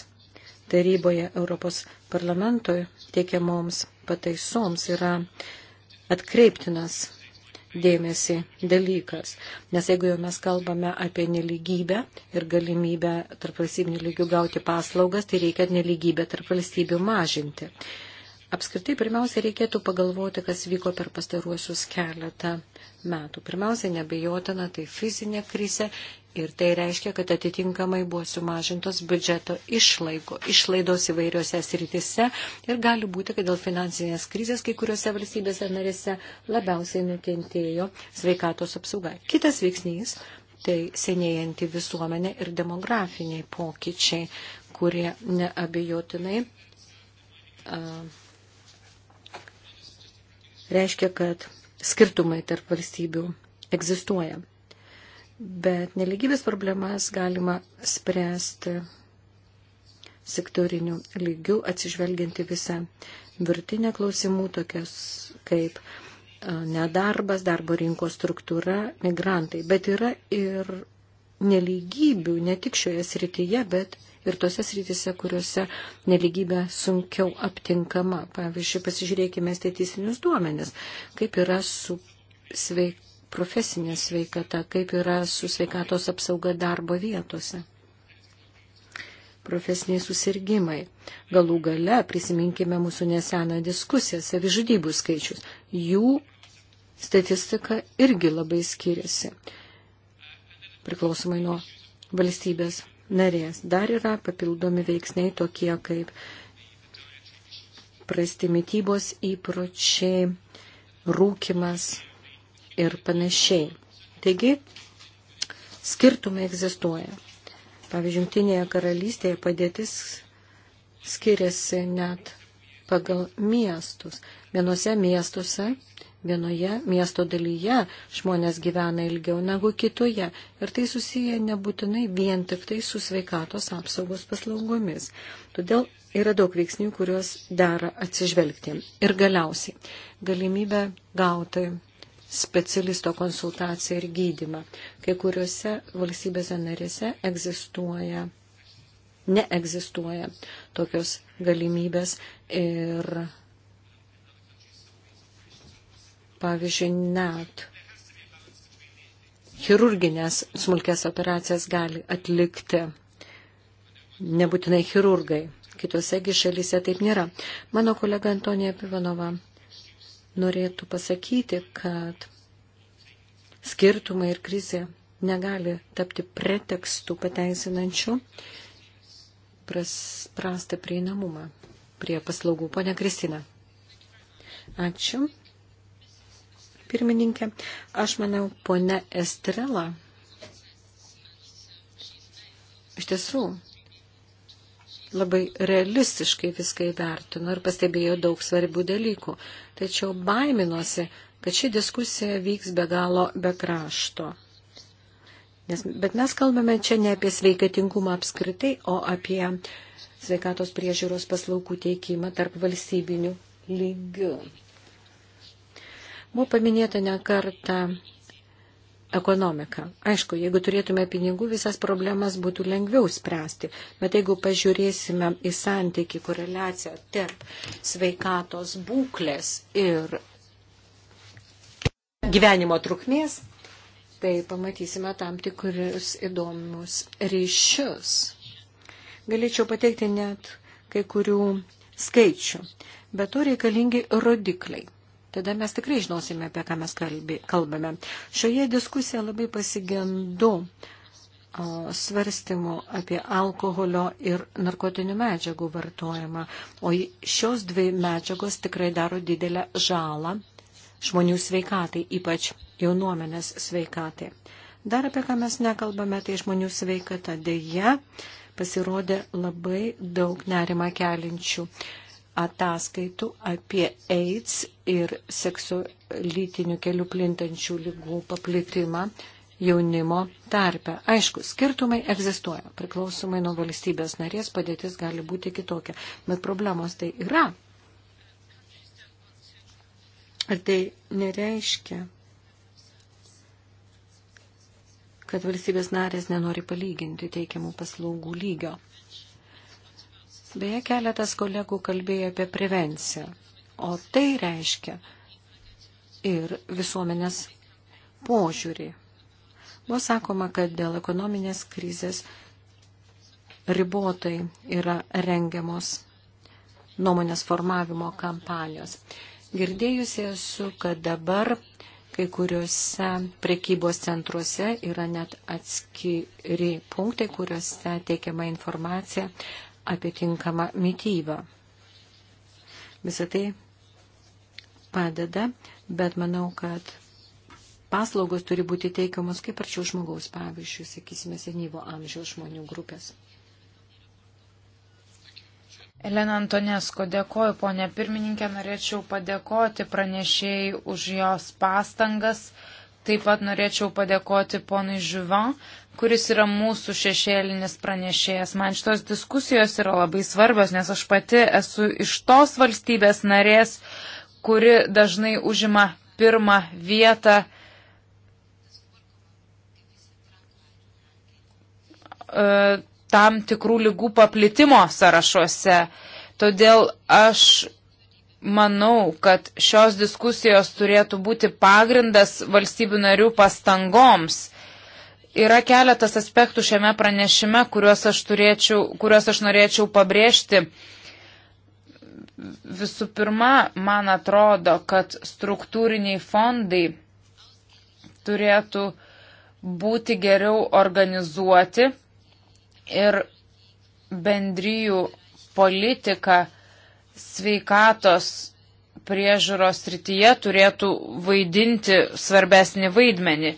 taryboje Europos parlamentui teikiamoms pataisoms yra atkreiptinas dėmesį dalykas. Nes jeigu jau mes kalbame apie neligybę ir galimybę tarp valstybinių lygių gauti paslaugas, tai reikia neligybę tarp valstybių mažinti. Apskritai, pirmiausia, reikėtų pagalvoti, kas vyko per pastaruosius keletą metų. Pirmiausia, nebejotina, tai fizinė krise Ir tai reiškia, kad atitinkamai buvo sumažintos biudžeto išlaiko, išlaidos įvairiose sritise ir gali būti, kad dėl finansinės krizės kai kuriuose valstybėse narėse labiausiai nukentėjo sveikatos apsauga. Kitas veiksnys - tai senėjanti visuomenė ir demografiniai pokyčiai, kurie neabejotinai uh, reiškia, kad skirtumai tarp valstybių egzistuoja. Bet neligybės problemas galima spręsti sektorinių lygių, atsižvelginti visą virtinę klausimų, tokias kaip nedarbas, darbo rinkos struktūra, migrantai. Bet yra ir nelygybių, ne tik šioje srityje, bet ir tose srityse, kuriuose neligybė sunkiau aptinkama. Pavyzdžiui, pasižiūrėkime statistinius duomenis, kaip yra su sveikai profesinė sveikata, kaip yra su sveikatos apsauga darbo vietose profesiniai susirgymai. Galų gale prisiminkime mūsų neseną diskusiją - savižudybų skaičius. Jų statistika irgi labai skiriasi, priklausomai nuo valstybės narės. Dar yra papildomi veiksniai tokie kaip prasti mytybos įpročiai, rūkimas, ir panašiai. Taigi, skirtumai egzistuoja. Pavyzdžiui, Junktinėje karalystėje padėtis skiriasi net pagal miestus. Vienose miestuose, vienoje miesto dalyje žmonės gyvena ilgiau negu kitoje. Ir tai susiję nebūtinai vien tik tai su sveikatos apsaugos paslaugomis. Todėl yra daug veiksnių, kuriuos dera atsižvelgti. Ir galiausiai galimybę gauti specialisto konsultaciją ir gydimą. Kai kuriuose valstybėse narėse egzistuoja, neegzistuoja tokios galimybės ir, pavyzdžiui, net chirurginės smulkės operacijas gali atlikti nebūtinai chirurgai. Kitosegi šalyse taip nėra. Mano kolega Antonija Pivanova norėtų pasakyti, kad skirtumai ir krizė negali tapti pretekstų pateisinančių pras, prastą prieinamumą prie paslaugų. Pone Kristina. Ačiū. Pirmininkė, aš manau, pone Estrela. Iš tiesų, labai realistiškai viską įvertino ir pastebėjo daug svarbių dalykų tačiau baiminuosi, kad ši diskusija vyks be galo be krašto. Nes, bet mes kalbame čia ne apie sveikatingumą apskritai, o apie sveikatos priežiūros paslaugų teikimą tarp valstybinių lygių. Buvo paminėta ne kartą ekonomiką. Aišku, jeigu turėtume pinigų, visas problemas būtų lengviau spręsti, bet jeigu pažiūrėsime į santyki koreliaciją tarp sveikatos būklės ir gyvenimo trukmės, tai pamatysime tam tikrus įdomius ryšius. Galėčiau pateikti net kai kurių skaičių, bet to reikalingi rodikliai tada mes tikrai žinosime, apie ką mes kalbame. Šioje diskusijoje labai pasigendu svarstymų apie alkoholio ir narkotinių medžiagų vartojimą. O šios dvi medžiagos tikrai daro didelę žalą žmonių sveikatai, ypač jaunuomenės sveikatai. Dar apie ką mes nekalbame, tai žmonių sveikata dėja pasirodė labai daug nerima kelinčių ataskaitų apie AIDS ir seksu lytinių kelių plintančių lygų paplitimą jaunimo tarpe. Aišku, skirtumai egzistuoja. Priklausomai nuo valstybės narės padėtis gali būti kitokia. Bet problemos tai yra. Ar tai nereiškia, kad valstybės narės nenori palyginti teikiamų paslaugų lygio? Beje, keletas kolegų kalbėjo apie prevenciją, o tai reiškia ir visuomenės požiūrį. Buvo sakoma, kad dėl ekonominės krizės ribotai yra rengiamos nuomonės formavimo kampanijos. Girdėjusi esu, kad dabar kai kuriuose prekybos centruose yra net atskiri punktai, kuriuose teikiama informacija apie tinkamą mytybą. Visą tai padeda, bet manau, kad paslaugos turi būti teikiamos kaip arčiau žmogaus, pavyzdžiui, sakysime, senyvo amžiaus žmonių grupės. Elena Antonesko, dėkoju, ponė pirmininkė, norėčiau padėkoti pranešėjai už jos pastangas. Taip pat norėčiau padėkoti ponui Žyvan, kuris yra mūsų šešėlinis pranešėjas. Man šitos diskusijos yra labai svarbios, nes aš pati esu iš tos valstybės narės, kuri dažnai užima pirmą vietą. E, tam tikrų lygų paplitimo sąrašuose. Todėl aš manau, kad šios diskusijos turėtų būti pagrindas valstybių narių pastangoms Yra keletas aspektų šiame pranešime, kuriuos aš, turėčiau, kuriuos aš norėčiau pabrėžti. Visų pirma, man atrodo, kad struktūriniai fondai turėtų būti geriau organizuoti ir bendryjų politika sveikatos priežiūros rytyje turėtų vaidinti svarbesnį vaidmenį.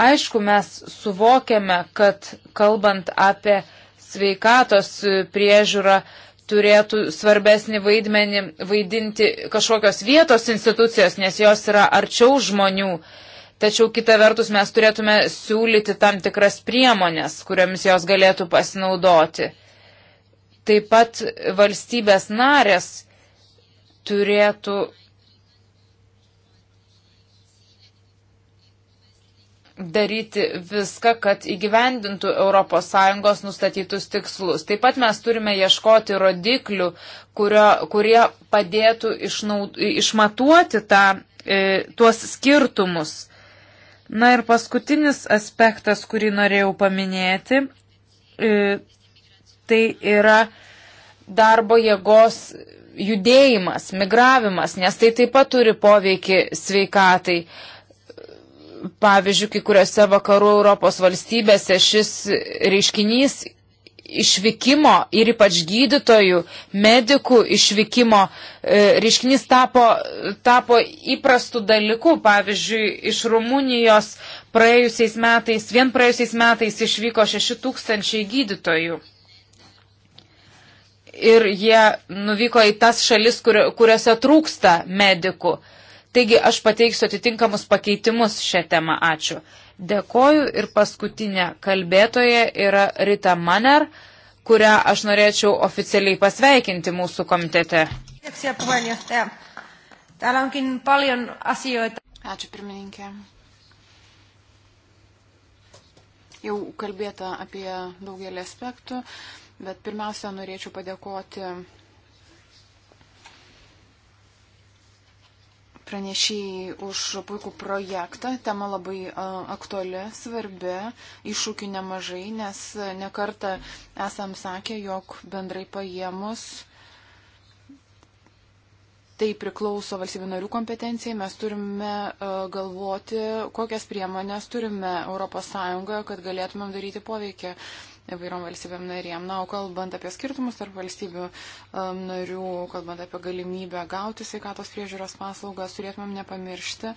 Aišku, mes suvokiame, kad kalbant apie sveikatos priežiūrą, turėtų svarbesnį vaidmenį vaidinti kažkokios vietos institucijos, nes jos yra arčiau žmonių. Tačiau kita vertus mes turėtume siūlyti tam tikras priemonės, kuriomis jos galėtų pasinaudoti. Taip pat valstybės narės turėtų daryti viską, kad įgyvendintų ES nustatytus tikslus. Taip pat mes turime ieškoti rodiklių, kurio, kurie padėtų išnaud, išmatuoti tą, e, tuos skirtumus. Na ir paskutinis aspektas, kurį norėjau paminėti, e, tai yra darbo jėgos judėjimas, migravimas, nes tai taip pat turi poveikį sveikatai. E, Pavyzdžiui, kai kuriuose vakarų Europos valstybėse šis reiškinys išvykimo ir ypač gydytojų, medikų išvykimo e, reiškinys tapo, tapo įprastų dalykų. Pavyzdžiui, iš Rumunijos praėjusiais metais, vien praėjusiais metais išvyko 6 tūkstančiai gydytojų. Ir jie nuvyko į tas šalis, kur, kuriuose trūksta medikų. Uh, Taigi aš pateiksiu atitinkamus pakeitimus šią temą. Ačiū. Dėkoju ir paskutinė kalbėtoja yra Rita Maner, kurią aš norėčiau oficialiai pasveikinti mūsų komitete. Ačiū pirmininkė. Jau kalbėta apie daugelį aspektų, bet pirmiausia, norėčiau padėkoti pranešėjai už puikų projektą. Tema labai aktuali, svarbi, iššūkių nemažai, nes nekartą esam sakę, jog bendrai paėmus. Tai priklauso valstybių narių kompetencijai. Mes turime galvoti, kokias priemonės turime ES, kad galėtumėm daryti poveikį įvairiom valstybėm narėm. Na, o kalbant apie skirtumus tarp valstybių um, narių, kalbant apie galimybę gauti sveikatos priežiūros paslaugas, turėtumėm nepamiršti,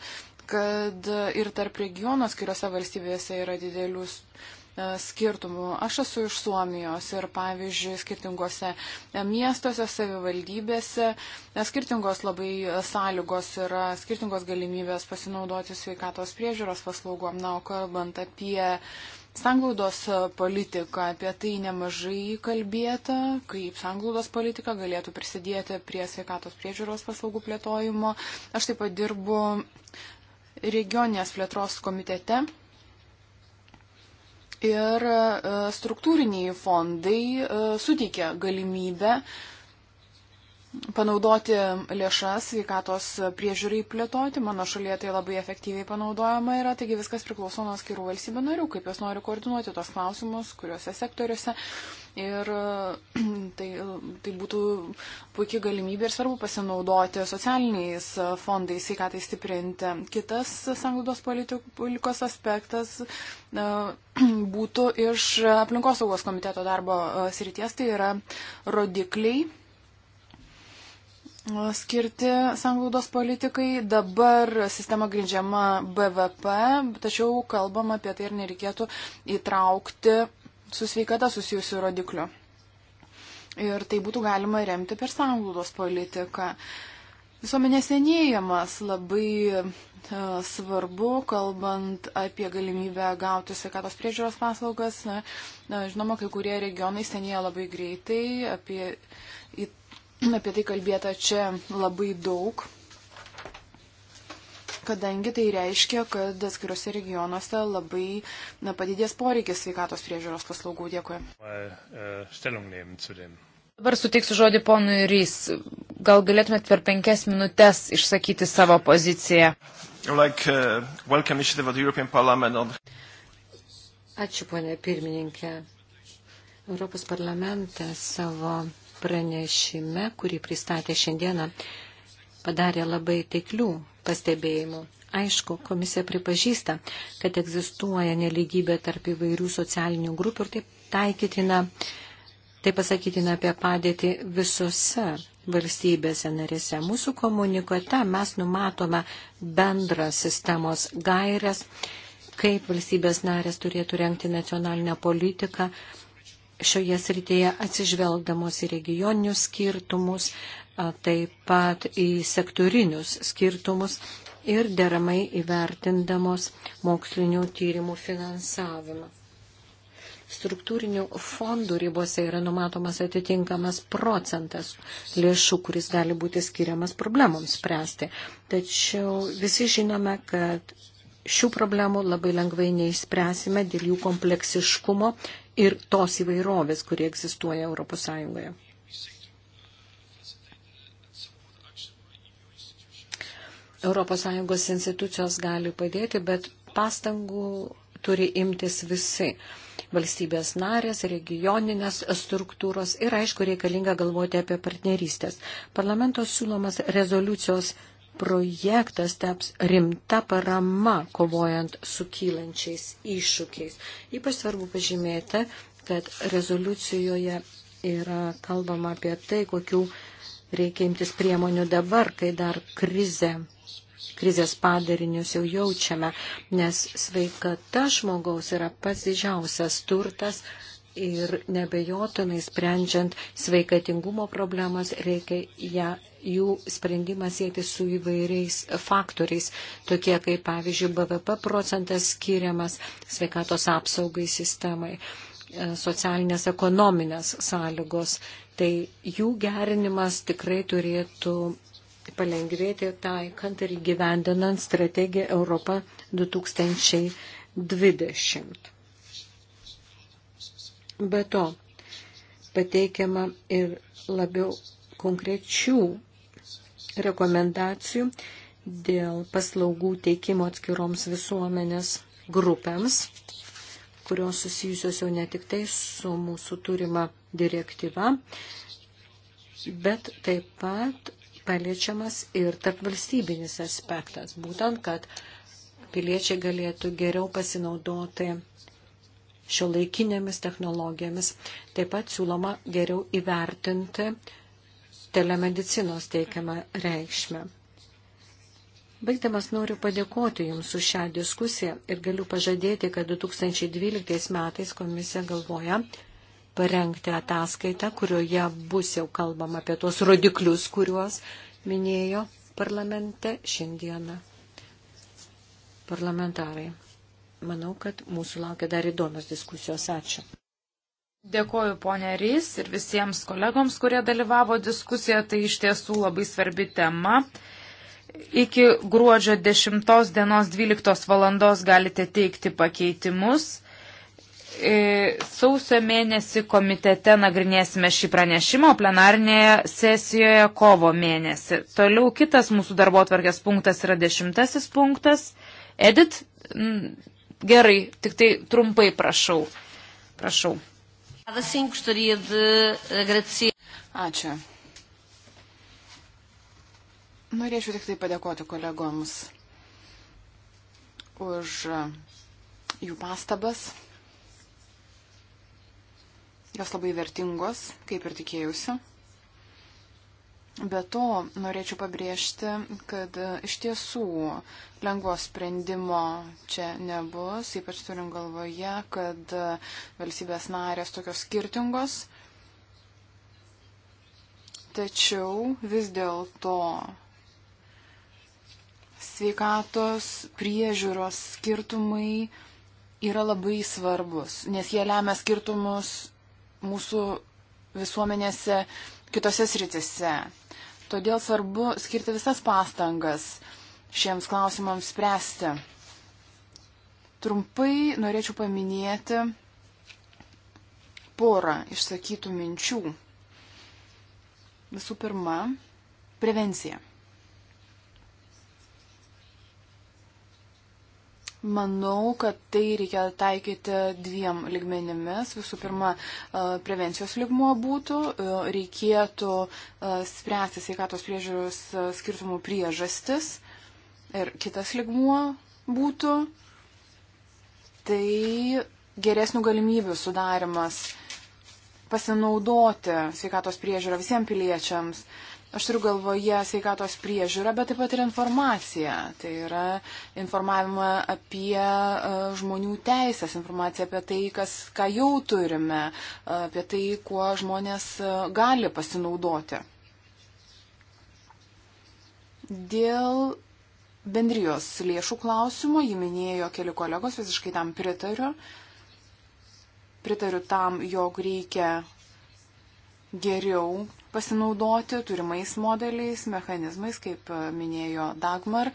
kad ir tarp regionų skiriose valstybėse yra didelius e, skirtumų. Aš esu iš Suomijos ir, pavyzdžiui, skirtingose e, miestuose, savivaldybėse e, skirtingos labai sąlygos yra, skirtingos galimybės pasinaudoti sveikatos priežiūros paslaugom. Na, o kalbant apie uh, Sanglaudos politika, apie tai nemažai kalbėta, kaip sanglaudos politika galėtų prisidėti prie sveikatos priežiūros paslaugų plėtojimo. Aš taip pat dirbu regioninės plėtros komitete. Ir e, struktūriniai fondai e, suteikia galimybę uh, panaudoti lėšas sveikatos priežiūrai plėtoti. Mano šalyje tai labai efektyviai panaudojama yra, taigi viskas priklauso nuo skirų valstybių narių, kaip jos nori koordinuoti tos klausimus, kuriuose sektoriuose. Ir tai, tai būtų puikia galimybė ir svarbu pasinaudoti socialiniais fondais, sveikatai stiprinti. Kitas sanglaudos politikos aspektas būtų iš aplinkosaugos komiteto darbo srities, tai yra rodikliai skirti sanglaudos politikai. Dabar sistema grindžiama BVP, tačiau kalbam apie tai ir nereikėtų įtraukti su sveikata susijusių rodiklių. Ir tai būtų galima remti per sanglaudos politiką. Visuomenės senėjimas labai e, svarbu, kalbant apie galimybę gauti sveikatos priežiūros paslaugas. Na, e, žinoma, kai kurie regionai senėja labai greitai, apie Apie tai kalbėta čia labai daug, kadangi tai reiškia, kad atskiriuose regionuose labai na, padidės poreikis sveikatos priežiūros paslaugų. Dėkui. Dabar suteiksiu žodį ponui Rys. Gal galėtumėt per penkias minutės išsakyti savo poziciją? Like, uh, Ačiū, ponė pirmininkė. Europos parlamentas savo pranešime, kurį pristatė šiandieną, padarė labai teiklių pastebėjimų. Aišku, komisija pripažįsta, kad egzistuoja neligybė tarp įvairių socialinių grupių ir taip taikytina, taip pasakytina apie padėtį visose valstybėse narėse. Mūsų komunikate mes numatome bendrą sistemos gairias, kaip valstybės narės turėtų renkti nacionalinę politiką šioje srityje atsižvelgdamos į regioninius skirtumus, taip pat į sektorinius skirtumus ir deramai įvertindamos mokslinių tyrimų finansavimą. Struktūrinių fondų ribose yra numatomas atitinkamas procentas lėšų, kuris gali būti skiriamas problemams spręsti. Tačiau visi žinome, kad šių problemų labai lengvai neišspręsime dėl jų kompleksiškumo ir tos įvairovės, kurie egzistuoja Europos Sąjungoje. Europos Sąjungos institucijos gali padėti, bet pastangų turi imtis visi valstybės narės, regioninės struktūros ir aišku reikalinga galvoti apie partnerystės. Parlamento siūlomas rezoliucijos projektas taps rimta parama kovojant su kylančiais iššūkiais. Ypač svarbu pažymėti, kad rezoliucijoje yra kalbama apie tai, kokių reikia imtis priemonių dabar, kai dar krize, krizės padarinius jau jaučiame, nes sveikata žmogaus yra pats didžiausias turtas, ir nebejotinai sprendžiant sveikatingumo problemas reikia ją, jų sprendimą sėti su įvairiais faktoriais, tokie kaip pavyzdžiui BVP procentas skiriamas sveikatos apsaugai sistemai e, socialinės ekonominės sąlygos, tai jų gerinimas tikrai turėtų palengvėti taikant ir įgyvendinant strategiją Europą 2020. Be to, pateikiama ir labiau konkrečių rekomendacijų dėl paslaugų teikimo atskiroms visuomenės grupėms, kurios susijusios jau ne tik tai su mūsų turima direktyva, bet taip pat paliečiamas ir tarp valstybinis aspektas, būtent, kad piliečiai galėtų geriau pasinaudoti šio laikinėmis technologijomis. Taip pat siūloma geriau įvertinti telemedicinos teikiamą reikšmę. Baigdamas noriu padėkoti Jums už šią diskusiją ir galiu pažadėti, kad 2012 metais komisija galvoja parengti ataskaitą, kurioje bus jau kalbama apie tuos rodiklius, kuriuos minėjo parlamente šiandieną parlamentarai manau, kad mūsų laukia dar įdomios diskusijos. Ačiū. Dėkoju ponė Rys ir visiems kolegoms, kurie dalyvavo diskusijoje. Tai iš tiesų labai svarbi tema. Iki gruodžio 10 dienos 12 valandos galite teikti pakeitimus. E, sausio mėnesį komitete nagrinėsime šį pranešimą, o plenarinėje sesijoje kovo mėnesį. Toliau kitas mūsų darbo tvarkės punktas yra dešimtasis punktas. Edit, Gerai, tik tai trumpai prašau. Prašau. Ačiū. Norėčiau tik tai padėkoti kolegoms už jų pastabas. Jos labai vertingos, kaip ir tikėjusi. Be to, norėčiau pabrėžti, kad e, iš tiesų lengvo sprendimo čia nebus, ypač turim galvoje, kad e, valstybės narės tokios skirtingos. Tačiau vis dėlto sveikatos priežiūros skirtumai yra labai svarbus, nes jie lemia skirtumus mūsų visuomenėse kitose sritise. Todėl svarbu skirti visas pastangas šiems klausimams spręsti. Trumpai norėčiau paminėti porą išsakytų minčių. Visų pirma, prevencija. Manau, kad tai reikia taikyti dviem ligmenimis. Visų pirma, e, prevencijos ligmuo būtų, e, reikėtų e, spręsti sveikatos priežiūros skirtumų priežastis. Ir kitas ligmuo būtų, tai geresnių galimybių sudarimas pasinaudoti sveikatos priežiūrą visiems piliečiams. Uh, Aš turiu galvoje sveikatos priežiūrą, bet taip pat ir informaciją. Tai yra informavimą apie e, žmonių teisės, informaciją apie tai, kas, ką jau turime, e, apie tai, kuo žmonės e, gali pasinaudoti. Dėl bendrijos lėšų klausimo, jį minėjo keli kolegos, visiškai tam pritariu. Pritariu tam, jog reikia geriau pasinaudoti turimais modeliais, mechanizmais, kaip e, minėjo Dagmar,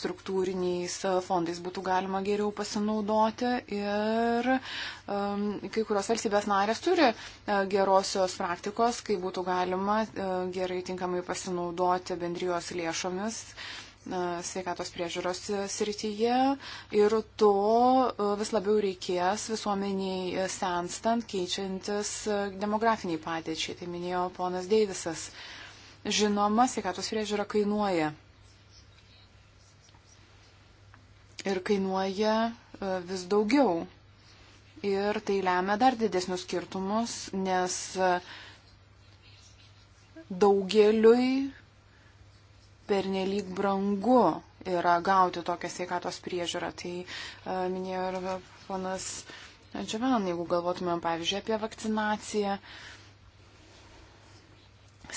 struktūriniais e, fondais būtų galima geriau pasinaudoti ir um, kai kurios valstybės narės turi uh, gerosios praktikos, kai būtų galima uh, gerai tinkamai pasinaudoti bendrijos lėšomis. Uh, E, sveikatos priežiūros srityje ir to e, vis labiau reikės visuomeniai e, senstant, keičiantis demografiniai padėčiai. Tai minėjo ponas Deivisas. Žinoma, sveikatos priežiūra kainuoja. Ir kainuoja vis daugiau. Ir tai lemia dar didesnius skirtumus, nes daugeliui pernelyg brangu yra gauti tokią sveikatos priežiūrą. Tai e, minėjo ir panas Džiavan, jeigu galvotumėm, pavyzdžiui, apie vakcinaciją,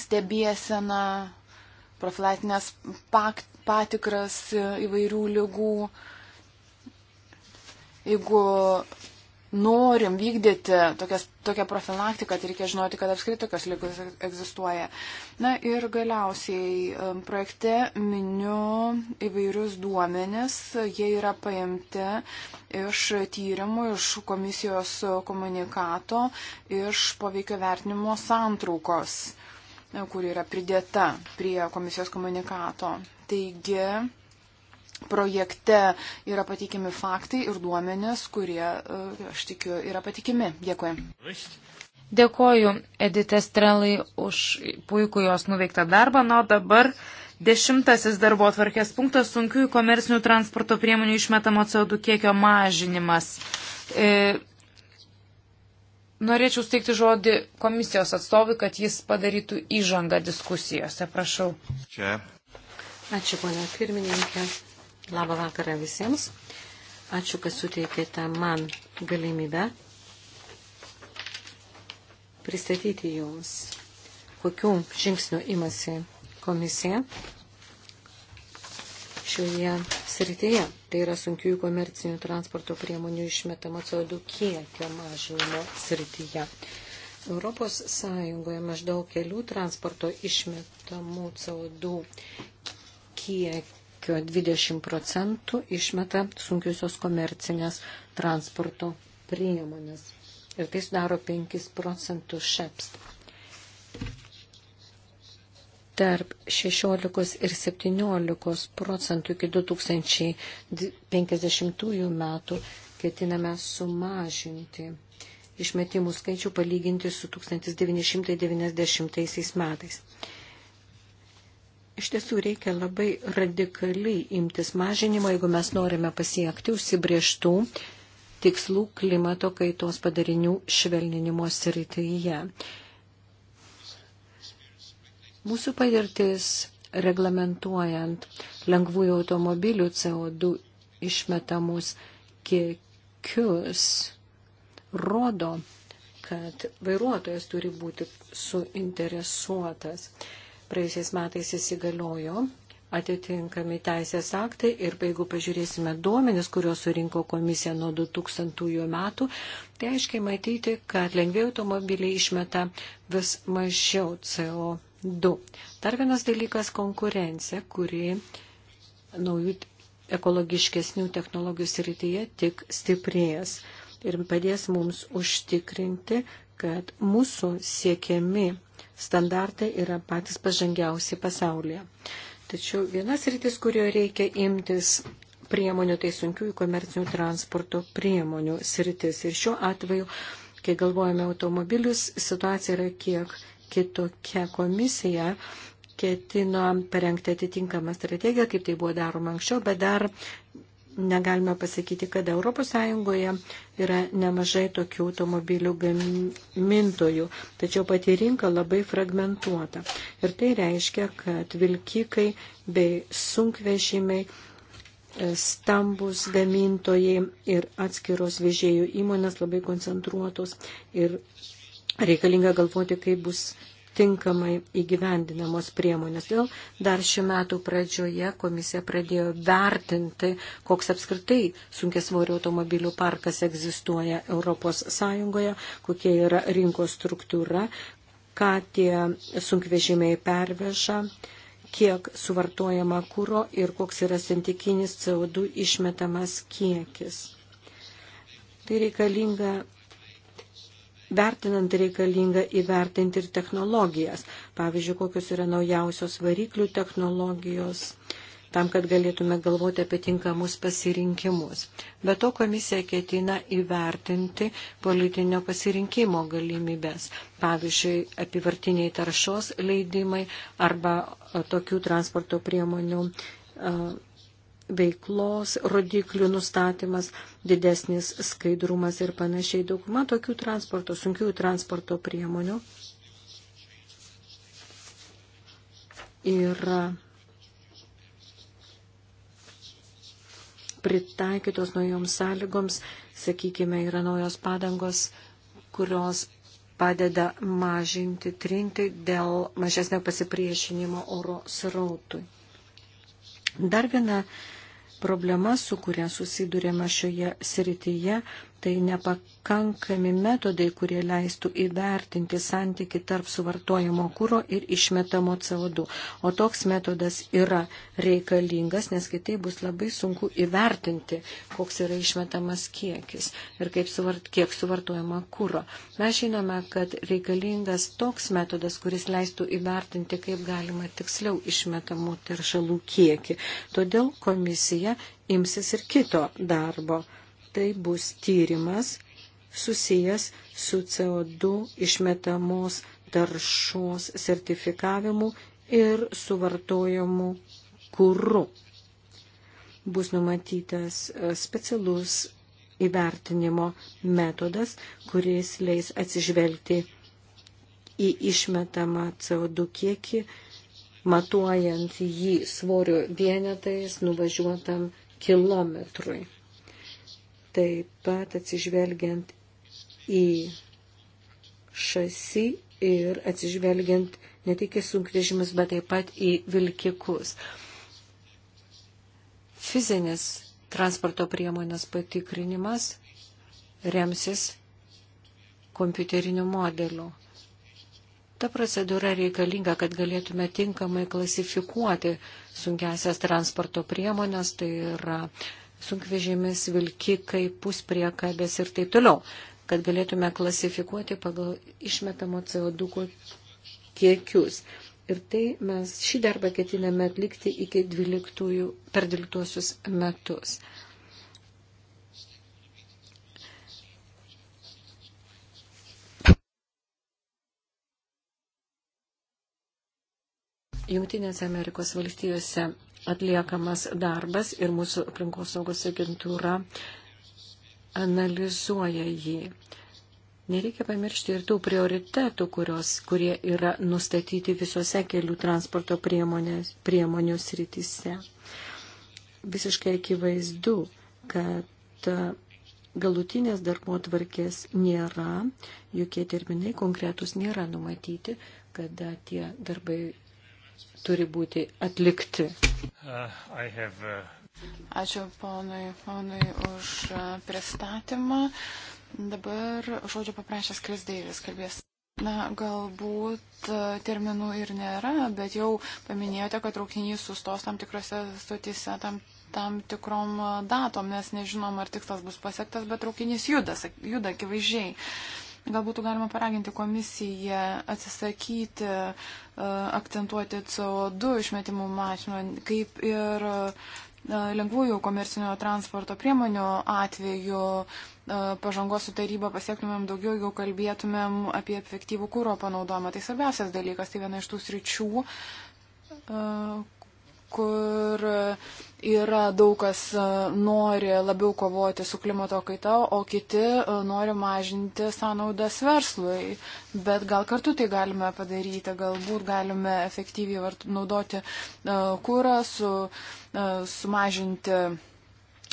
stebėseną, profilaktinės patikras įvairių lygų. Jeigu norim vykdyti tokias, tokią profilaktiką, tai reikia žinoti, kad apskritai tokios lygos egzistuoja. Na ir galiausiai projekte miniu įvairius duomenis, jie yra paimti iš tyrimų, iš komisijos komunikato, iš poveikio vertinimo santraukos, e, kuri yra pridėta prie komisijos komunikato. Taigi, projekte yra patikimi faktai ir duomenės, kurie, e, aš tikiu, yra patikimi. Dėkui. Dėkoju Edite Strelai už puikų jos nuveiktą darbą. Na, o dabar dešimtasis darbo atvarkės punktas - sunkiųjų komercinių transporto priemonių išmetamo CO2 kiekio mažinimas. E, norėčiau steikti žodį komisijos atstovui, kad jis padarytų įžangą diskusijose. Prašau. Čia. Ačiū, ponia pirmininkė. Labą vakarą visiems. Ačiū, kad suteikėte man galimybę pristatyti jums, kokių žingsnių imasi komisija šioje srityje. Tai yra sunkiųjų komercinių transporto priemonių išmetamo CO2 kiekio mažinimo srityje. Europos Sąjungoje maždaug kelių transporto išmetamų CO2 kiekio kiekio 20 procentų išmeta sunkiusios komercinės transporto priemonės. Ir tai sudaro 5 procentų šeps. Tarp 16 ir 17 procentų iki 2050 metų ketiname sumažinti išmetimų skaičių palyginti su 1990 metais. Iš tiesų reikia labai radikaliai imtis mažinimo, jeigu mes norime pasiekti užsibrieštų tikslų klimato kaitos padarinių švelninimo srityje. Mūsų patirtis reglamentuojant lengvųjų automobilių CO2 išmetamus kiekius rodo, kad vairuotojas turi būti suinteresuotas praėjusiais metais įsigaliojo atitinkami teisės aktai ir jeigu pažiūrėsime duomenis, kuriuos surinko komisija nuo 2000 metų, tai aiškiai matyti, kad lengviai automobiliai išmeta vis mažiau CO2. Dar vienas dalykas - konkurencija, kuri naujų ekologiškesnių technologijų srityje tik stiprės ir padės mums užtikrinti, kad mūsų siekiami standartai yra patys pažangiausi pasaulyje. Tačiau vienas rytis, kurioje reikia imtis priemonių, tai sunkiųjų komercinių transporto priemonių sritis. Ir šiuo atveju, kai galvojame automobilius, situacija yra kiek kitokia komisija ketino parengti atitinkamą strategiją, kaip tai buvo daroma anksčiau, bet dar negalime pasakyti, kad ES yra nemažai tokių automobilių gamintojų, tačiau pati rinka labai fragmentuota. Ir tai reiškia, kad vilkikai bei sunkvežimiai, e, stambus gamintojai ir atskiros vežėjų įmonės labai koncentruotos ir reikalinga galvoti, kaip bus tinkamai įgyvendinamos priemonės. Dėl dar šių metų pradžioje komisija pradėjo vertinti, koks apskritai sunkės svorio automobilių parkas egzistuoja Europos Sąjungoje, kokia yra rinkos struktūra, ką tie sunkvežimiai perveža kiek suvartojama kūro ir koks yra santykinis CO2 išmetamas kiekis. Tai reikalinga Vertinant reikalinga įvertinti ir technologijas. Pavyzdžiui, kokios yra naujausios variklių technologijos tam, kad galėtume galvoti apie tinkamus pasirinkimus. Be to komisija ketina įvertinti politinio pasirinkimo galimybės, pavyzdžiui, apivartiniai taršos leidimai arba tokių transporto priemonių uh, veiklos rodiklių nustatymas, didesnis skaidrumas ir panašiai. Dauguma tokių transporto, sunkių transporto priemonių yra pritaikytos naujoms sąlygoms, sakykime, yra naujos padangos, kurios padeda mažinti trinti dėl mažesnio pasipriešinimo oro srautui. Dar viena Problema, su kuria susidurėme šioje srityje, tai nepakankami metodai, kurie leistų įvertinti santyki tarp suvartojamo kūro ir išmetamo CO2. O toks metodas yra reikalingas, nes kitai bus labai sunku įvertinti, koks yra išmetamas kiekis ir kaip suvart, kiek suvartojama kūro. Mes žinome, kad reikalingas toks metodas, kuris leistų įvertinti, kaip galima tiksliau išmetamų teršalų kiekį. Todėl komisija imsis ir kito darbo Tai bus tyrimas susijęs su CO2 išmetamos taršos sertifikavimu ir suvartojamu kūru. Bus numatytas e, specialus įvertinimo metodas, kuris leis atsižvelgti į išmetamą CO2 kiekį, matuojant jį svorio vienetais nuvažiuotam kilometrui taip pat atsižvelgiant į šasi ir atsižvelgiant ne tik į sunkvežimus, bet taip pat į vilkikus. Fizinis transporto priemonės patikrinimas remsis kompiuteriniu modeliu. Ta procedūra reikalinga, kad galėtume tinkamai klasifikuoti sunkiasias transporto priemonės, tai yra uh, sunkvežimis, vilkikai, puspriekabės ir taip toliau, kad galėtume klasifikuoti pagal išmetamo CO2 kiekius. Ir tai mes šį darbą ketiname atlikti iki 12, per 12 metus. Jungtinėse Amerikos valstijose atliekamas darbas ir mūsų aplinkosaugos agentūra analizuoja jį. Nereikia pamiršti ir tų prioritetų, kurios, kurie yra nustatyti visose kelių transporto priemonės, priemonių srityse. Visiškai akivaizdu, kad e, galutinės darbo tvarkės nėra, jokie terminai konkretus nėra numatyti, kada tie darbai turi būti atlikti. Uh, have, uh... Ačiū ponui, ponui už uh, pristatymą. Dabar žodžio paprašęs Krisdėlis kalbės. Na, galbūt uh, terminų ir nėra, bet jau paminėjote, kad traukinys sustos tam tikrose stotise tam, tam tikrom uh, datom, nes nežinom, ar tikslas bus pasiektas, bet traukinys juda, juda akivaizdžiai. Uh, Gal būtų galima paraginti komisiją atsisakyti, e, akcentuoti CO2 išmetimų mažinimą, kaip ir e, lengvųjų komercinio transporto priemonių atveju e, pažangos su taryba pasiektumėm daugiau, jeigu kalbėtumėm apie efektyvų kūro panaudojimą. Tai svarbiausias dalykas, tai viena iš tų sričių, kur yra daug kas e, nori labiau kovoti su klimato kaita, o kiti e, nori mažinti sąnaudas verslui. Bet gal kartu tai galime padaryti, galbūt galime efektyviai naudoti e, kūrą, su, sumažinti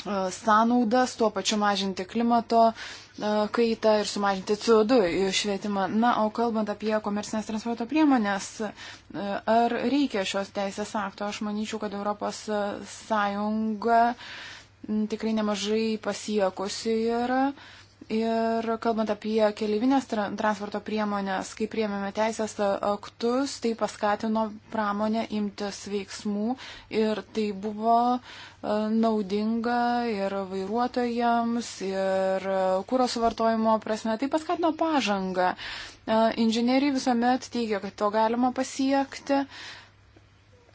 E, sąnaudas, tuo pačiu mažinti klimato e, kaitą ir sumažinti CO2 išvietimą. Na, o kalbant apie komercinės transporto priemonės, e, ar reikia šios teisės akto, aš manyčiau, kad Europos Sąjunga tikrai nemažai pasiekusi yra. Ir Ir kalbant apie keliaivinės transporto priemonės, kai priemėme teisės aktus, tai paskatino pramonę imtis veiksmų ir tai buvo e, naudinga ir vairuotojams, ir kūro suvartojimo prasme, tai paskatino pažangą. E, inžinieriai visuomet teigia, kad to galima pasiekti. Uh,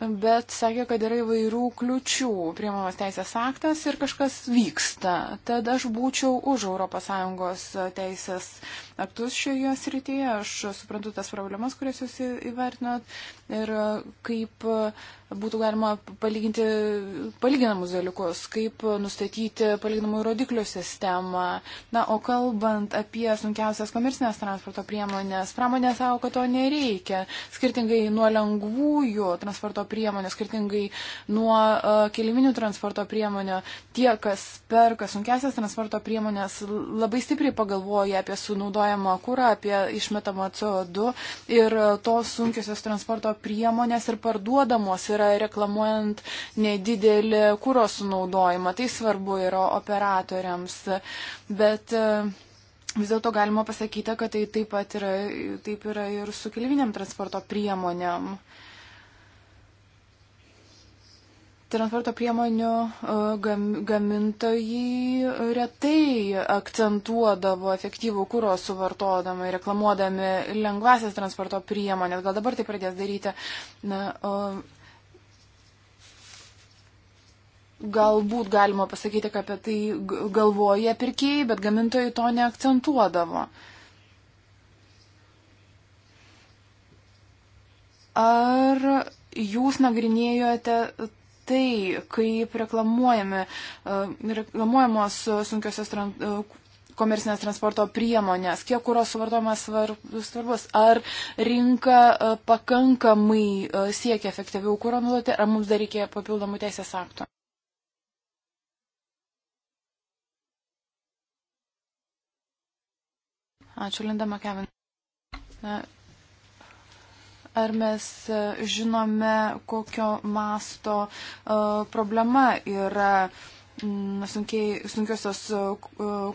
bet sakė, kad yra įvairių kliučių priemamas teisės aktas ir kažkas vyksta. Tad aš būčiau už ES teisės aktus šioje srityje. Aš suprantu tas problemas, kurias jūs įvertinot ir kaip būtų galima palyginti palyginamus dalykus, kaip nustatyti palyginamų rodiklių sistemą. Na, o kalbant apie sunkiausias komercinės transporto priemonės, pramonė savo, kad to nereikia. Skirtingai nuo lengvųjų transporto priemonių, skirtingai nuo uh, keliminių transporto priemonių, tie, kas perka sunkiausias transporto priemonės, labai stipriai pagalvoja apie sunaudojamą kūrą, apie išmetamą CO2 ir uh, tos sunkiosios transporto priemonės ir parduodamos yra reklamuojant nedidelį kūro sunaudojimą. Tai svarbu yra operatoriams. Bet e, vis dėlto galima pasakyti, kad tai taip pat yra, taip yra ir su kelviniam transporto priemonėm. Transporto priemonių e, gamintojai retai akcentuodavo efektyvų kūro suvartodami, reklamuodami lengvasias transporto priemonės. Gal dabar tai pradės daryti. Na, o galbūt galima pasakyti, kad apie tai galvoja pirkėjai, bet gamintojai to neakcentuodavo. Ar jūs nagrinėjote tai, kaip reklamuojami, e, reklamuojamos sunkiosios e, komercinės transporto priemonės, kiek kūro suvartojimas svarbus, ar rinka e, pakankamai siekia efektyviau kūro naudoti, ar mums dar reikia papildomų teisės aktų? Ačiū, Linda Makevin. Ar mes e, žinome, kokio masto e, problema yra mm, sunkiai, sunkiosios e,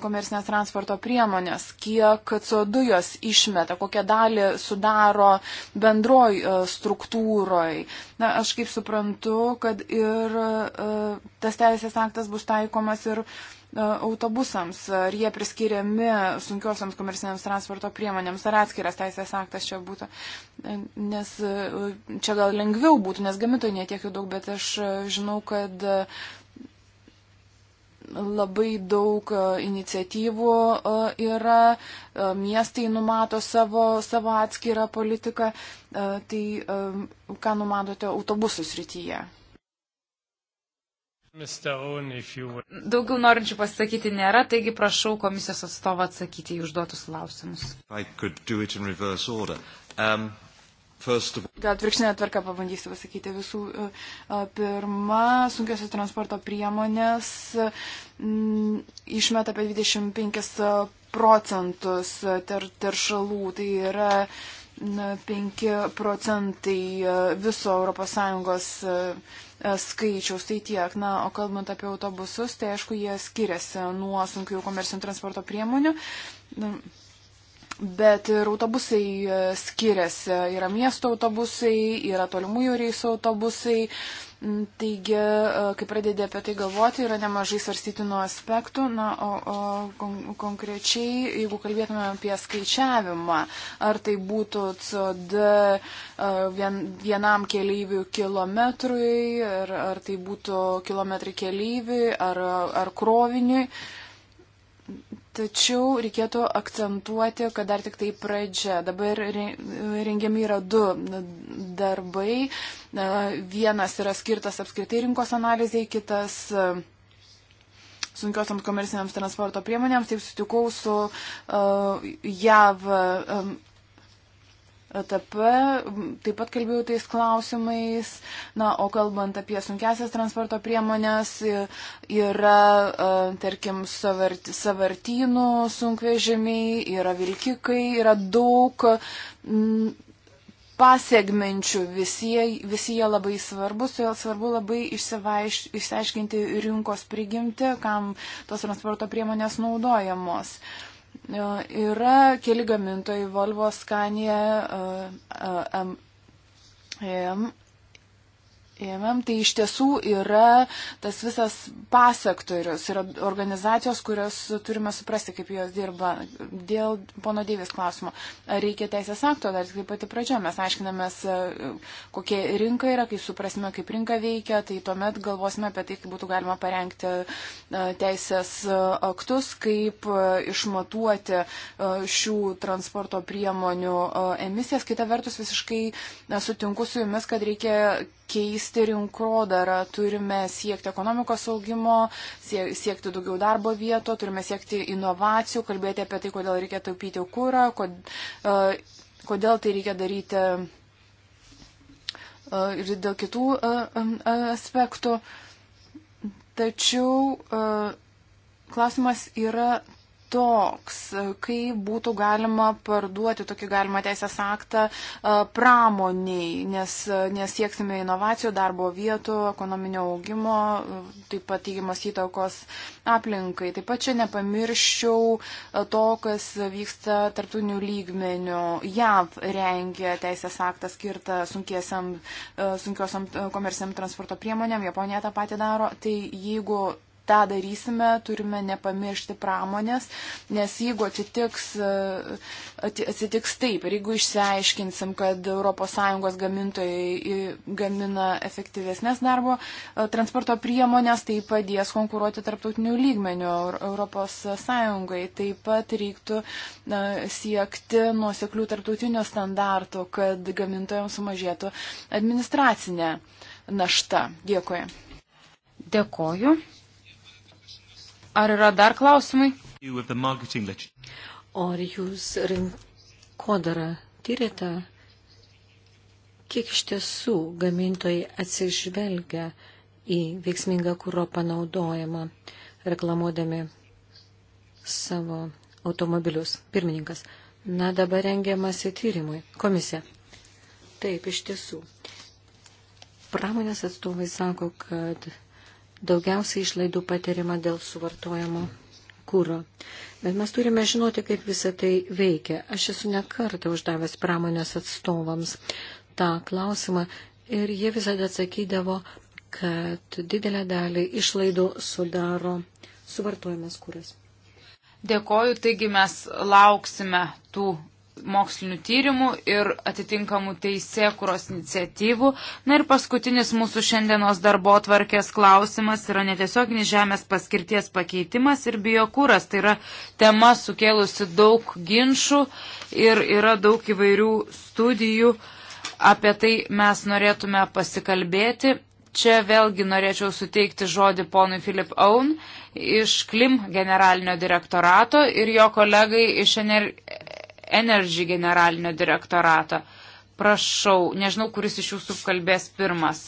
komersinės transporto priemonės, kiek CO2 jos išmeta, kokią dalį sudaro bendroj struktūroj. Na, aš kaip suprantu, kad ir tas teisės aktas bus taikomas ir E, autobusams, ar jie priskiriami sunkiosiams komersinėms transporto priemonėms, ar atskiras teisės aktas čia būtų. E, nes e, čia gal lengviau būtų, nes gamintojų netiek jau daug, bet aš žinau, kad labai daug iniciatyvų yra, miestai numato savo, savo atskirą politiką. Tai ką numatote autobusų srityje? Daugiau norinčių pasakyti nėra, taigi prašau komisijos atstovą atsakyti į užduotus klausimus. Um, Gal atvirkštinė tvarka pabandysiu pasakyti visų. E, e, pirma, sunkiosios transporto priemonės m, mm, išmeta apie 25 e, procentus ter, teršalų. Tai yra 5 procentai viso ES E, skaičiaus, tai tiek. Na, o kalbant apie autobusus, tai aišku, jie skiriasi nuo sunkių komercinių transporto priemonių. Bet ir autobusai e, skiriasi. Yra miesto autobusai, yra tolimųjų reisų autobusai. Uh, Taigi, e, kai pradedi apie tai galvoti, yra nemažai svarstytinų aspektų. Na, o, o konkrečiai, jeigu kalbėtume apie skaičiavimą, ar tai būtų CD e, vien, vienam keleivių kilometrui, ar, ar tai būtų kilometrai keleiviui, ar, ar kroviniui, Tačiau reikėtų akcentuoti, kad dar tik tai pradžia. Dabar rengiami yra du darbai. Vienas yra skirtas apskritai rinkos analizai, kitas e, sunkiosiams komerciniams transporto priemonėms. Taip sutikau su e, JAV e, etape, taip pat kalbėjau tais klausimais. Na, o kalbant apie sunkesias transporto priemonės, yra, e, tarkim, savart, savartynų sunkvežimiai, yra vilkikai, yra daug m, pasiegmenčių, visi, visi jie labai svarbus, todėl svarbu labai išsiaiškinti rinkos prigimti, kam tos transporto priemonės naudojamos. Uh, Yra keli gamintojai - Volvo, Scania, AM IMM tai iš tiesų yra tas visas pasektorius, yra organizacijos, kurios turime suprasti, kaip jos dirba. Dėl pono Dėvis klausimo, ar reikia teisės akto, dar tik pati pradžia, mes aiškinamės, kokie rinka yra, kaip suprasime, kaip rinka veikia, tai tuomet galvosime apie tai, kaip būtų galima parengti teisės aktus, kaip išmatuoti šių transporto priemonių emisijas. Kita vertus, visiškai sutinku su jumis, kad reikia keisti keisti rinkodarą, turime siekti ekonomikos augimo, siekti daugiau darbo vieto, turime siekti inovacijų, kalbėti apie tai, kodėl reikia taupyti kūrą, e, kodėl tai reikia daryti e, ir dėl kitų e, aspektų. Tačiau klausimas yra toks, kaip būtų galima parduoti tokį galimą teisės aktą e, pramoniai, nes, nes sieksime inovacijų, darbo vietų, ekonominio augimo, e, taip pat teigiamas įtakos aplinkai. Taip pat čia nepamirščiau e, to, kas vyksta tartunių lygmenių. JAV rengia teisės aktą skirtą sunkiosiam komersiam transporto priemonėm, Japonija tą patį daro. Tai jeigu tą darysime, turime nepamiršti pramonės, nes jeigu atsitiks, e, atsitiks taip, ir jeigu išsiaiškinsim, kad ES gamintojai gamina efektyvesnės darbo e, transporto priemonės, tai padės konkuruoti tarptautinių lygmenių ES. Taip pat reiktų e, siekti nuoseklių tarptautinių standartų, kad gamintojams sumažėtų administracinė našta. Dėkui. Dėkoju. Ar yra dar klausimai? O ar jūs rinkodarą tyrėte? Kiek iš tiesų gamintojai atsižvelgia į veiksmingą kūro panaudojimą, reklamuodami savo automobilius? Pirmininkas. Na, dabar rengiamasi tyrimui. Komisija. Taip, iš tiesų. Pramonės atstovai sako, kad daugiausiai išlaidų patiriama dėl suvartojamo kūro. Bet mes turime žinoti, kaip visa tai veikia. Aš esu nekartą uždavęs pramonės atstovams tą klausimą ir jie visada atsakydavo, kad didelę dalį išlaidų sudaro suvartojamas kūras. Dėkoju, taigi mes lauksime tų mokslinių tyrimų ir atitinkamų teisėkuros iniciatyvų. Na ir paskutinis mūsų šiandienos darbo tvarkės klausimas yra netiesioginis žemės paskirties pakeitimas ir biokūras. Tai yra tema sukėlusi daug ginčių ir yra daug įvairių studijų. Apie tai mes norėtume pasikalbėti. Čia vėlgi norėčiau suteikti žodį ponui Filip Aun iš Klim generalinio direktorato ir jo kolegai iš ener Energy generalinio direktorato. Prašau, nežinau, kuris iš jūsų kalbės pirmas.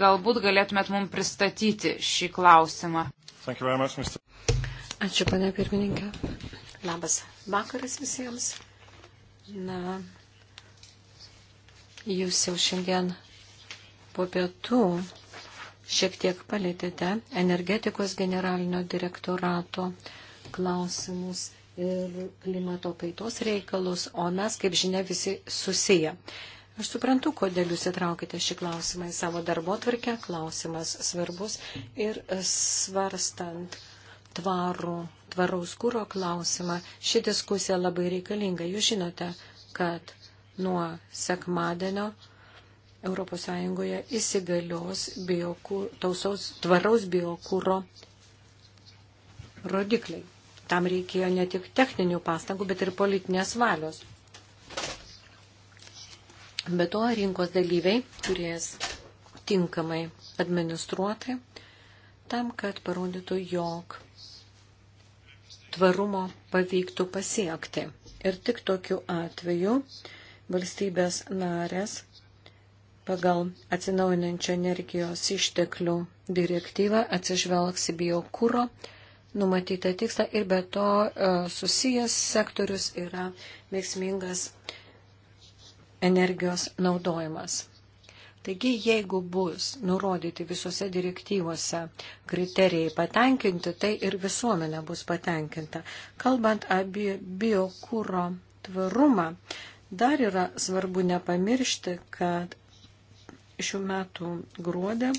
Galbūt galėtumėt mums pristatyti šį klausimą. Much, Mr. Ačiū, pane pirmininkė. Labas vakaras visiems. Na, jūs jau šiandien po pietų šiek tiek palėtėte energetikos generalinio direktorato klausimus ir klimato kaitos reikalus, o mes, kaip žinia, visi susiję. Aš suprantu, kodėl jūs įtraukite šį klausimą į savo darbo tvarkę. Klausimas svarbus ir svarstant tvarų, tvaraus kūro klausimą, ši diskusija labai reikalinga. Jūs žinote, kad nuo sekmadienio ES įsigalios biokūr, tausaus, tvaraus biokūro rodikliai. Tam reikėjo ne tik techninių pastangų, bet ir politinės valios. Be to, rinkos dalyviai turės tinkamai administruoti tam, kad parodytų, jog tvarumo pavyktų pasiekti. Ir tik tokiu atveju valstybės narės pagal atsinaujinančią energijos išteklių direktyvą atsižvelgs į biokūro kūro numatytą tikslą ir be to e, susijęs sektorius yra veiksmingas energijos naudojimas. Taigi, jeigu bus nurodyti visose direktyvose kriterijai patenkinti, tai ir visuomenė bus patenkinta. Kalbant apie biokūro tvarumą, dar yra svarbu nepamiršti, kad šių metų gruodė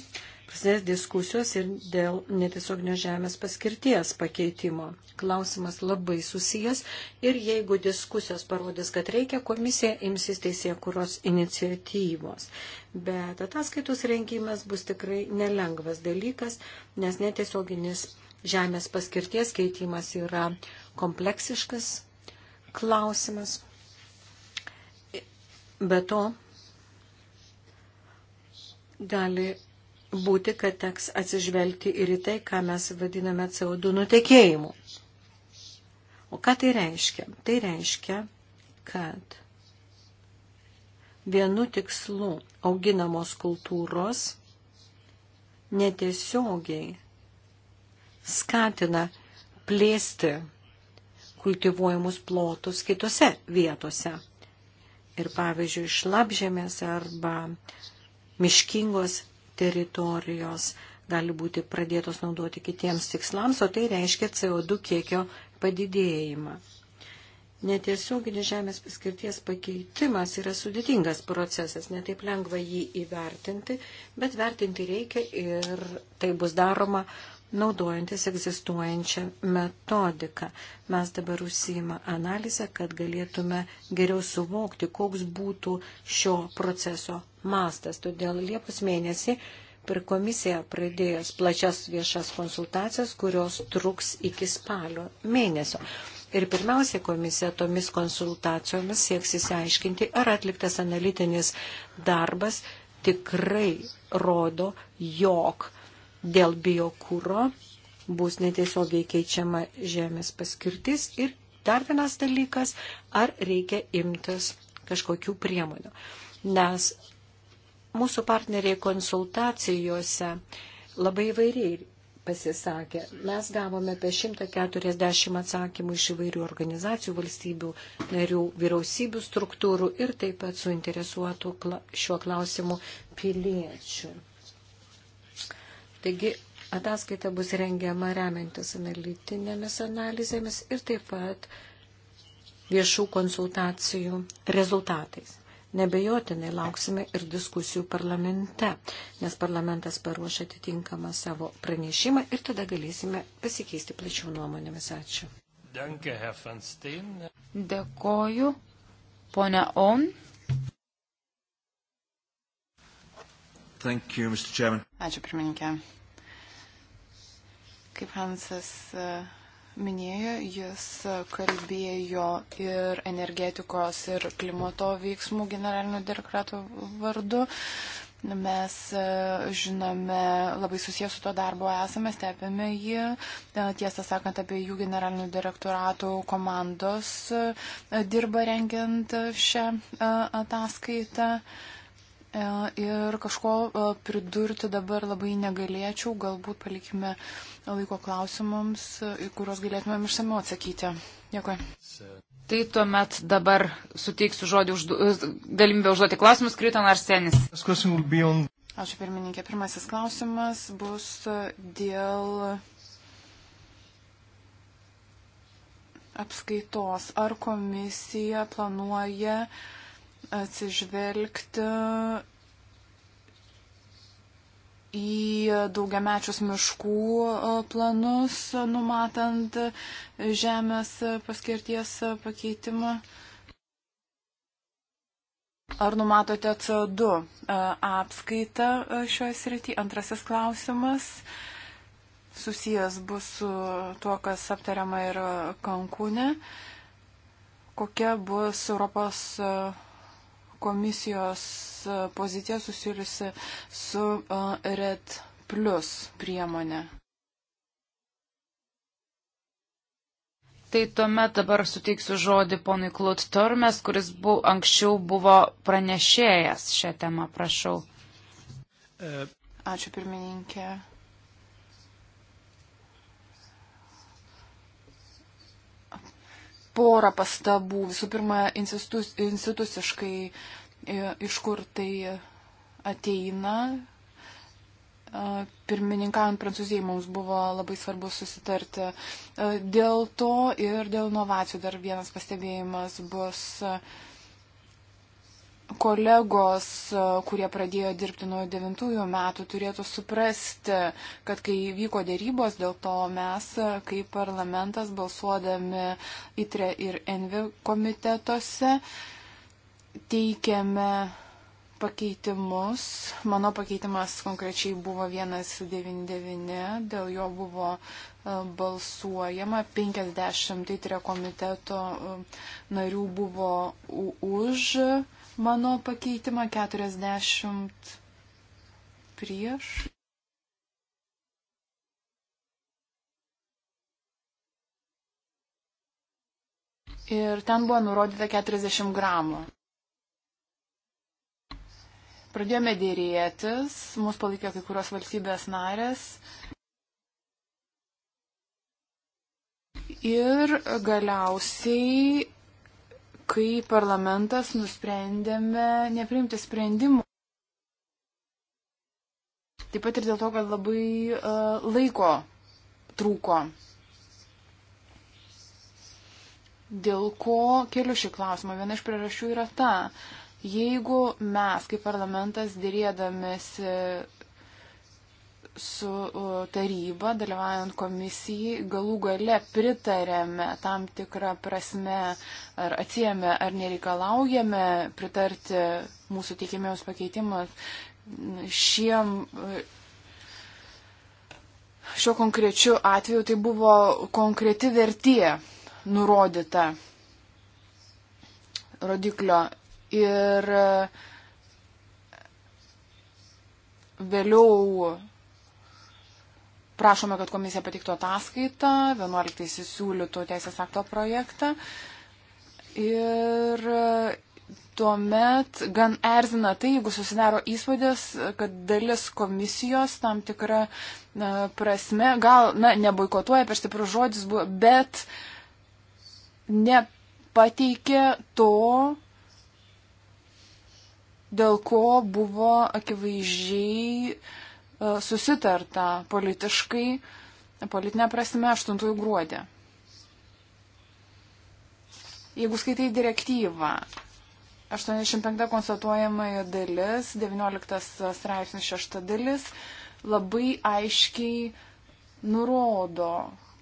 prasidės diskusijos ir dėl netiesioginio žemės paskirties pakeitimo. Klausimas labai susijęs ir jeigu diskusijos parodys, kad reikia, komisija imsis teisė kuros iniciatyvos. Bet ataskaitos rengimas bus tikrai nelengvas dalykas, nes netiesioginis žemės paskirties keitimas yra kompleksiškas klausimas. Be to, gali būti, kad teks atsižvelgti ir į tai, ką mes vadiname CO2 nutekėjimu. O ką tai reiškia? Tai reiškia, kad vienu tikslu auginamos kultūros netiesiogiai skatina plėsti kultivuojamus plotus kitose vietose. Ir pavyzdžiui, šlapžėmės arba miškingos teritorijos gali būti pradėtos naudoti kitiems tikslams, o tai reiškia CO2 kiekio padidėjimą. Netiesioginis žemės paskirties pakeitimas yra sudėtingas procesas, netaip lengva jį įvertinti, bet vertinti reikia ir tai bus daroma naudojantis egzistuojančią metodiką. Mes dabar užsijima analizę, kad galėtume geriau suvokti, koks būtų šio proceso mastas. Todėl Liepos mėnesį per komisiją pradėjęs plačias viešas konsultacijas, kurios truks iki spalio mėnesio. Ir pirmiausia, komisija tomis konsultacijomis sieks įsiaiškinti, ar atliktas analitinis darbas tikrai rodo, jog dėl biokūro bus netiesiogiai keičiama žemės paskirtis ir dar vienas dalykas, ar reikia imtis kažkokių priemonių. Nes Mūsų partneriai konsultacijose labai įvairiai pasisakė. Mes gavome apie 140 atsakymų iš įvairių organizacijų, valstybių, narių, vyriausybių struktūrų ir taip pat suinteresuotų šiuo klausimu piliečių. Taigi ataskaita bus rengiama remiantis analitinėmis analizėmis ir taip pat viešų konsultacijų rezultatais. Nebejotinai lauksime ir diskusijų parlamente, nes parlamentas paruoš atitinkamą savo pranešimą ir tada galėsime pasikeisti plačių nuomonėmis. Ačiū. Danke, Herr van Steen. Dėkoju, ponia On. Thank you, Mr. Chairman. Ačiū, pirmininkė. Kaip Hansas. Uh minėjo, jis kalbėjo ir energetikos, ir klimato veiksmų generalinio direktorato vardu. Mes e, žinome, labai susijęs su to darbo esame, stebime jį. E, tiesą sakant, apie jų generalinių direktoratų komandos e, dirba rengiant šią ataskaitą. E, ir kažko e, pridurti dabar labai negalėčiau, galbūt palikime laiko klausimams, e, kuriuos galėtumėm išsamiau atsakyti. Dėkui. Tai tuomet dabar suteiksiu žodį uždu, galimybę užduoti klausimus, Kryton Arsenis. Ačiū pirmininkė. Pirmasis klausimas bus dėl apskaitos. Ar komisija planuoja uh, atsižvelgti į daugiamečius miškų e, planus, numatant žemės paskirties pakeitimą. Ar numatote CO2 e, apskaitą e, šioje srityje? Antrasis klausimas susijęs bus su tuo, kas aptariama ir Kankūne. Kokia bus Europos komisijos e, pozicija susijusi su e, Red Plus priemonė. Tai tuomet dabar suteiksiu žodį ponui Klut Tormes, kuris bu, anksčiau buvo pranešėjęs šią temą, prašau. E, Ačiū pirmininkė. porą pastabų. Visų pirma, institus, instituciškai, e, iš kur tai ateina. E, Pirmininkavant Prancūzijai mums buvo labai svarbu susitarti e, dėl to ir dėl inovacijų. Dar vienas pastebėjimas bus. Uh, kolegos, e, kurie pradėjo dirbti nuo 9 metų, turėtų suprasti, kad kai vyko dėrybos, dėl to mes, e, kaip parlamentas, balsuodami ITRE ir ENVI komitetuose, teikėme pakeitimus. Mano pakeitimas konkrečiai buvo 199, dėl jo buvo e, balsuojama, 50 ITRE komiteto narių buvo už mano pakeitimą 40 prieš. Ir ten buvo nurodyta 40 gramų. Pradėjome dėrėtis, mus palaikė kai kurios valstybės narės. Ir galiausiai kai parlamentas nusprendėme nepriimti sprendimų. Taip pat ir dėl to, kad labai uh, laiko trūko. Dėl ko keliu šį klausimą? Viena iš priežasčių yra ta, jeigu mes kaip parlamentas dėrėdamėsi su taryba, dalyvaujant komisijai, galų gale pritarėme tam tikrą prasme, ar atsijėme, ar nereikalaujame pritarti mūsų teikimiems pakeitimams šiem. Šiuo konkrečiu atveju tai buvo konkreti vertė nurodyta rodiklio ir vėliau Prašome, kad komisija patiktų ataskaitą, 11 įsiūlytų teisės akto projektą. Ir tuomet gan erzina tai, jeigu susidaro įspūdis, kad dalis komisijos tam tikrą na, prasme, gal, na, neboikotuoja per stiprus žodis, buvo, bet nepateikė to, dėl ko buvo akivaizdžiai uh, E, susitarta politiškai, politinė prasme, 8 gruodį. Jeigu skaitai direktyvą, 85 konstatuojamoji dalis, 19 straipsnis 6 dalis, labai aiškiai nurodo,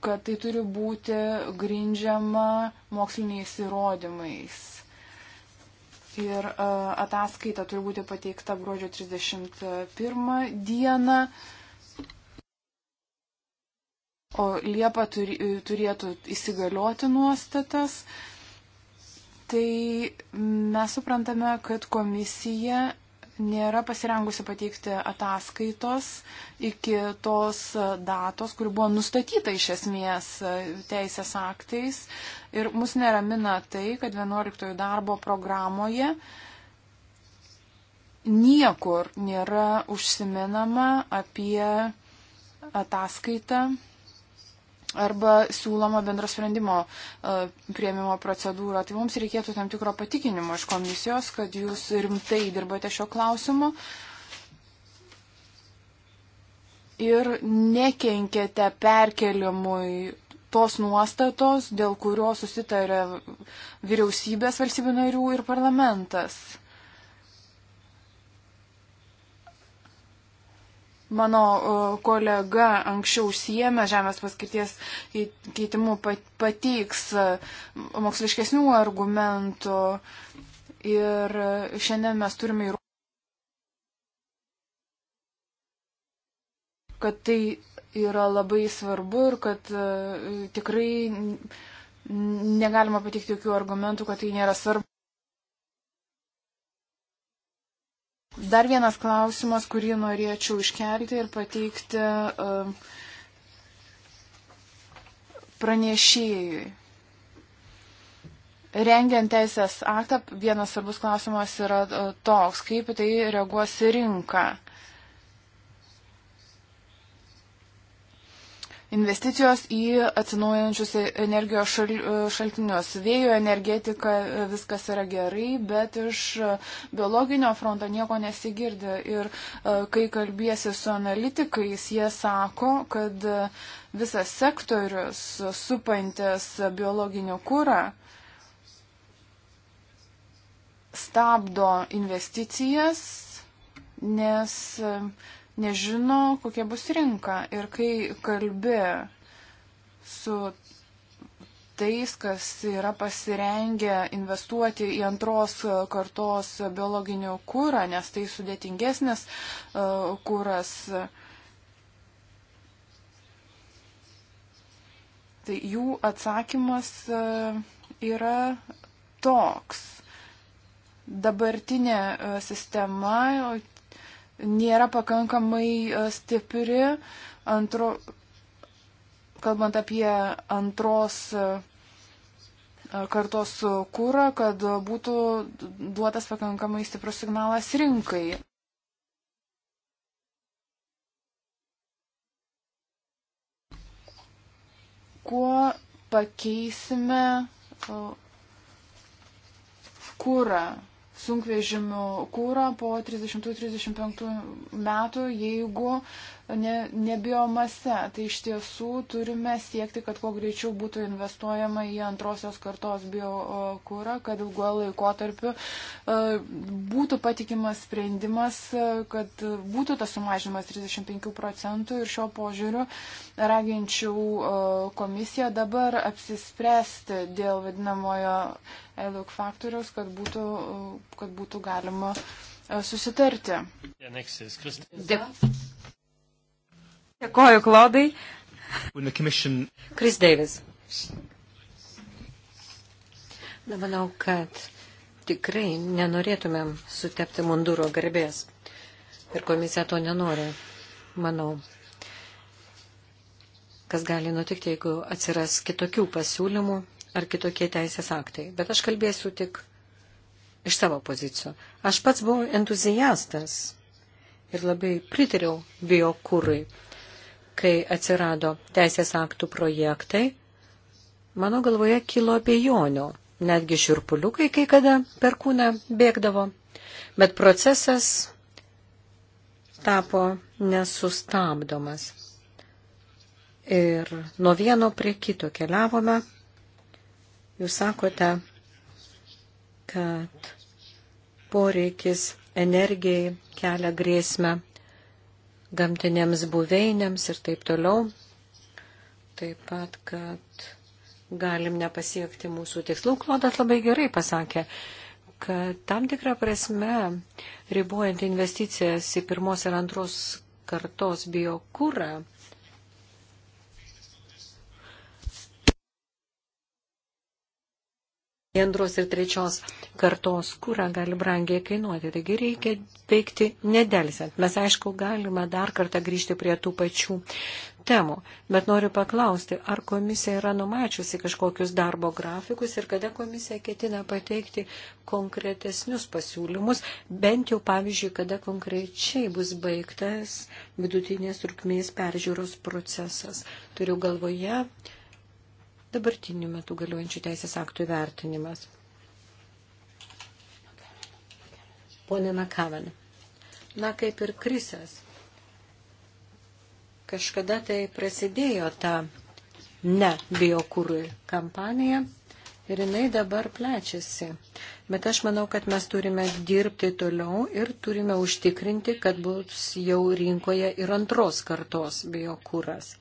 kad tai turi būti grindžiama moksliniais įrodymais ir e, ataskaita turi būti pateikta gruodžio 31 dieną. O Liepa e, turėtų įsigalioti nuostatas. Tai mes suprantame, kad komisija nėra pasirengusi pateikti ataskaitos iki tos datos, kuri buvo nustatyta iš esmės teisės aktais. Ir mus neramina tai, kad 11 darbo programoje niekur nėra užsiminama apie ataskaitą arba siūloma bendro sprendimo e, prieimimo procedūra. Tai mums reikėtų tam tikro patikinimo iš komisijos, kad jūs rimtai dirbate šio klausimu ir nekenkėte perkeliamui tos nuostatos, dėl kurio susitarė vyriausybės valstybių narių ir parlamentas. Mano kolega anksčiau siemė žemės paskirties keitimu pateiks e, moksliškesnių argumentų ir šiandien mes turime ir kad tai yra labai svarbu ir kad e, tikrai negalima pateikti jokių argumentų, kad tai nėra svarbu. Dar vienas klausimas, kurį norėčiau iškelti ir pateikti um, pranešėjui. Rengiant teisės aktą, vienas svarbus klausimas yra uh, toks, kaip į tai reaguos rinka. Investicijos į atsinaujančius energijos šal, šaltinius. Vėjo energetika viskas yra gerai, bet iš biologinio fronto nieko nesigirdi. Ir e, kai kalbėsi su analitikais, jie sako, kad visas sektorius supantis biologinio kūrą stabdo investicijas, nes nežino, kokia bus rinka. Ir kai kalbi su tais, kas yra pasirengę investuoti į antros kartos biologinių kūrą, nes tai sudėtingesnis e, kūras. Tai jų atsakymas e, yra toks dabartinė e, sistema nėra pakankamai e, stipri. Antro, kalbant apie antros e, e, kartos kūrą, kad būtų duotas pakankamai stiprus signalas rinkai. Kuo pakeisime kūrą? sunkvežimių kūrą po 30-35 metų, jeigu ne, ne biomase. Tai iš tiesų turime siekti, kad kuo greičiau būtų investuojama į antrosios kartos biokūrą, kad ilguoju laikotarpiu e, būtų patikimas sprendimas, e, kad būtų tas sumažinimas 35 procentų ir šio požiūriu raginčiau e, komisiją dabar apsispręsti dėl vadinamojo ELUK faktoriaus, kad būtų, kad būtų galima susitarti. Dėkui. Dėkoju, Klodai. Commission... Kris Deivis. Na, manau, kad tikrai nenorėtumėm sutepti munduro garbės. Ir komisija to nenori, manau. Kas gali nutikti, jeigu atsiras kitokių pasiūlymų ar kitokie teisės aktai. Bet aš kalbėsiu tik iš savo pozicijų. Aš pats buvau entuziastas ir labai pritariau biokūrui kai atsirado teisės aktų projektai, mano galvoje kilo abejonių, netgi širpuliukai kai kada per kūną bėgdavo, bet procesas tapo nesustabdomas. Ir nuo vieno prie kito keliavome. Jūs sakote, kad poreikis energijai kelia grėsmę gamtinėms buveinėms ir taip toliau. Taip pat, kad galim nepasiekti mūsų tikslų. Klodas labai gerai pasakė, kad tam tikrą prasme, ribuojant investicijas į pirmos ir antros kartos biokūrą, antros ir trečios kartos kūrą gali brangiai kainuoti. Taigi reikia veikti nedelsiant. Mes, aišku, galime dar kartą grįžti prie tų pačių temų, bet noriu paklausti, ar komisija yra numačiusi kažkokius darbo grafikus ir kada komisija ketina pateikti konkretesnius pasiūlymus, bent jau, pavyzdžiui, kada konkrečiai bus baigtas vidutinės trukmės peržiūros procesas. Turiu galvoje dabartinių metų galiuojančių teisės aktų įvertinimas. Pone Nakaven, na kaip ir krisas, kažkada tai prasidėjo ta ne biokūrui kampanija ir jinai dabar plečiasi. Bet aš manau, kad mes turime dirbti toliau ir turime užtikrinti, kad bus jau rinkoje ir antros kartos biokūras.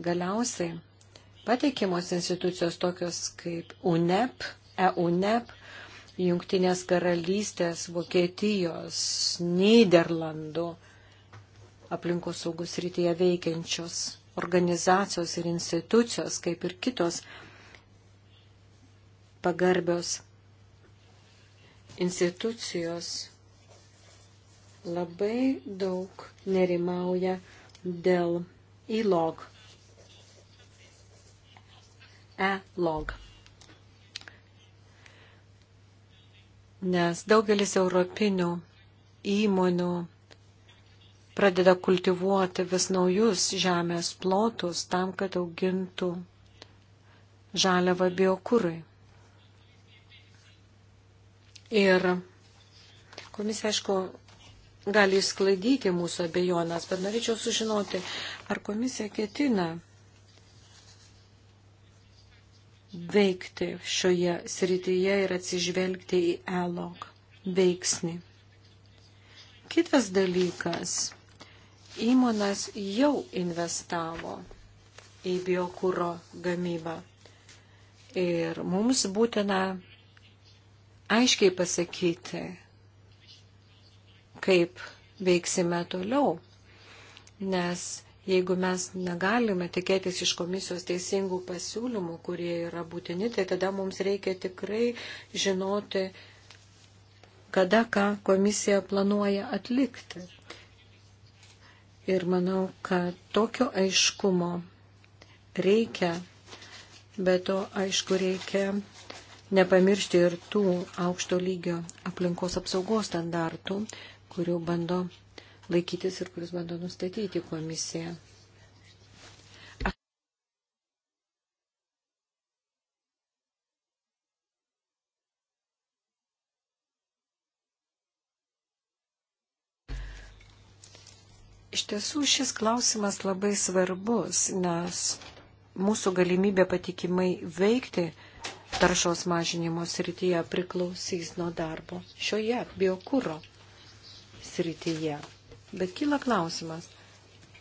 Galiausiai pateikimos institucijos tokios kaip UNEP, EUNEP, Jungtinės karalystės, Vokietijos, Niderlandų aplinkos saugus rytyje veikiančios organizacijos ir institucijos, kaip ir kitos pagarbios institucijos labai daug nerimauja dėl įlog e e-log. Nes daugelis europinių įmonių pradeda kultivuoti vis naujus žemės plotus tam, kad augintų žaliavą biokūrui. Ir komisija, aišku, gali išsklaidyti mūsų abejonas, bet norėčiau sužinoti, ar komisija ketina veikti šioje srityje ir atsižvelgti į elog veiksnį. Kitas dalykas. Įmonas jau investavo į biokūro gamybą. Ir mums būtina aiškiai pasakyti, kaip veiksime toliau, nes Jeigu mes negalime tikėtis iš komisijos teisingų pasiūlymų, kurie yra būtini, tai tada mums reikia tikrai žinoti, kada ką komisija planuoja atlikti. Ir manau, kad tokio aiškumo reikia, bet to aišku reikia nepamiršti ir tų aukšto lygio aplinkos apsaugos standartų, kurių bando laikytis ir kuris bando nustatyti komisiją. Iš tiesų šis klausimas labai svarbus, nes mūsų galimybė patikimai veikti taršos mažinimo srityje priklausys nuo darbo šioje biokūro srityje. Bet kyla klausimas,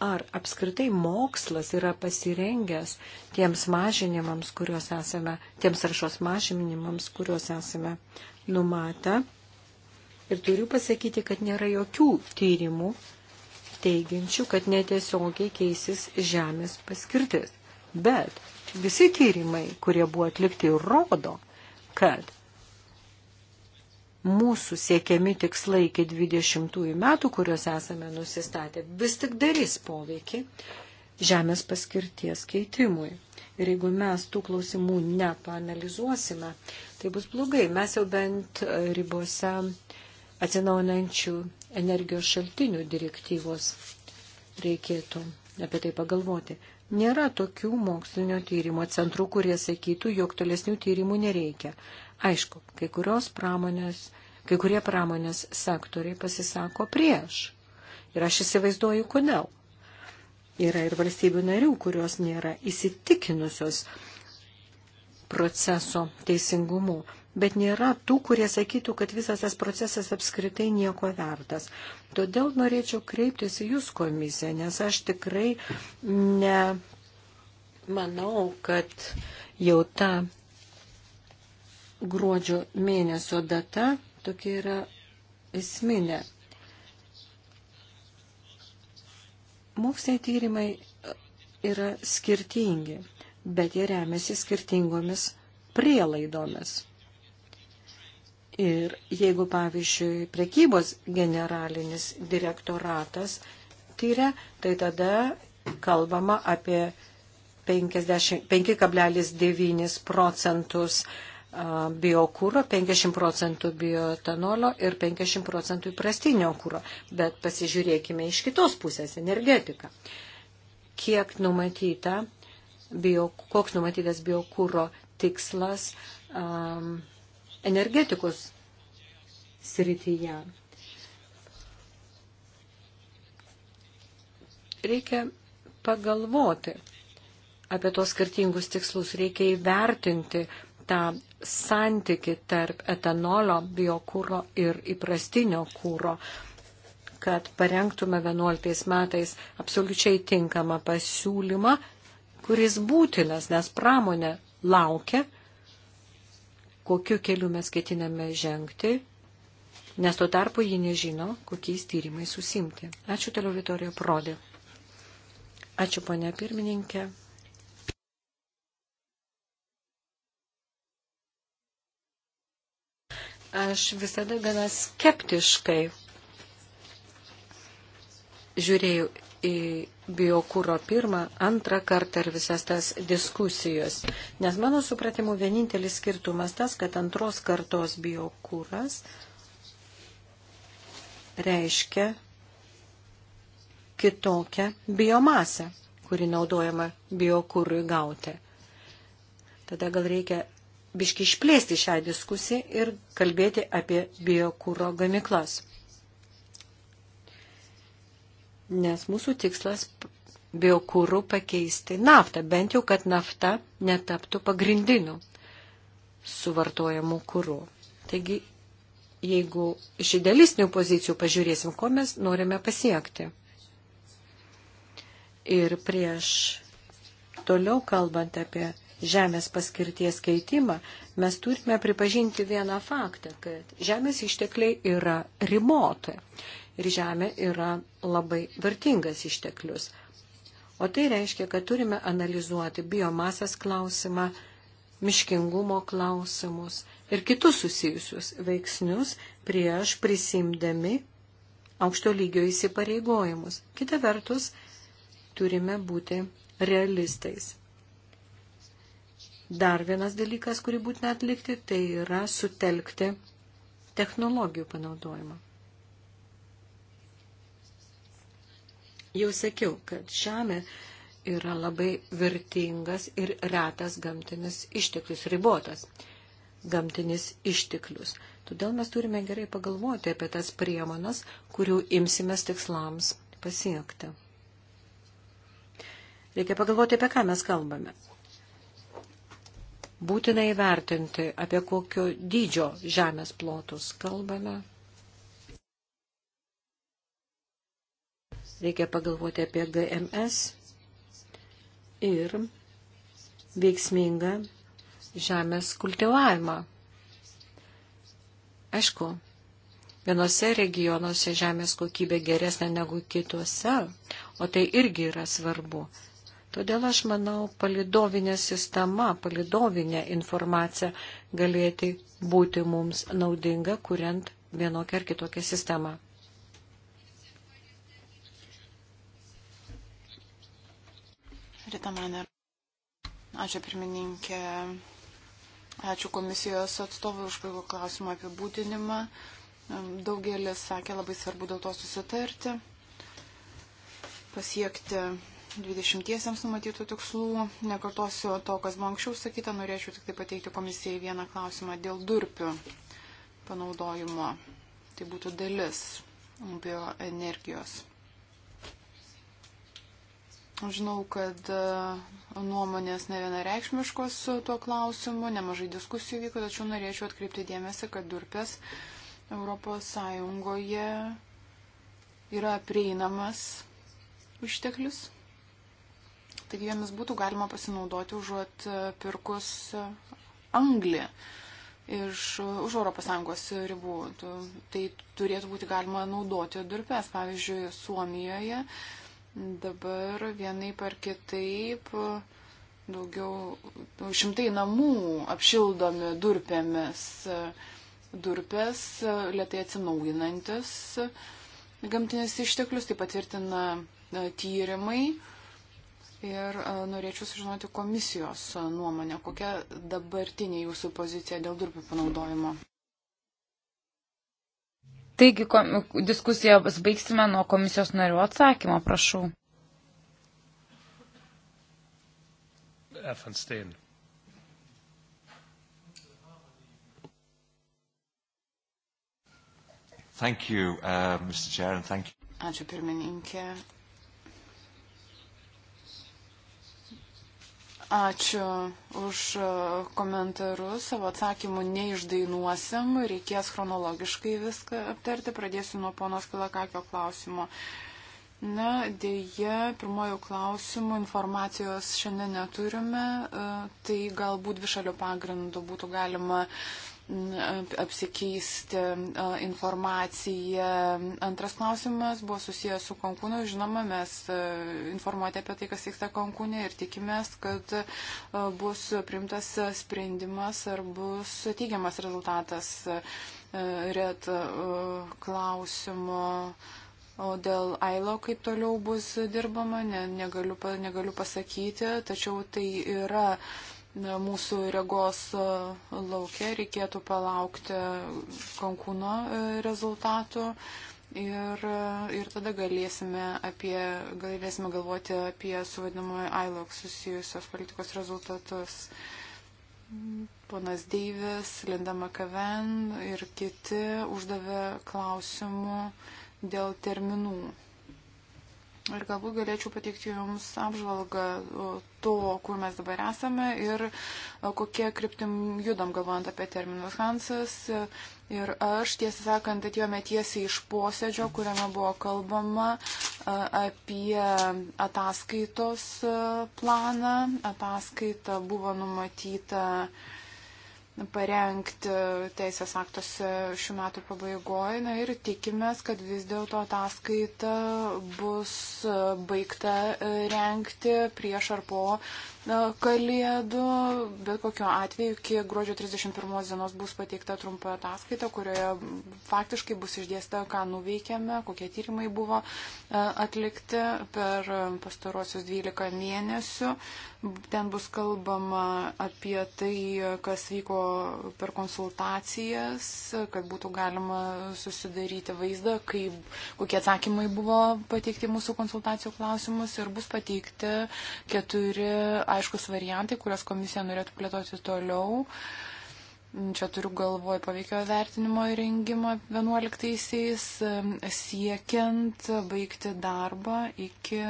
ar apskritai mokslas yra pasirengęs tiems mažinimams, kuriuos esame, tiems rašos mažinimams, kuriuos esame numatę. Ir turiu pasakyti, kad nėra jokių tyrimų teiginčių, kad netiesiogiai keisis žemės paskirtis. Bet visi tyrimai, kurie buvo atlikti, rodo, kad mūsų siekiami tikslai iki 20 metų, kuriuos esame nusistatę, vis tik darys poveikį žemės paskirties keitimui. Ir jeigu mes tų klausimų nepanalizuosime, tai bus blogai. Mes jau bent ribose atsinaunančių energijos šaltinių direktyvos reikėtų apie tai pagalvoti. Nėra tokių mokslinio tyrimo centrų, kurie sakytų, jog tolesnių tyrimų nereikia. Aišku, kai kurios pramonės, kai kurie pramonės sektoriai pasisako prieš. Ir aš įsivaizduoju, kodėl. Yra ir valstybių narių, kurios nėra įsitikinusios proceso teisingumu, bet nėra tų, kurie sakytų, kad visas tas procesas apskritai nieko vertas. Todėl norėčiau kreiptis į Jūs komisiją, nes aš tikrai ne, manau, kad jau ta gruodžio mėnesio data tokia yra esminė. Moksliniai tyrimai e, yra skirtingi, bet jie remiasi skirtingomis prielaidomis. Ir jeigu, pavyzdžiui, prekybos generalinis direktoratas tyria, tai tada kalbama apie 5,9 procentus uh, biokūro, 50 procentų biotanolio ir 50 procentų įprastinio kūro. Bet pasižiūrėkime iš kitos pusės - energetika. Kiek numatyta, bio, koks numatytas biokūro tikslas um, energetikos srityje. Reikia pagalvoti apie tos skirtingus tikslus, reikia įvertinti tą santyki tarp etanolio biokūro ir įprastinio kūro kad parengtume 11 metais absoliučiai tinkamą pasiūlymą, kuris būtinas, nes pramonė laukia, kokiu keliu mes ketiname žengti, nes tuo tarpu ji nežino, kokiais tyrimais susimti. Ačiū toliau Vitorijo Prodė. Ačiū ponia pirmininkė. aš visada gana skeptiškai žiūrėjau į biokūro pirmą, antrą kartą ir visas tas diskusijos. Nes mano supratimu vienintelis skirtumas tas, kad antros kartos biokūras reiškia kitokią biomasę, kuri naudojama biokūrui gauti. Tada gal reikia biški išplėsti šią diskusiją ir kalbėti apie biokūro gamiklas. Nes mūsų tikslas biokūrų pakeisti naftą, bent jau, kad nafta netaptų pagrindiniu suvartojamu kūru. Taigi, jeigu iš idealistinių pozicijų pažiūrėsim, ko mes norime pasiekti. Ir prieš toliau kalbant apie žemės paskirties keitimą, mes turime pripažinti vieną faktą, kad žemės ištekliai yra riboti ir žemė yra labai vertingas išteklius. O tai reiškia, kad turime analizuoti biomasės klausimą, miškingumo klausimus ir kitus susijusius veiksnius prieš prisimdami aukšto lygio įsipareigojimus. Kita vertus, turime būti realistais. Dar vienas dalykas, kurį būtina atlikti, tai yra sutelkti technologijų panaudojimą. Jau sakiau, kad žemė yra labai vertingas ir retas gamtinis išteklius, ribotas gamtinis išteklius. Todėl mes turime gerai pagalvoti apie tas priemonas, kurių imsimės tikslams pasiekti. Reikia pagalvoti, apie ką mes kalbame būtina įvertinti, apie kokio dydžio žemės plotus kalbame. Reikia pagalvoti apie GMS ir veiksmingą žemės kultivavimą. Aišku, vienose regionuose žemės kokybė geresnė negu kituose, o tai irgi yra svarbu. Todėl aš manau, palidovinė sistema, palidovinė informacija galėti būti mums naudinga, kuriant vienokią ar kitokią sistemą. Rita Maner. Ačiū pirmininkė. Ačiū komisijos atstovui už puikų klausimą apie būdinimą. Daugelis sakė, labai svarbu dėl to susitarti, pasiekti 20-iesiams numatytų tikslų. Nekartosiu to, kas buvo anksčiau sakyta, norėčiau tik tai pateikti komisijai vieną klausimą dėl durpių panaudojimo. Tai būtų dalis bioenergijos. Žinau, kad e, nuomonės ne vienareikšmiškos tuo klausimu, nemažai diskusijų vyko, tačiau norėčiau atkreipti dėmesį, kad durpės Europos Sąjungoje yra prieinamas išteklius. Taigi jomis būtų galima pasinaudoti užuot e, pirkus e, anglį iš už ES ribų. Tai turėtų būti galima naudoti durpes. Pavyzdžiui, Suomijoje dabar vienai par kitaip e, daugiau nu, šimtai namų apšildomi durpėmis. Durpės lietai atsinaujinantis gamtinis išteklius, tai patvirtina tyrimai. Ir e, norėčiau sužinoti komisijos e, nuomonę, kokia dabartinė jūsų pozicija dėl durpių panaudojimo. Taigi diskusiją baigsime nuo komisijos narių atsakymo, prašau. Efenstein. Thank you, uh, Mr. Chair, and thank you. Ačiū pirmininkė Ačiū už e, komentarus. Savo atsakymų neišdainuosim. Reikės chronologiškai viską aptarti. Pradėsiu nuo ponos Pilakakio klausimo. Na, dėje, pirmojų klausimų informacijos šiandien neturime, e, tai galbūt višalių pagrindų būtų galima apsikeisti informaciją. Antras klausimas buvo susijęs su Kankūnu. Žinoma, mes informuoti apie tai, kas vyksta Kankūne ir tikimės, kad bus primtas sprendimas ar bus teigiamas rezultatas red klausimo. O dėl AILO kaip toliau bus dirbama, ne, negaliu, negaliu pasakyti, tačiau tai yra uh, mūsų regos e, laukia, reikėtų palaukti konkūno e, rezultatų ir, e, ir tada galėsime, apie, galėsime galvoti apie su vadinamojo ILOC susijusios politikos rezultatus. Ponas Deivis, Linda Makaven ir kiti uždavė klausimų dėl terminų. Ir galbūt galėčiau pateikti Jums apžvalgą to, kur mes dabar esame ir kokie kryptim judam, galvojant apie terminus Hansas. Ir aš, tiesą sakant, atėjome tiesiai iš posėdžio, kuriame buvo kalbama apie ataskaitos planą. Ataskaita buvo numatyta. Uh, parengti teisės aktos e, šių metų pabaigoje. Na ir tikimės, kad vis dėlto ataskaita bus e, baigta e, renkti prieš ar po kalėdų. Bet kokiu atveju iki gruodžio 31 dienos bus pateikta trumpa ataskaita, kurioje faktiškai bus išdėsta, ką nuveikėme, kokie tyrimai buvo atlikti per pastarosius 12 mėnesių. Ten bus kalbama apie tai, kas vyko per konsultacijas, kad būtų galima susidaryti vaizdą, kaip, kokie atsakymai buvo pateikti mūsų konsultacijų klausimus ir bus pateikti keturi aiškus variantai, kurias komisija norėtų plėtoti toliau. Čia turiu galvoj paveikio vertinimo įrengimą 11-aisiais, siekiant baigti darbą iki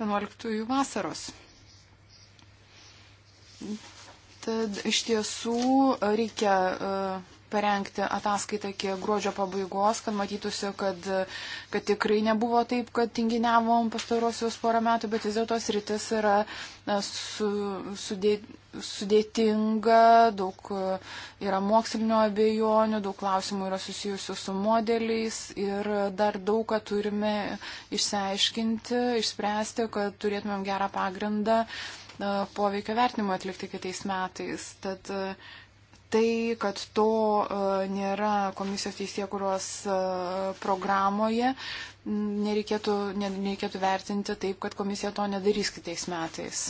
11-ųjų vasaros Tad e, iš tiesų e, reikia e, parengti ataskaitą iki gruodžio pabaigos, kad matytųsi, kad, kad tikrai nebuvo taip, kad tinginiavom pastarosius porą metų, bet vis dėlto sritis yra su, sudė, sudėtinga, daug yra mokslinio abejonių, daug klausimų yra susijusių su modeliais ir dar daug ką turime išsiaiškinti, išspręsti, kad turėtumėm gerą pagrindą uh, E, poveikio vertinimo atlikti kitais metais. Tad e, tai, kad to e, nėra komisijos teisėkuros programoje, nereikėtų, nereikėtų vertinti taip, kad komisija to nedarys kitais metais.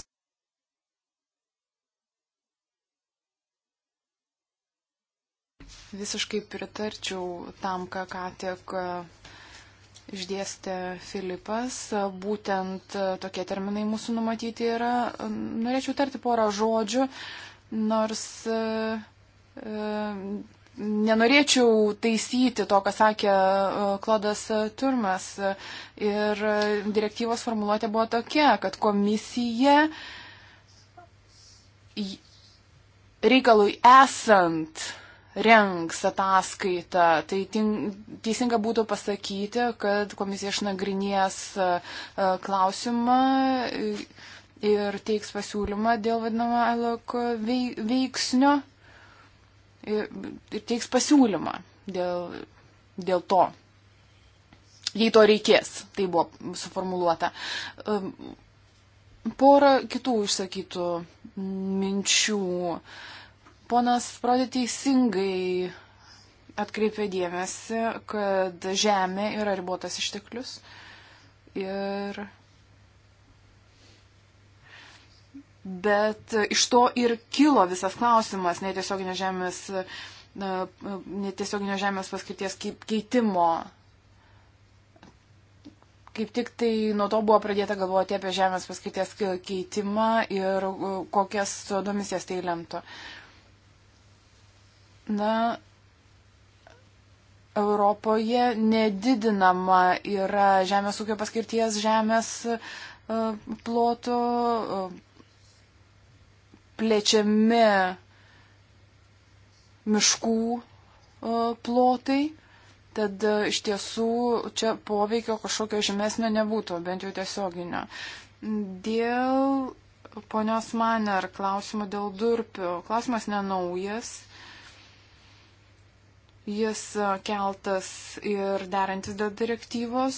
Visiškai pritarčiau tam, ką ką tik išdėstė Filipas, būtent tokie terminai mūsų numatyti yra. Norėčiau tarti porą žodžių, nors e, nenorėčiau taisyti to, ką sakė e, Klodas Turmas. Ir direktyvos formuluotė buvo tokia, kad komisija reikalui esant rengs ataskaitą. Tai teisinga būtų pasakyti, kad komisija išnagrinės e, e, klausimą ir teiks pasiūlymą dėl vadinamo ILOC veiksnio ir, ir teiks pasiūlymą dėl, dėl to. Jei to reikės, tai buvo suformuluota. E, porą kitų išsakytų minčių. Uh, Ponas Prodė teisingai atkreipė dėmesį, kad žemė yra ribotas išteklius ir. Bet iš to ir kilo visas klausimas netiesioginio žemės, netiesioginio žemės paskirties keitimo. Kaip tik tai nuo to buvo pradėta galvoti apie žemės paskirties keitimą ir kokias domisės tai lemtų. Uh, Na, Europoje nedidinama yra žemės ūkio paskirties žemės e, plotų, e, plečiami miškų e, plotai, tad iš tiesų čia poveikio kažkokio žemesnio nebūtų, bent jau tiesioginio. Dėl ponios Maner klausimo dėl durpių. Klausimas nenaujas Jis keltas ir derantis dėl direktyvos.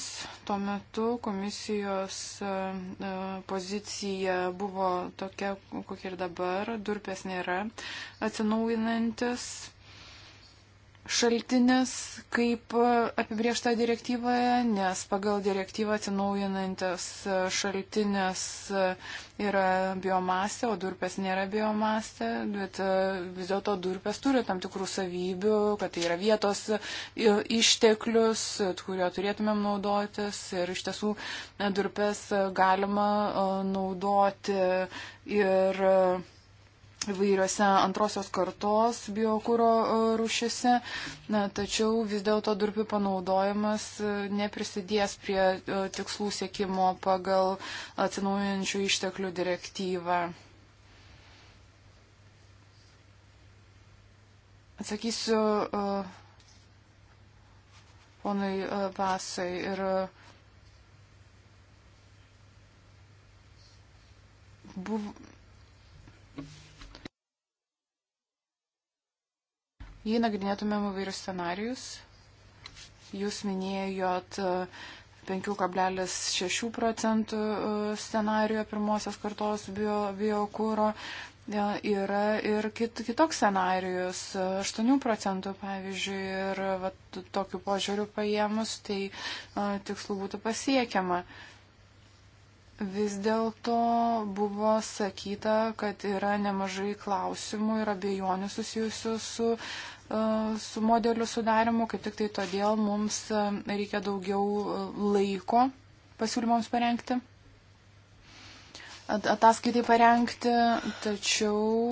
Tuo metu komisijos pozicija buvo tokia, kokia ir dabar. Durpės nėra atsinaujinantis šaltinis, kaip apibriešta direktyvoje, nes pagal direktyvą atsinaujinantis šaltinis yra biomasė, o durpės nėra biomasė, bet vis dėlto durpės turi tam tikrų savybių, kad tai yra vietos išteklius, kurio turėtumėm naudotis ir iš tiesų durpės galima naudoti ir įvairiose antrosios kartos biokūro e, rušise, na, tačiau vis dėlto durpių panaudojimas e, neprisidės prie e, tikslų siekimo pagal atsinaujančių išteklių direktyvą. Atsakysiu uh, ponui uh, Basai ir uh, buvo Jei nagrinėtumėm įvairius scenarius, jūs minėjot 5,6 e, procentų e, scenarijo pirmosios kartos biokūro, bio e, yra ir kit, kitoks scenarius, 8 procentų pavyzdžiui, ir va, tokiu požiūriu paėmus, tai a, tikslų būtų pasiekiama. A, Vis dėlto buvo sakyta, kad yra nemažai klausimų ir abejonių susijusių su, e, su modelių sudarimu, kaip tik tai todėl mums e, reikia daugiau e, laiko pasiūlymams parengti, ataskaitai parengti, tačiau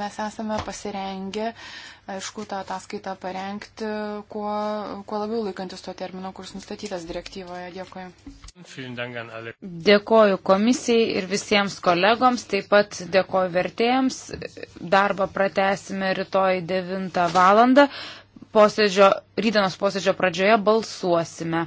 mes esame pasirengę uh, aišku, tą ataskaitą parengti, kuo, kuo labiau laikantis to termino, kuris nustatytas direktyvoje. Dėkui. Dėkoju komisijai ir visiems kolegoms, taip pat dėkoju vertėjams. Darbą pratesime rytoj 9 val. Posėdžio, rytdienos posėdžio pradžioje balsuosime.